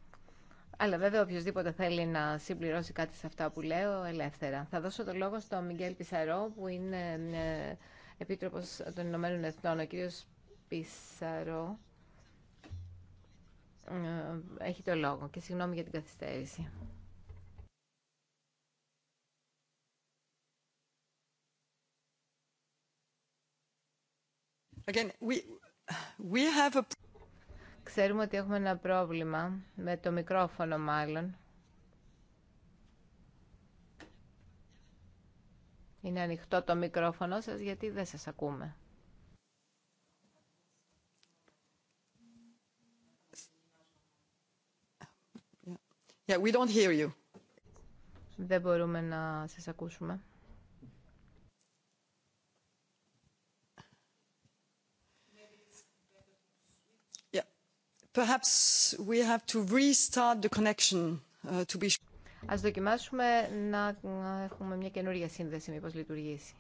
Αλλά βέβαια οποιοδήποτε θέλει να συμπληρώσει κάτι σε αυτά που λέω ελεύθερα. Θα δώσω το λόγο στον Μιγγέλ Πισαρό που είναι ε, Επίτροπος των Ηνωμένων Εθνών. Ο κύριος Πίσαρο ε, έχει το λόγο και συγγνώμη για την καθυστέρηση. Again, we, we have a... Ξέρουμε ότι έχουμε ένα πρόβλημα με το μικρόφωνο μάλλον. Είναι ανοιχτό το μικρόφωνο σας γιατί δεν σας ακούμε. Yeah, we don't hear you. Δεν μπορούμε να σας ακούσουμε. Yeah. Perhaps we have to restart the connection uh, to be Ας δοκιμάσουμε να έχουμε μια καινούργια σύνδεση μήπως λειτουργήσει.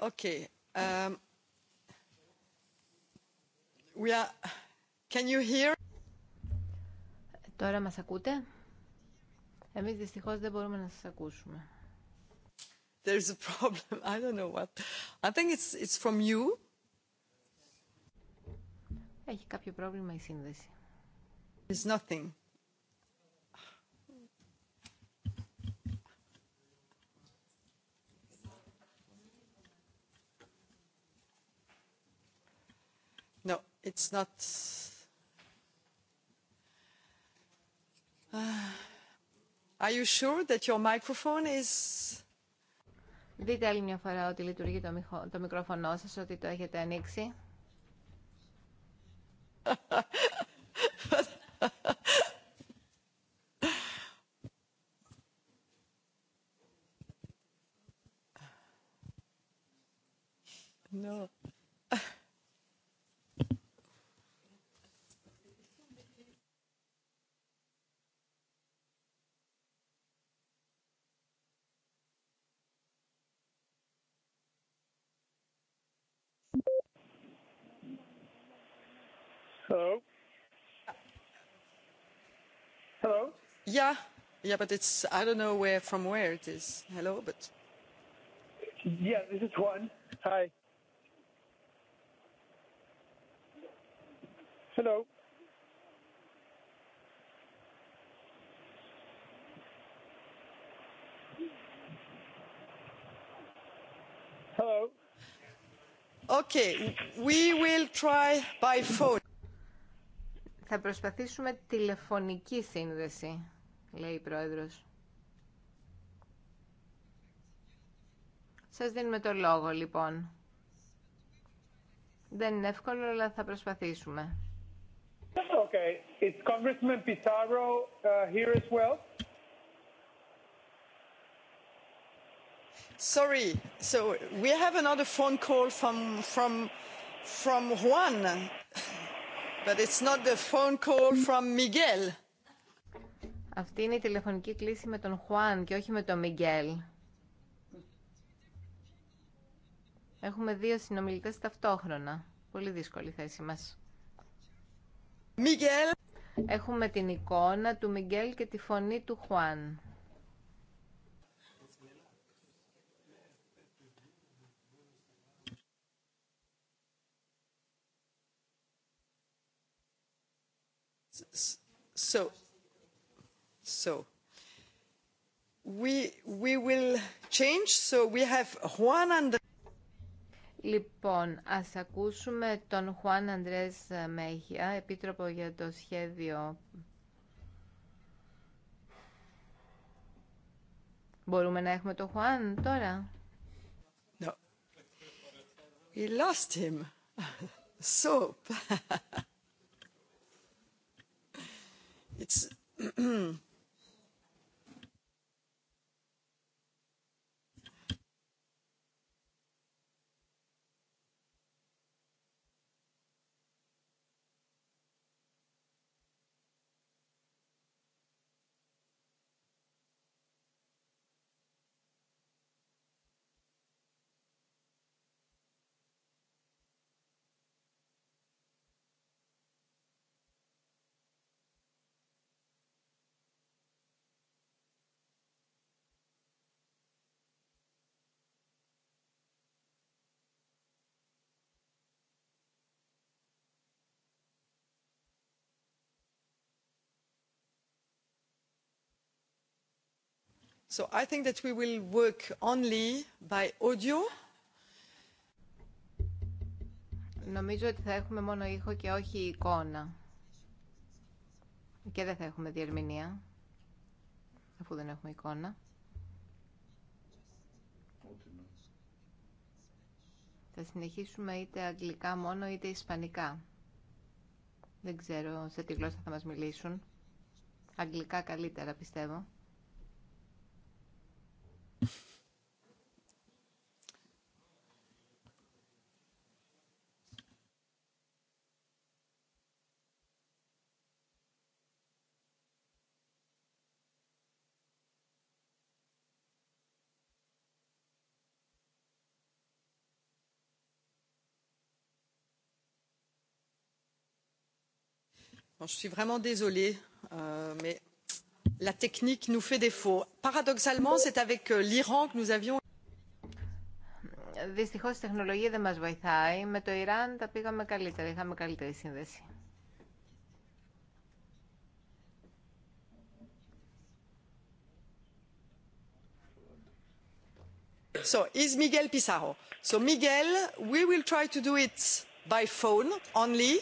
Okay. Um, we are... Can you hear? Τώρα μας ακούτε? Εμείς δυστυχώς δεν μπορούμε να σας ακούσουμε. There is a problem. I don't know what. I think it's, it's from you. Έχει κάποιο πρόβλημα η σύνδεση. It's nothing. it's not uh, Are you sure that Δείτε άλλη μια φορά ότι λειτουργεί το, το μικρόφωνο σας, ότι το έχετε ανοίξει. [laughs] no. Hello? Hello? Yeah, yeah, but it's, I don't know where, from where it is. Hello, but. Yeah, this is Juan. Hi. Hello? Hello? Okay, we will try by phone. Θα προσπαθήσουμε τηλεφωνική σύνδεση, λέει η Πρόεδρος. Σας δίνουμε το λόγο, λοιπόν. Δεν είναι εύκολο, αλλά θα προσπαθήσουμε. Okay. It's Congressman Pizarro uh, here as well. Sorry. So we have another phone call from from from Juan. But not the phone call from Miguel. Αυτή είναι η τηλεφωνική κλίση με τον Χουάν και όχι με τον Μιγγέλ. Έχουμε δύο συνομιλητές ταυτόχρονα. Πολύ δύσκολη θέση μας. Μιγγέλ! Έχουμε την εικόνα του Μιγγέλ και τη φωνή του Χουάν. will change. Λοιπόν, ας ακούσουμε τον Χουάν Αντρές Μέχια, Επίτροπο για το σχέδιο. Μπορούμε να έχουμε τον Χουάν τώρα. No. We [laughs] [laughs] it's we will work by Νομίζω ότι θα έχουμε μόνο ήχο και όχι εικόνα. Και δεν θα έχουμε διερμηνία, αφού δεν έχουμε εικόνα. Θα συνεχίσουμε είτε αγγλικά μόνο είτε ισπανικά. Δεν ξέρω σε τι γλώσσα θα μας μιλήσουν. Αγγλικά καλύτερα πιστεύω. je suis vraiment désolée mais la technique nous fait défaut. Paradoxalement, c'est avec l'Iran que nous avions Δυστυχώ η τεχνολογία δεν μα βοηθάει. Με το Ιράν τα πήγαμε καλύτερα, είχαμε καλύτερη σύνδεση. So, is Miguel Pissarro. So, Miguel, we will try to do it by phone only.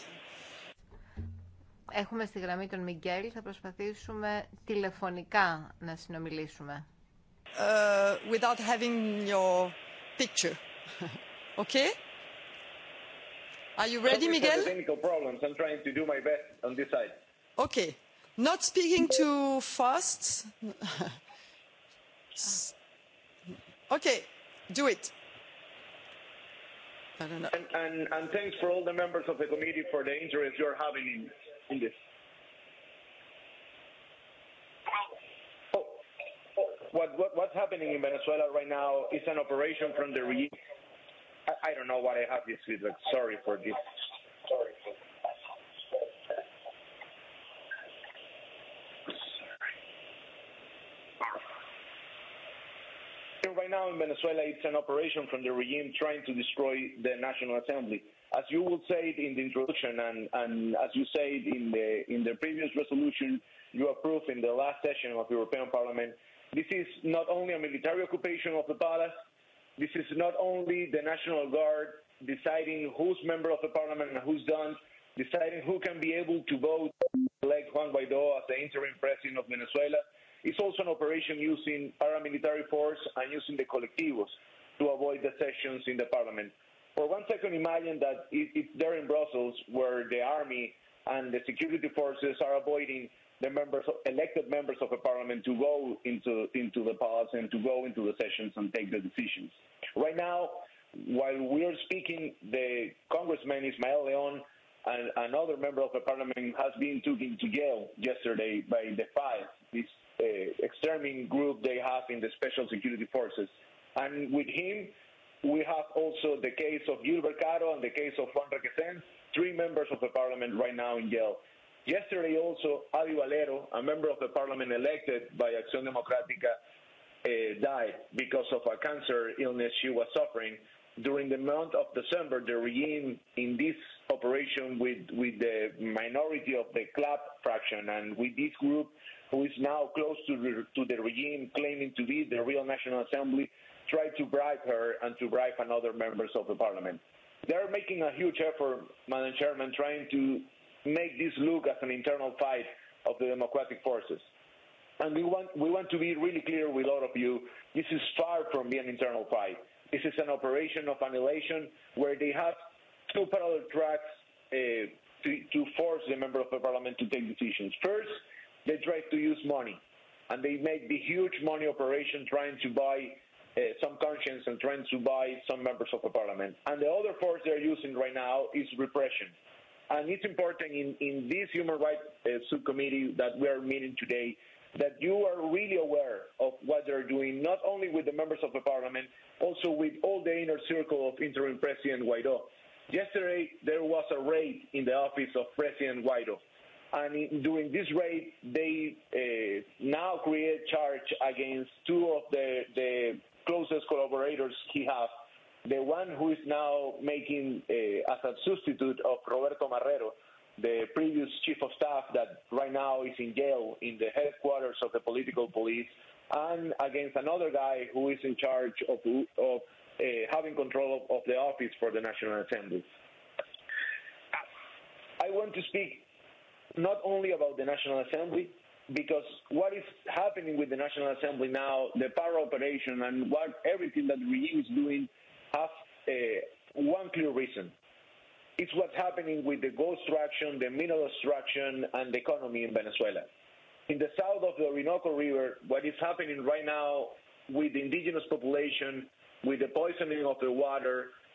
Έχουμε στη γραμμή τον Μιγγέλ, θα προσπαθήσουμε τηλεφωνικά να συνομιλήσουμε. Uh, without having your picture. okay? Are you ready, Miguel? Technical problems. I'm trying to do my best on this side. Okay. Not speaking too fast. okay. Do it. And, and, and thanks for all the members of the committee for the interest you're having in Oh, what, what, what's happening in Venezuela right now is an operation from the regime. I, don't know what I have this but Sorry for this. Sorry for this. Right now in Venezuela, it's an operation from the regime trying to destroy the National Assembly as you will say in the introduction and, and as you said in the in the previous resolution you approved in the last session of the European Parliament, this is not only a military occupation of the palace, this is not only the National Guard deciding who's member of the parliament and who's done, deciding who can be able to vote, elect Juan Guaido as the interim president of Venezuela. It's also an operation using paramilitary force and using the colectivos to avoid the sessions in the parliament. For one second, imagine that it, it's there in Brussels where the army and the security forces are avoiding the members, of, elected members of a parliament, to go into into the palace and to go into the sessions and take the decisions. Right now, while we are speaking, the Congressman Ismael Leon and another member of the parliament has been taken to jail yesterday by the five this uh, group they have in the special security forces. And with him, We have also the case of Caro and the case of Juan Requesens, three members of the parliament right now in jail. Yesterday also, Adi Valero, a member of the parliament elected by Acción Democrática, died because of a cancer illness she was suffering. During the month of December, the regime in this operation with, with the minority of the club fraction and with this group who is now close to, to the regime claiming to be the real National Assembly Try to bribe her and to bribe another members of the parliament. They're making a huge effort, Madam Chairman, trying to make this look as an internal fight of the democratic forces. And we want, we want to be really clear with all of you, this is far from being an internal fight. This is an operation of annihilation where they have two parallel tracks uh, to, to force the member of the parliament to take decisions. First, they try to use money, and they make the huge money operation trying to buy some conscience and trying to buy some members of the parliament. And the other force they're using right now is repression. And it's important in, in this human rights subcommittee that we are meeting today that you are really aware of what they're doing, not only with the members of the parliament, also with all the inner circle of interim President Guaido. Yesterday, there was a raid in the office of President Guaido. And in, during this raid, they uh, now create charge against two of the, the closest collaborators he has, the one who is now making as a substitute of Roberto Marrero, the previous chief of staff that right now is in jail in the headquarters of the political police, and against another guy who is in charge of, of uh, having control of, of the office for the National Assembly. I want to speak not only about the National Assembly, because what is happening with the National Assembly now, the power operation and what everything that the regime is doing have one clear reason. It's what's happening with the gold extraction, the mineral extraction, and the economy in Venezuela. In the south of the Orinoco River, what is happening right now with the indigenous population, with the poisoning of the water,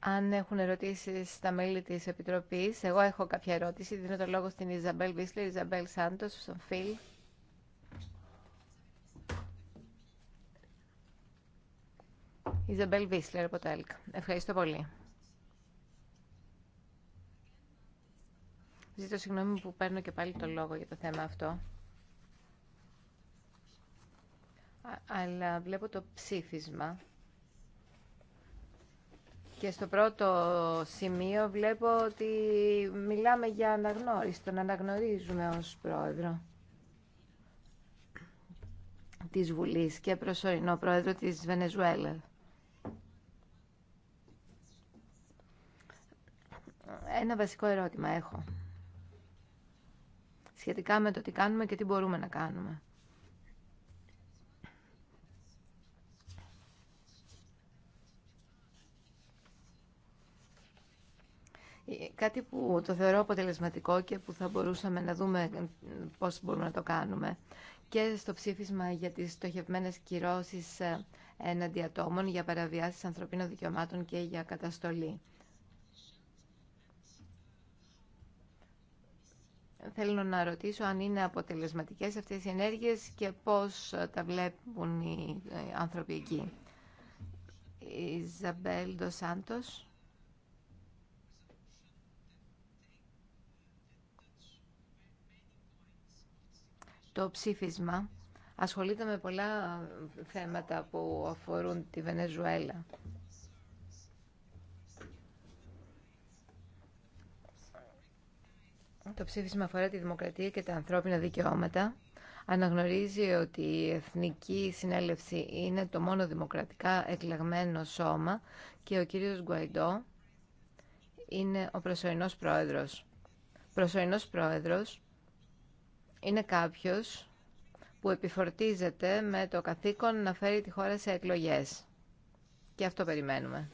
αν έχουν ερωτήσει στα μέλη της Επιτροπής, εγώ έχω κάποια ερώτηση. Δίνω το λόγο στην Ιζαμπέλ Βίσλερ, Ιζαμπέλ Σάντος, στον Φιλ. Ιζαμπέλ Βίσλερ από το ΕΛΚ. Ευχαριστώ πολύ. Ζήτω συγγνώμη που παίρνω και πάλι το λόγο για το θέμα αυτό αλλά βλέπω το ψήφισμα και στο πρώτο σημείο βλέπω ότι μιλάμε για αναγνώριση, τον αναγνωρίζουμε ως πρόεδρο της Βουλής και προσωρινό πρόεδρο της Βενεζουέλα. Ένα βασικό ερώτημα έχω σχετικά με το τι κάνουμε και τι μπορούμε να κάνουμε. Ε, κάτι που το θεωρώ αποτελεσματικό και που θα μπορούσαμε να δούμε πώς μπορούμε να το κάνουμε. Και στο ψήφισμα για τις στοχευμένες κυρώσεις έναντι ε, ατόμων για παραβιάσεις ανθρωπίνων δικαιωμάτων και για καταστολή. Θέλω να ρωτήσω αν είναι αποτελεσματικές αυτές οι ενέργειες και πώς ε, τα βλέπουν οι άνθρωποι εκεί. Ιζαμπέλ Ντοσάντος. Το ψήφισμα ασχολείται με πολλά θέματα που αφορούν τη Βενεζουέλα. Το ψήφισμα αφορά τη δημοκρατία και τα ανθρώπινα δικαιώματα. Αναγνωρίζει ότι η Εθνική Συνέλευση είναι το μόνο δημοκρατικά εκλεγμένο σώμα και ο κύριος Γκουαϊντό είναι ο προσωρινός πρόεδρος. Προσωρινός πρόεδρος είναι κάποιος που επιφορτίζεται με το καθήκον να φέρει τη χώρα σε εκλογές. Και αυτό περιμένουμε.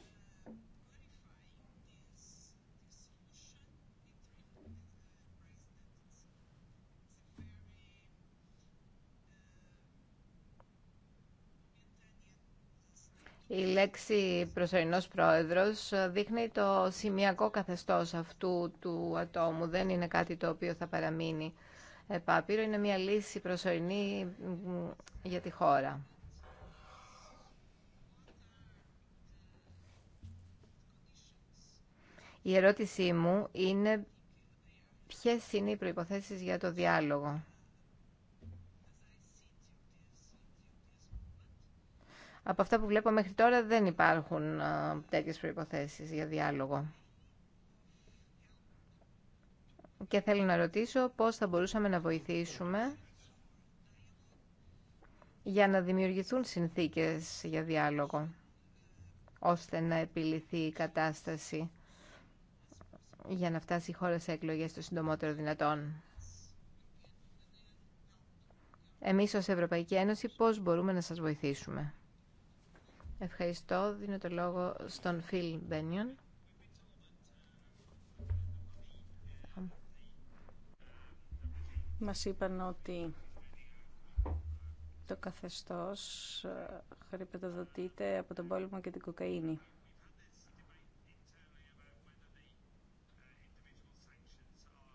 Η λέξη προσωρινός πρόεδρος δείχνει το σημειακό καθεστώς αυτού του ατόμου. Δεν είναι κάτι το οποίο θα παραμείνει επάπειρο είναι μια λύση προσωρινή για τη χώρα. Η ερώτησή μου είναι ποιες είναι οι προϋποθέσεις για το διάλογο. Από αυτά που βλέπω μέχρι τώρα δεν υπάρχουν ε, τέτοιες προϋποθέσεις για διάλογο και θέλω να ρωτήσω πώς θα μπορούσαμε να βοηθήσουμε για να δημιουργηθούν συνθήκες για διάλογο, ώστε να επιληθεί η κατάσταση για να φτάσει η χώρα σε εκλογές το συντομότερο δυνατόν. Εμείς ως Ευρωπαϊκή Ένωση πώς μπορούμε να σας βοηθήσουμε. Ευχαριστώ. Δίνω το λόγο στον Φιλ Μπένιον. Μας είπαν ότι το καθεστώς ε, χρηματοδοτείται από τον πόλεμο και την κοκαίνη.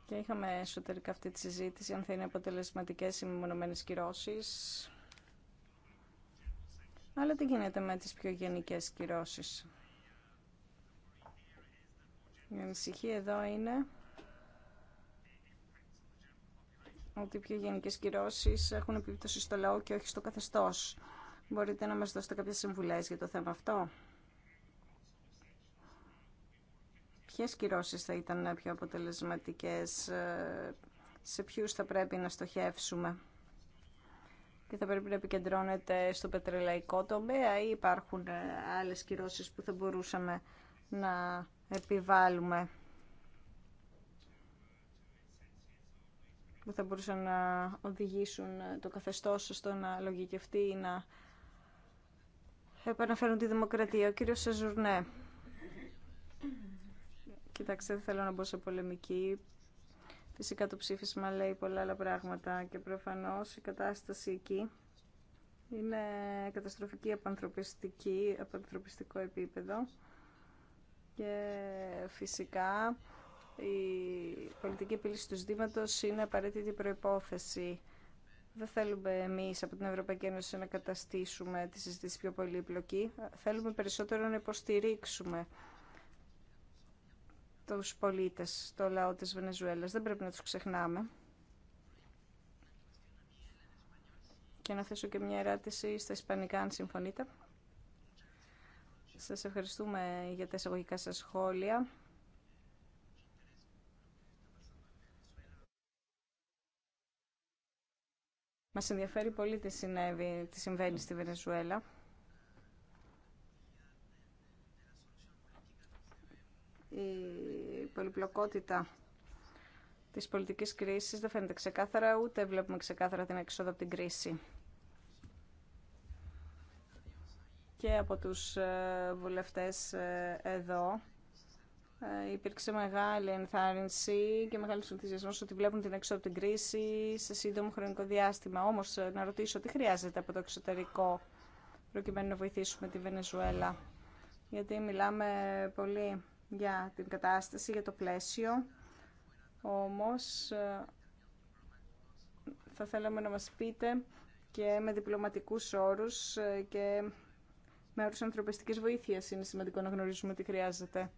Και είχαμε εσωτερικά αυτή τη συζήτηση αν θα είναι αποτελεσματικές οι μεμονωμένες κυρώσεις. Αλλά τι γίνεται με τις πιο γενικές κυρώσεις. Η ανησυχία εδώ είναι ότι οι πιο γενικέ κυρώσει έχουν επίπτωση στο λαό και όχι στο καθεστώς. Μπορείτε να μας δώσετε κάποιες συμβουλές για το θέμα αυτό. Ποιε κυρώσει θα ήταν πιο αποτελεσματικέ ε, σε ποιου θα πρέπει να στοχεύσουμε και θα πρέπει να επικεντρώνεται στο πετρελαϊκό τομέα ή υπάρχουν ε, άλλες κυρώσεις που θα μπορούσαμε να επιβάλλουμε. που θα μπορούσαν να οδηγήσουν το καθεστώς στο να λογικευτεί ή να επαναφέρουν τη δημοκρατία. Ο κύριος Σεζουρνέ. Κοιτάξτε, δεν θέλω να μπω σε πολεμική. Φυσικά το ψήφισμα λέει πολλά άλλα πράγματα και προφανώς η κατάσταση εκεί είναι καταστροφική από, ανθρωπιστικό επίπεδο και φυσικά η πολιτική επίλυση του ζητήματος είναι απαραίτητη προπόθεση. Δεν θέλουμε εμείς από την Ευρωπαϊκή Ένωση να καταστήσουμε τη συζήτηση πιο πολύπλοκη. Θέλουμε περισσότερο να υποστηρίξουμε τους πολίτες, το λαό της Βενεζουέλα. Δεν πρέπει να τους ξεχνάμε. Και να θέσω και μια ερώτηση στα Ισπανικά, αν συμφωνείτε. Σας ευχαριστούμε για τα εισαγωγικά σας σχόλια. Μας ενδιαφέρει πολύ τι, συνέβη, τι συμβαίνει στη Βενεζουέλα. Η πολυπλοκότητα της πολιτικής κρίσης δεν φαίνεται ξεκάθαρα, ούτε βλέπουμε ξεκάθαρα την έξοδο από την κρίση. Και από τους ε, βουλευτές ε, εδώ ε, υπήρξε μεγάλη ενθάρρυνση και μεγάλο όσο ότι βλέπουν την έξω από την κρίση σε σύντομο χρονικό διάστημα. Όμως, ε, να ρωτήσω τι χρειάζεται από το εξωτερικό προκειμένου να βοηθήσουμε τη Βενεζουέλα. Γιατί μιλάμε πολύ για την κατάσταση, για το πλαίσιο. Όμως, ε, θα θέλαμε να μας πείτε και με διπλωματικούς όρους και με όρους ανθρωπιστικής βοήθειας είναι σημαντικό να γνωρίζουμε τι χρειάζεται.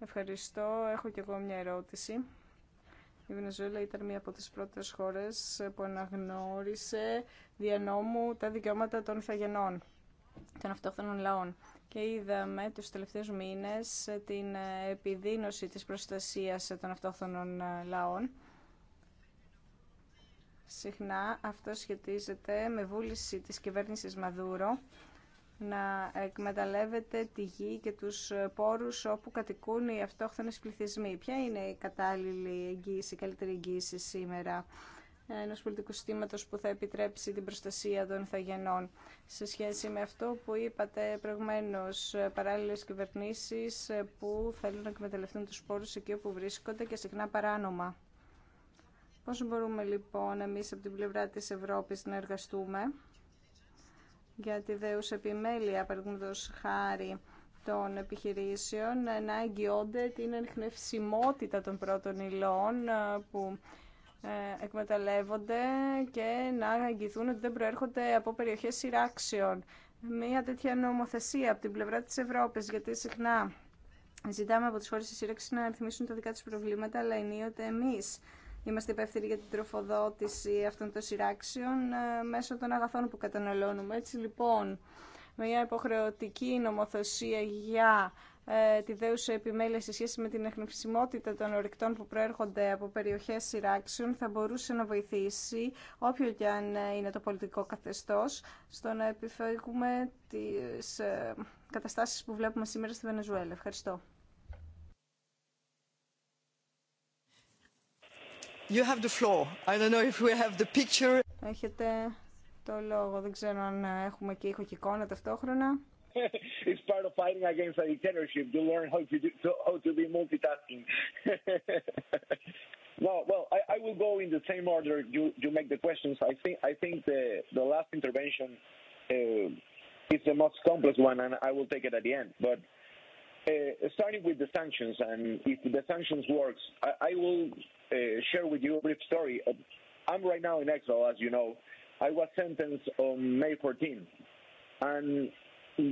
Ευχαριστώ. Έχω και εγώ μια ερώτηση. Η Βενεζουέλα ήταν μία από τις πρώτες χώρες που αναγνώρισε δια τα δικαιώματα των ηθαγενών, των αυτόχθονων λαών. Και είδαμε τους τελευταίους μήνες την επιδείνωση της προστασίας των αυτόχθονων λαών. Συχνά αυτό σχετίζεται με βούληση της κυβέρνησης Μαδούρο να εκμεταλλεύεται τη γη και τους πόρους όπου κατοικούν οι αυτόχθονες πληθυσμοί. Ποια είναι η κατάλληλη εγγύηση, η καλύτερη εγγύηση σήμερα ενός πολιτικού συστήματος που θα επιτρέψει την προστασία των θαγενών. Σε σχέση με αυτό που είπατε προηγουμένως, παράλληλες κυβερνήσεις που θέλουν να εκμεταλλευτούν τους πόρους εκεί όπου βρίσκονται και συχνά παράνομα. Πώς μπορούμε λοιπόν εμείς από την πλευρά της Ευρώπης να εργαστούμε για τη δέους επιμέλεια, παραδείγματος χάρη των επιχειρήσεων, να εγγυώνται την ενχνευσιμότητα των πρώτων υλών ε, που ε, εκμεταλλεύονται και να εγγυηθούν ότι δεν προέρχονται από περιοχές σειράξεων. Μία τέτοια νομοθεσία από την πλευρά της Ευρώπης, γιατί συχνά ζητάμε από τις χώρες της σύραξης να ρυθμίσουν τα δικά τους προβλήματα, αλλά ενίοτε εμείς Είμαστε υπεύθυνοι για την τροφοδότηση αυτών των σειράξεων ε, μέσω των αγαθών που καταναλώνουμε. Έτσι λοιπόν, μια υποχρεωτική νομοθεσία για ε, τη δέουσα επιμέλεια σε σχέση με την εχνευσιμότητα των ορεικτών που προέρχονται από περιοχές σειράξεων θα μπορούσε να βοηθήσει όποιο και αν ε, είναι το πολιτικό καθεστώς στο να επιφέρουμε τις καταστάσεις που βλέπουμε σήμερα στη Βενεζουέλα. Ευχαριστώ. You have the floor. I don't know if we have the picture. Έχετε το λόγο. Δεν ξέρω αν έχουμε και ήχο και εικόνα ταυτόχρονα. It's part of fighting against a dictatorship. You learn how to do, how to be multitasking. no, well, I, I will go in the same order you you make the questions. I think I think the the last intervention uh, is the most complex one, and I will take it at the end. But starting with the sanctions, and if the sanctions works, I, I will uh, share with you a brief story. I'm right now in exile, as you know. I was sentenced on May 14, and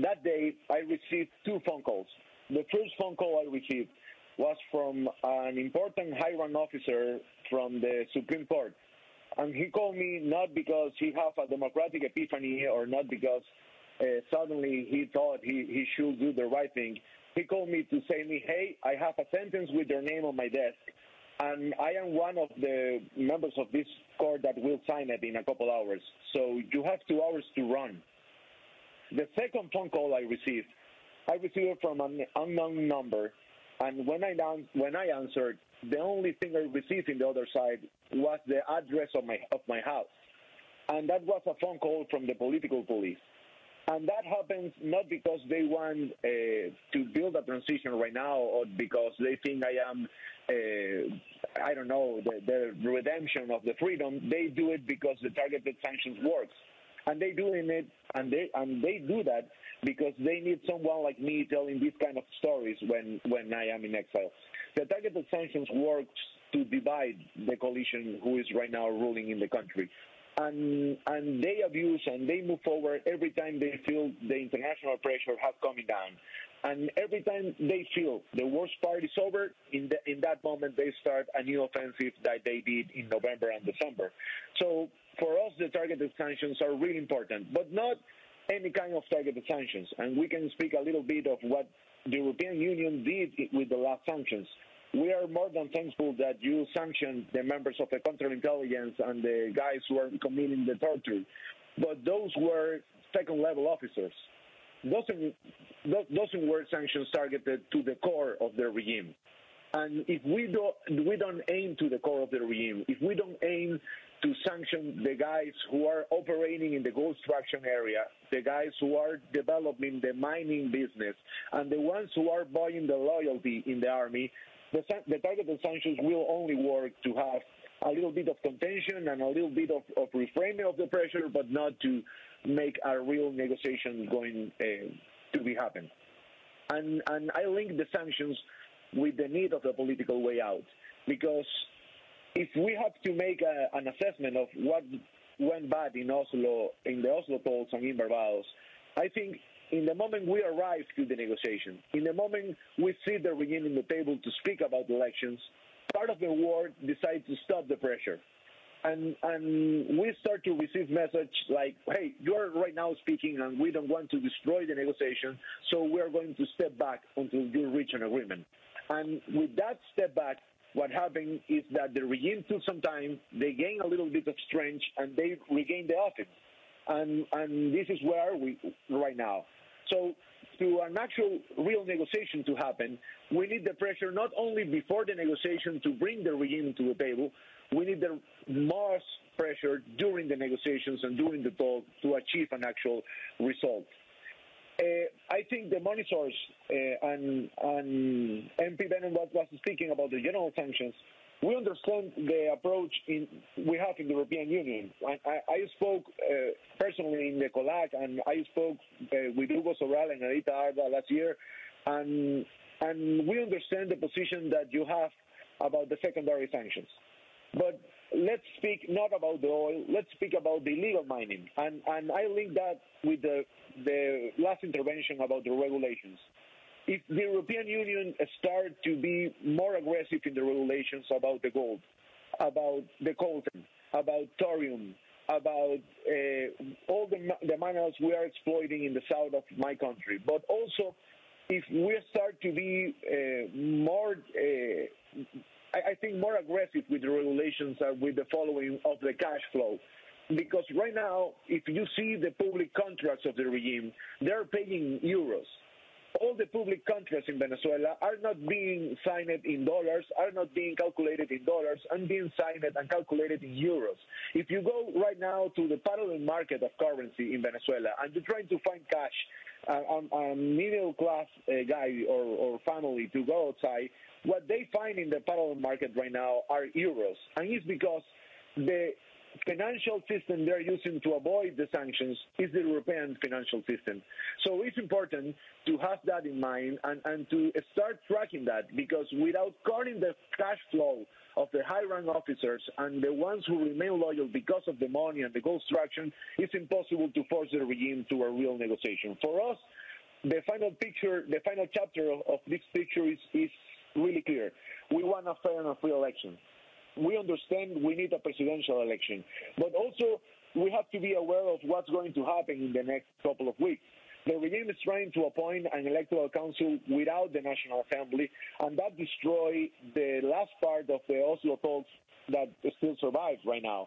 that day I received two phone calls. The first phone call I received was from an important high-rank officer from the Supreme Court, and he called me not because he had a democratic epiphany or not because uh, suddenly he thought he, he should do the right thing He called me to say me, hey, I have a sentence with your name on my desk, and I am one of the members of this court that will sign it in a couple hours. So you have two hours to run. The second phone call I received, I received it from an unknown number, and when I when I answered, the only thing I received in the other side was the address of my of my house, and that was a phone call from the political police. And that happens not because they want uh, to build a transition right now or because they think I am, uh, I don't know, the, the redemption of the freedom. They do it because the targeted sanctions works. And they do it, and they and they do that because they need someone like me telling these kind of stories when when I am in exile. The targeted sanctions works to divide the coalition who is right now ruling in the country and and they abuse and they move forward every time they feel the international pressure has coming down and every time they feel the worst part is over in the, in that moment they start a new offensive that they did in November and December so for us the targeted sanctions are really important but not any kind of targeted sanctions and we can speak a little bit of what the European Union did with the last sanctions we are more than thankful that you sanctioned the members of the counterintelligence and the guys who are committing the torture. But those were second level officers. those, those were sanctions targeted to the core of the regime. And if we don't we don't aim to the core of the regime, if we don't aim to sanction the guys who are operating in the gold extraction area, the guys who are developing the mining business, and the ones who are buying the loyalty in the army, the, the targeted sanctions will only work to have a little bit of contention and a little bit of, of reframing of the pressure, but not to make a real negotiation going to be happen. And, and I link the sanctions with the need of a political way out, because if we have to make a, an assessment of what went bad in Oslo, in the Oslo talks and in Barbados, I think In the moment we arrive to the negotiation, in the moment we see the regime in the table to speak about elections, part of the world decides to stop the pressure. And, and we start to receive message like, hey, you're right now speaking and we don't want to destroy the negotiation, so we are going to step back until you reach an agreement. And with that step back, what happened is that the regime took some time, they gained a little bit of strength, and they regained the office and and this is where we right now. So to an actual real negotiation to happen, we need the pressure not only before the negotiation to bring the regime to the table, we need the most pressure during the negotiations and during the talk to achieve an actual result. Uh, I think the monitors uh, and, and MP Bennett was, was speaking about the general sanctions. We understand the approach in, we have in the European Union. I, I, spoke uh, personally in the COLAC, and I spoke uh, with Hugo Sorral and Anita Arda last year, and and we understand the position that you have about the secondary sanctions. But let's speak not about the oil. Let's speak about the illegal mining, and and I link that with the the last intervention about the regulations if the European Union start to be more aggressive in the regulations about the gold, about the coltan, about thorium, about uh, all the, the minerals we are exploiting in the south of my country, but also if we start to be uh, more, uh, I, I think, more aggressive with the regulations and with the following of the cash flow. Because right now, if you see the public contracts of the regime, they're paying euros all the public contracts in Venezuela are not being signed in dollars, are not being calculated in dollars, and being signed and calculated in euros. If you go right now to the parallel market of currency in Venezuela and you're trying to find cash, a, a middle class uh, guy or, or family to go outside, what they find in the parallel market right now are euros. And it's because the financial system they're using to avoid the sanctions is the European financial system. So it's important to have that in mind and, and to start tracking that because without cutting the cash flow of the high rank officers and the ones who remain loyal because of the money and the gold structure, it's impossible to force the regime to a real negotiation. For us, the final picture, the final chapter of, of this picture is, is really clear. We want a fair and free election we understand we need a presidential election, but also we have to be aware of what's going to happen in the next couple of weeks. The regime is trying to appoint an electoral council without the National Assembly, and that destroy the last part of the Oslo talks that still survive right now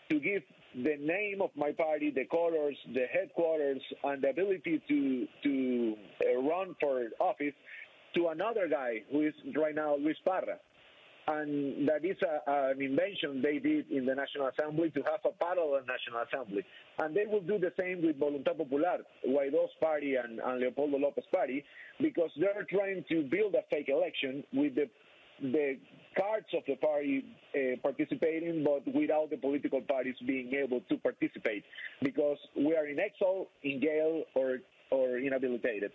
to give the name of my party, the colors, the headquarters, and the ability to to run for office to another guy who is right now Luis Parra. And that is an invention they did in the National Assembly to have a parallel National Assembly. And they will do the same with Voluntad Popular, Guaido's party and, and Leopoldo López party, because they're trying to build a fake election with the the cards of the party uh, participating, but without the political parties being able to participate, because we are in exile, in jail, or or inhabilitated.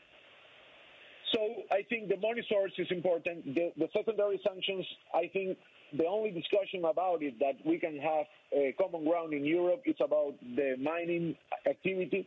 So I think the money source is important. The, the secondary sanctions, I think the only discussion about it that we can have a common ground in Europe is about the mining activity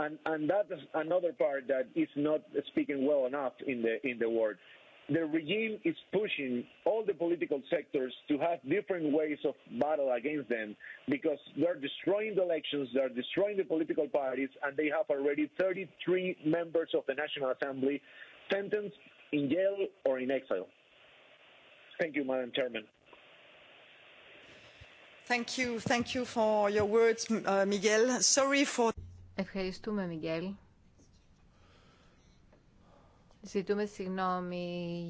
and and that's another part that is not speaking well enough in the in the world. The regime is pushing all the political sectors to have different ways of battle against them because they're destroying the elections, they're destroying the political parties, and they have already 33 members of the National Assembly sentenced in jail or in exile. Thank you, Madam Chairman. Thank you. Thank you for your words, Miguel. Sorry for Ευχαριστούμε, Μιγγέλ. Ζητούμε συγγνώμη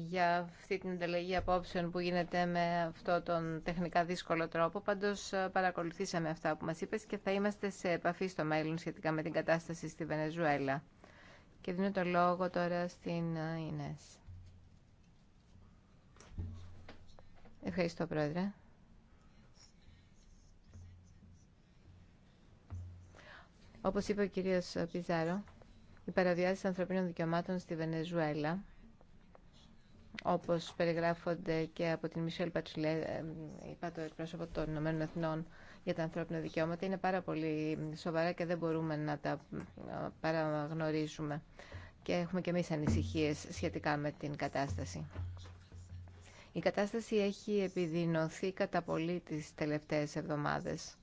για αυτή την ανταλλαγή απόψεων που γίνεται με αυτό τον τεχνικά δύσκολο τρόπο. Πάντως ε, παρακολουθήσαμε αυτά που μας είπες και θα είμαστε σε επαφή στο μέλλον σχετικά με την κατάσταση στη Βενεζουέλα. Και δίνω το λόγο τώρα στην ε, Ινές. Ευχαριστώ, Πρόεδρε. Όπως είπε ο κύριος Πιζάρο, οι των ανθρωπίνων δικαιωμάτων στη Βενεζουέλα, όπως περιγράφονται και από την Μισελ Πατσουλέ, είπα το εκπρόσωπο των Ηνωμένων Εθνών για τα ανθρώπινα δικαιώματα, είναι πάρα πολύ σοβαρά και δεν μπορούμε να τα ε, παραγνωρίσουμε. Και έχουμε και εμείς ανησυχίες σχετικά με την κατάσταση. Η κατάσταση έχει επιδεινωθεί κατά πολύ τις τελευταίες εβδομάδες.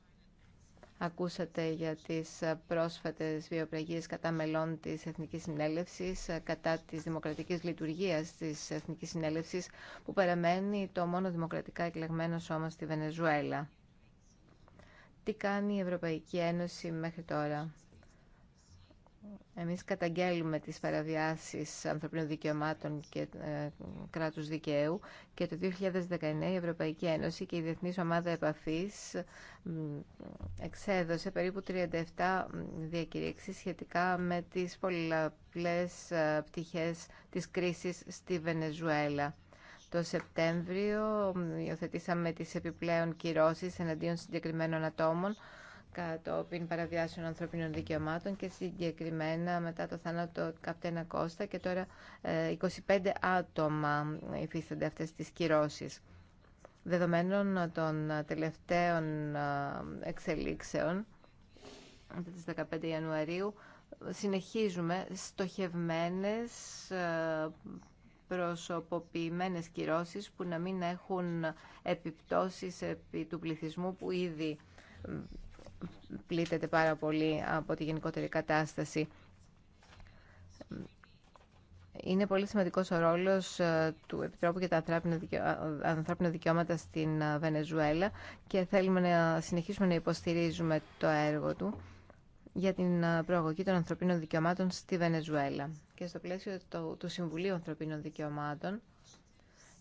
Ακούσατε για τις ε, πρόσφατες βιοπραγίες κατά μελών της Εθνικής Συνέλευσης, ε, κατά της δημοκρατικής λειτουργίας της Εθνικής Συνέλευσης, που παραμένει το μόνο δημοκρατικά εκλεγμένο σώμα στη Βενεζουέλα. Τι κάνει η Ευρωπαϊκή Ένωση μέχρι τώρα. Εμείς καταγγέλουμε τις παραβιάσεις ανθρωπίνων δικαιωμάτων και ε, κράτους δικαίου και το 2019 η Ευρωπαϊκή Ένωση και η Διεθνής Ομάδα Επαφής εξέδωσε περίπου 37 διακηρύξεις σχετικά με τις πολλαπλές ε, πτυχές της κρίσης στη Βενεζουέλα. Το Σεπτέμβριο υιοθετήσαμε τις επιπλέον κυρώσεις εναντίον συγκεκριμένων ατόμων κατόπιν παραβιάσεων ανθρωπίνων δικαιωμάτων και συγκεκριμένα μετά το θάνατο Καπτένα Κώστα και τώρα 25 ε, άτομα υφίστανται αυτές τις κυρώσεις. Δεδομένων των τελευταίων ε, εξελίξεων, τις 15 Ιανουαρίου, συνεχίζουμε στοχευμένες ε, προσωποποιημένες κυρώσεις που να μην έχουν επιπτώσεις επί του πληθυσμού που ήδη πλήττεται πάρα πολύ από τη γενικότερη κατάσταση. Είναι πολύ σημαντικός ο ρόλος ε, του Επιτρόπου για τα ανθρώπινα ε, δικαιώματα στην ε, Βενεζουέλα και θέλουμε να συνεχίσουμε να υποστηρίζουμε το έργο του για την προαγωγή των ανθρωπίνων δικαιωμάτων στη Βενεζουέλα. Και στο πλαίσιο του Συμβουλίου Ανθρωπίνων Δικαιωμάτων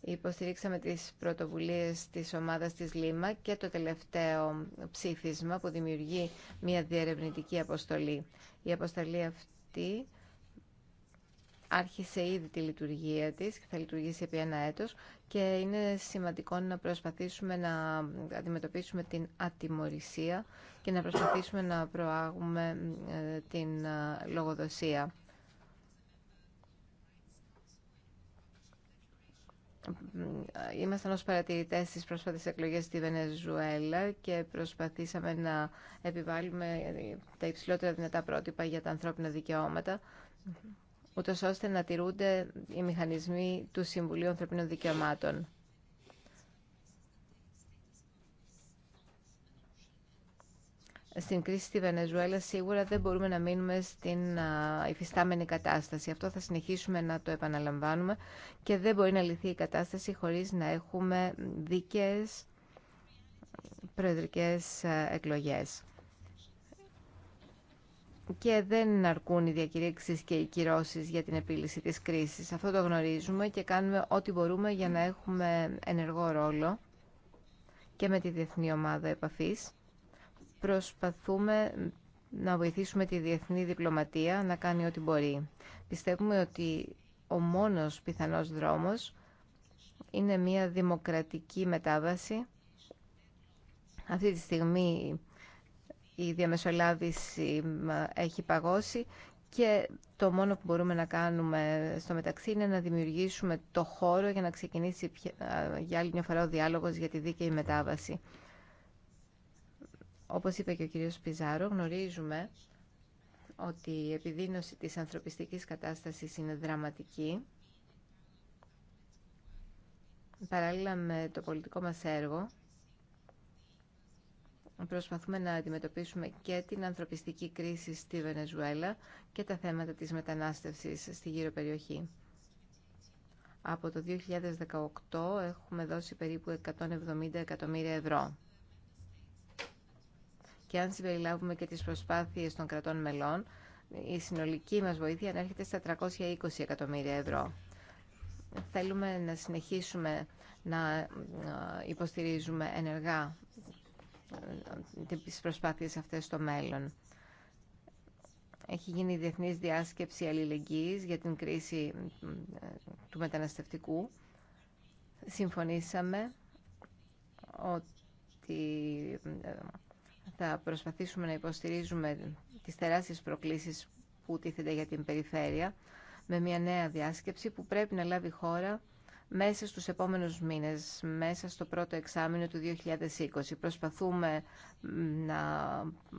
Υποστηρίξαμε τις πρωτοβουλίες της ομάδας της Λίμα και το τελευταίο ψήφισμα που δημιουργεί μια διερευνητική αποστολή. Η αποστολή αυτή άρχισε ήδη τη λειτουργία της και θα λειτουργήσει επί ένα έτος και είναι σημαντικό να προσπαθήσουμε να αντιμετωπίσουμε την ατιμορρησία και να προσπαθήσουμε να προάγουμε ε, την ε, λογοδοσία. Ήμασταν ως παρατηρητές στις πρόσφατες εκλογές στη Βενεζουέλα και προσπαθήσαμε να επιβάλλουμε τα υψηλότερα δυνατά πρότυπα για τα ανθρώπινα δικαιώματα ούτως ώστε να τηρούνται οι μηχανισμοί του Συμβουλίου Ανθρωπίνων Δικαιωμάτων. στην κρίση στη Βενεζουέλα σίγουρα δεν μπορούμε να μείνουμε στην υφιστάμενη κατάσταση. Αυτό θα συνεχίσουμε να το επαναλαμβάνουμε και δεν μπορεί να λυθεί η κατάσταση χωρίς να έχουμε δίκαιες προεδρικές εκλογές. Και δεν αρκούν οι διακηρύξεις και οι κυρώσεις για την επίλυση της κρίσης. Αυτό το γνωρίζουμε και κάνουμε ό,τι μπορούμε για να έχουμε ενεργό ρόλο και με τη Διεθνή Ομάδα Επαφής Προσπαθούμε να βοηθήσουμε τη διεθνή διπλωματία να κάνει ό,τι μπορεί. Πιστεύουμε ότι ο μόνος πιθανός δρόμος είναι μια δημοκρατική μετάβαση. Αυτή τη στιγμή η διαμεσολάβηση έχει παγώσει και το μόνο που μπορούμε να κάνουμε στο μεταξύ είναι να δημιουργήσουμε το χώρο για να ξεκινήσει για άλλη μια φορά ο διάλογος για τη δίκαιη μετάβαση. Όπως είπε και ο κύριος Πιζάρο, γνωρίζουμε ότι η επιδείνωση της ανθρωπιστικής κατάστασης είναι δραματική. Παράλληλα με το πολιτικό μας έργο, προσπαθούμε να αντιμετωπίσουμε και την ανθρωπιστική κρίση στη Βενεζουέλα και τα θέματα της μετανάστευσης στη γύρω περιοχή. Από το 2018 έχουμε δώσει περίπου 170 εκατομμύρια ευρώ και αν συμπεριλάβουμε και τις προσπάθειες των κρατών μελών, η συνολική μας βοήθεια ανέρχεται στα 320 εκατομμύρια ευρώ. Θέλουμε να συνεχίσουμε να ε, υποστηρίζουμε ενεργά ε, τις προσπάθειες αυτές στο μέλλον. Έχει γίνει η Διεθνής Διάσκεψη Αλληλεγγύης για την κρίση ε, του μεταναστευτικού. Συμφωνήσαμε ότι θα προσπαθήσουμε να υποστηρίζουμε τις τεράστιες προκλήσεις που τίθενται για την περιφέρεια με μια νέα διάσκεψη που πρέπει να λάβει χώρα μέσα στους επόμενους μήνες, μέσα στο πρώτο εξάμεινο του 2020. Προσπαθούμε να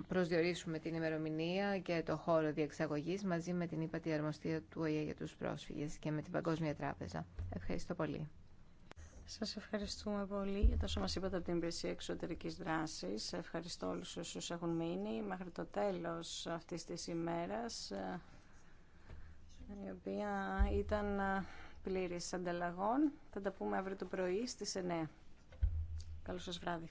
προσδιορίσουμε την ημερομηνία και το χώρο διεξαγωγής μαζί με την ΥΠΑΤΗ Αρμοστία του ΟΗΕ για τους πρόσφυγες και με την Παγκόσμια Τράπεζα. Ευχαριστώ πολύ. Σας ευχαριστούμε πολύ για τόσο μας είπατε από την υπηρεσία εξωτερικής δράσης. Ευχαριστώ όλους όσους έχουν μείνει μέχρι το τέλος αυτής της ημέρας, ε, η οποία ήταν ε, πλήρης ανταλλαγών. Θα τα πούμε αύριο το πρωί στις 9. Καλό σας βράδυ.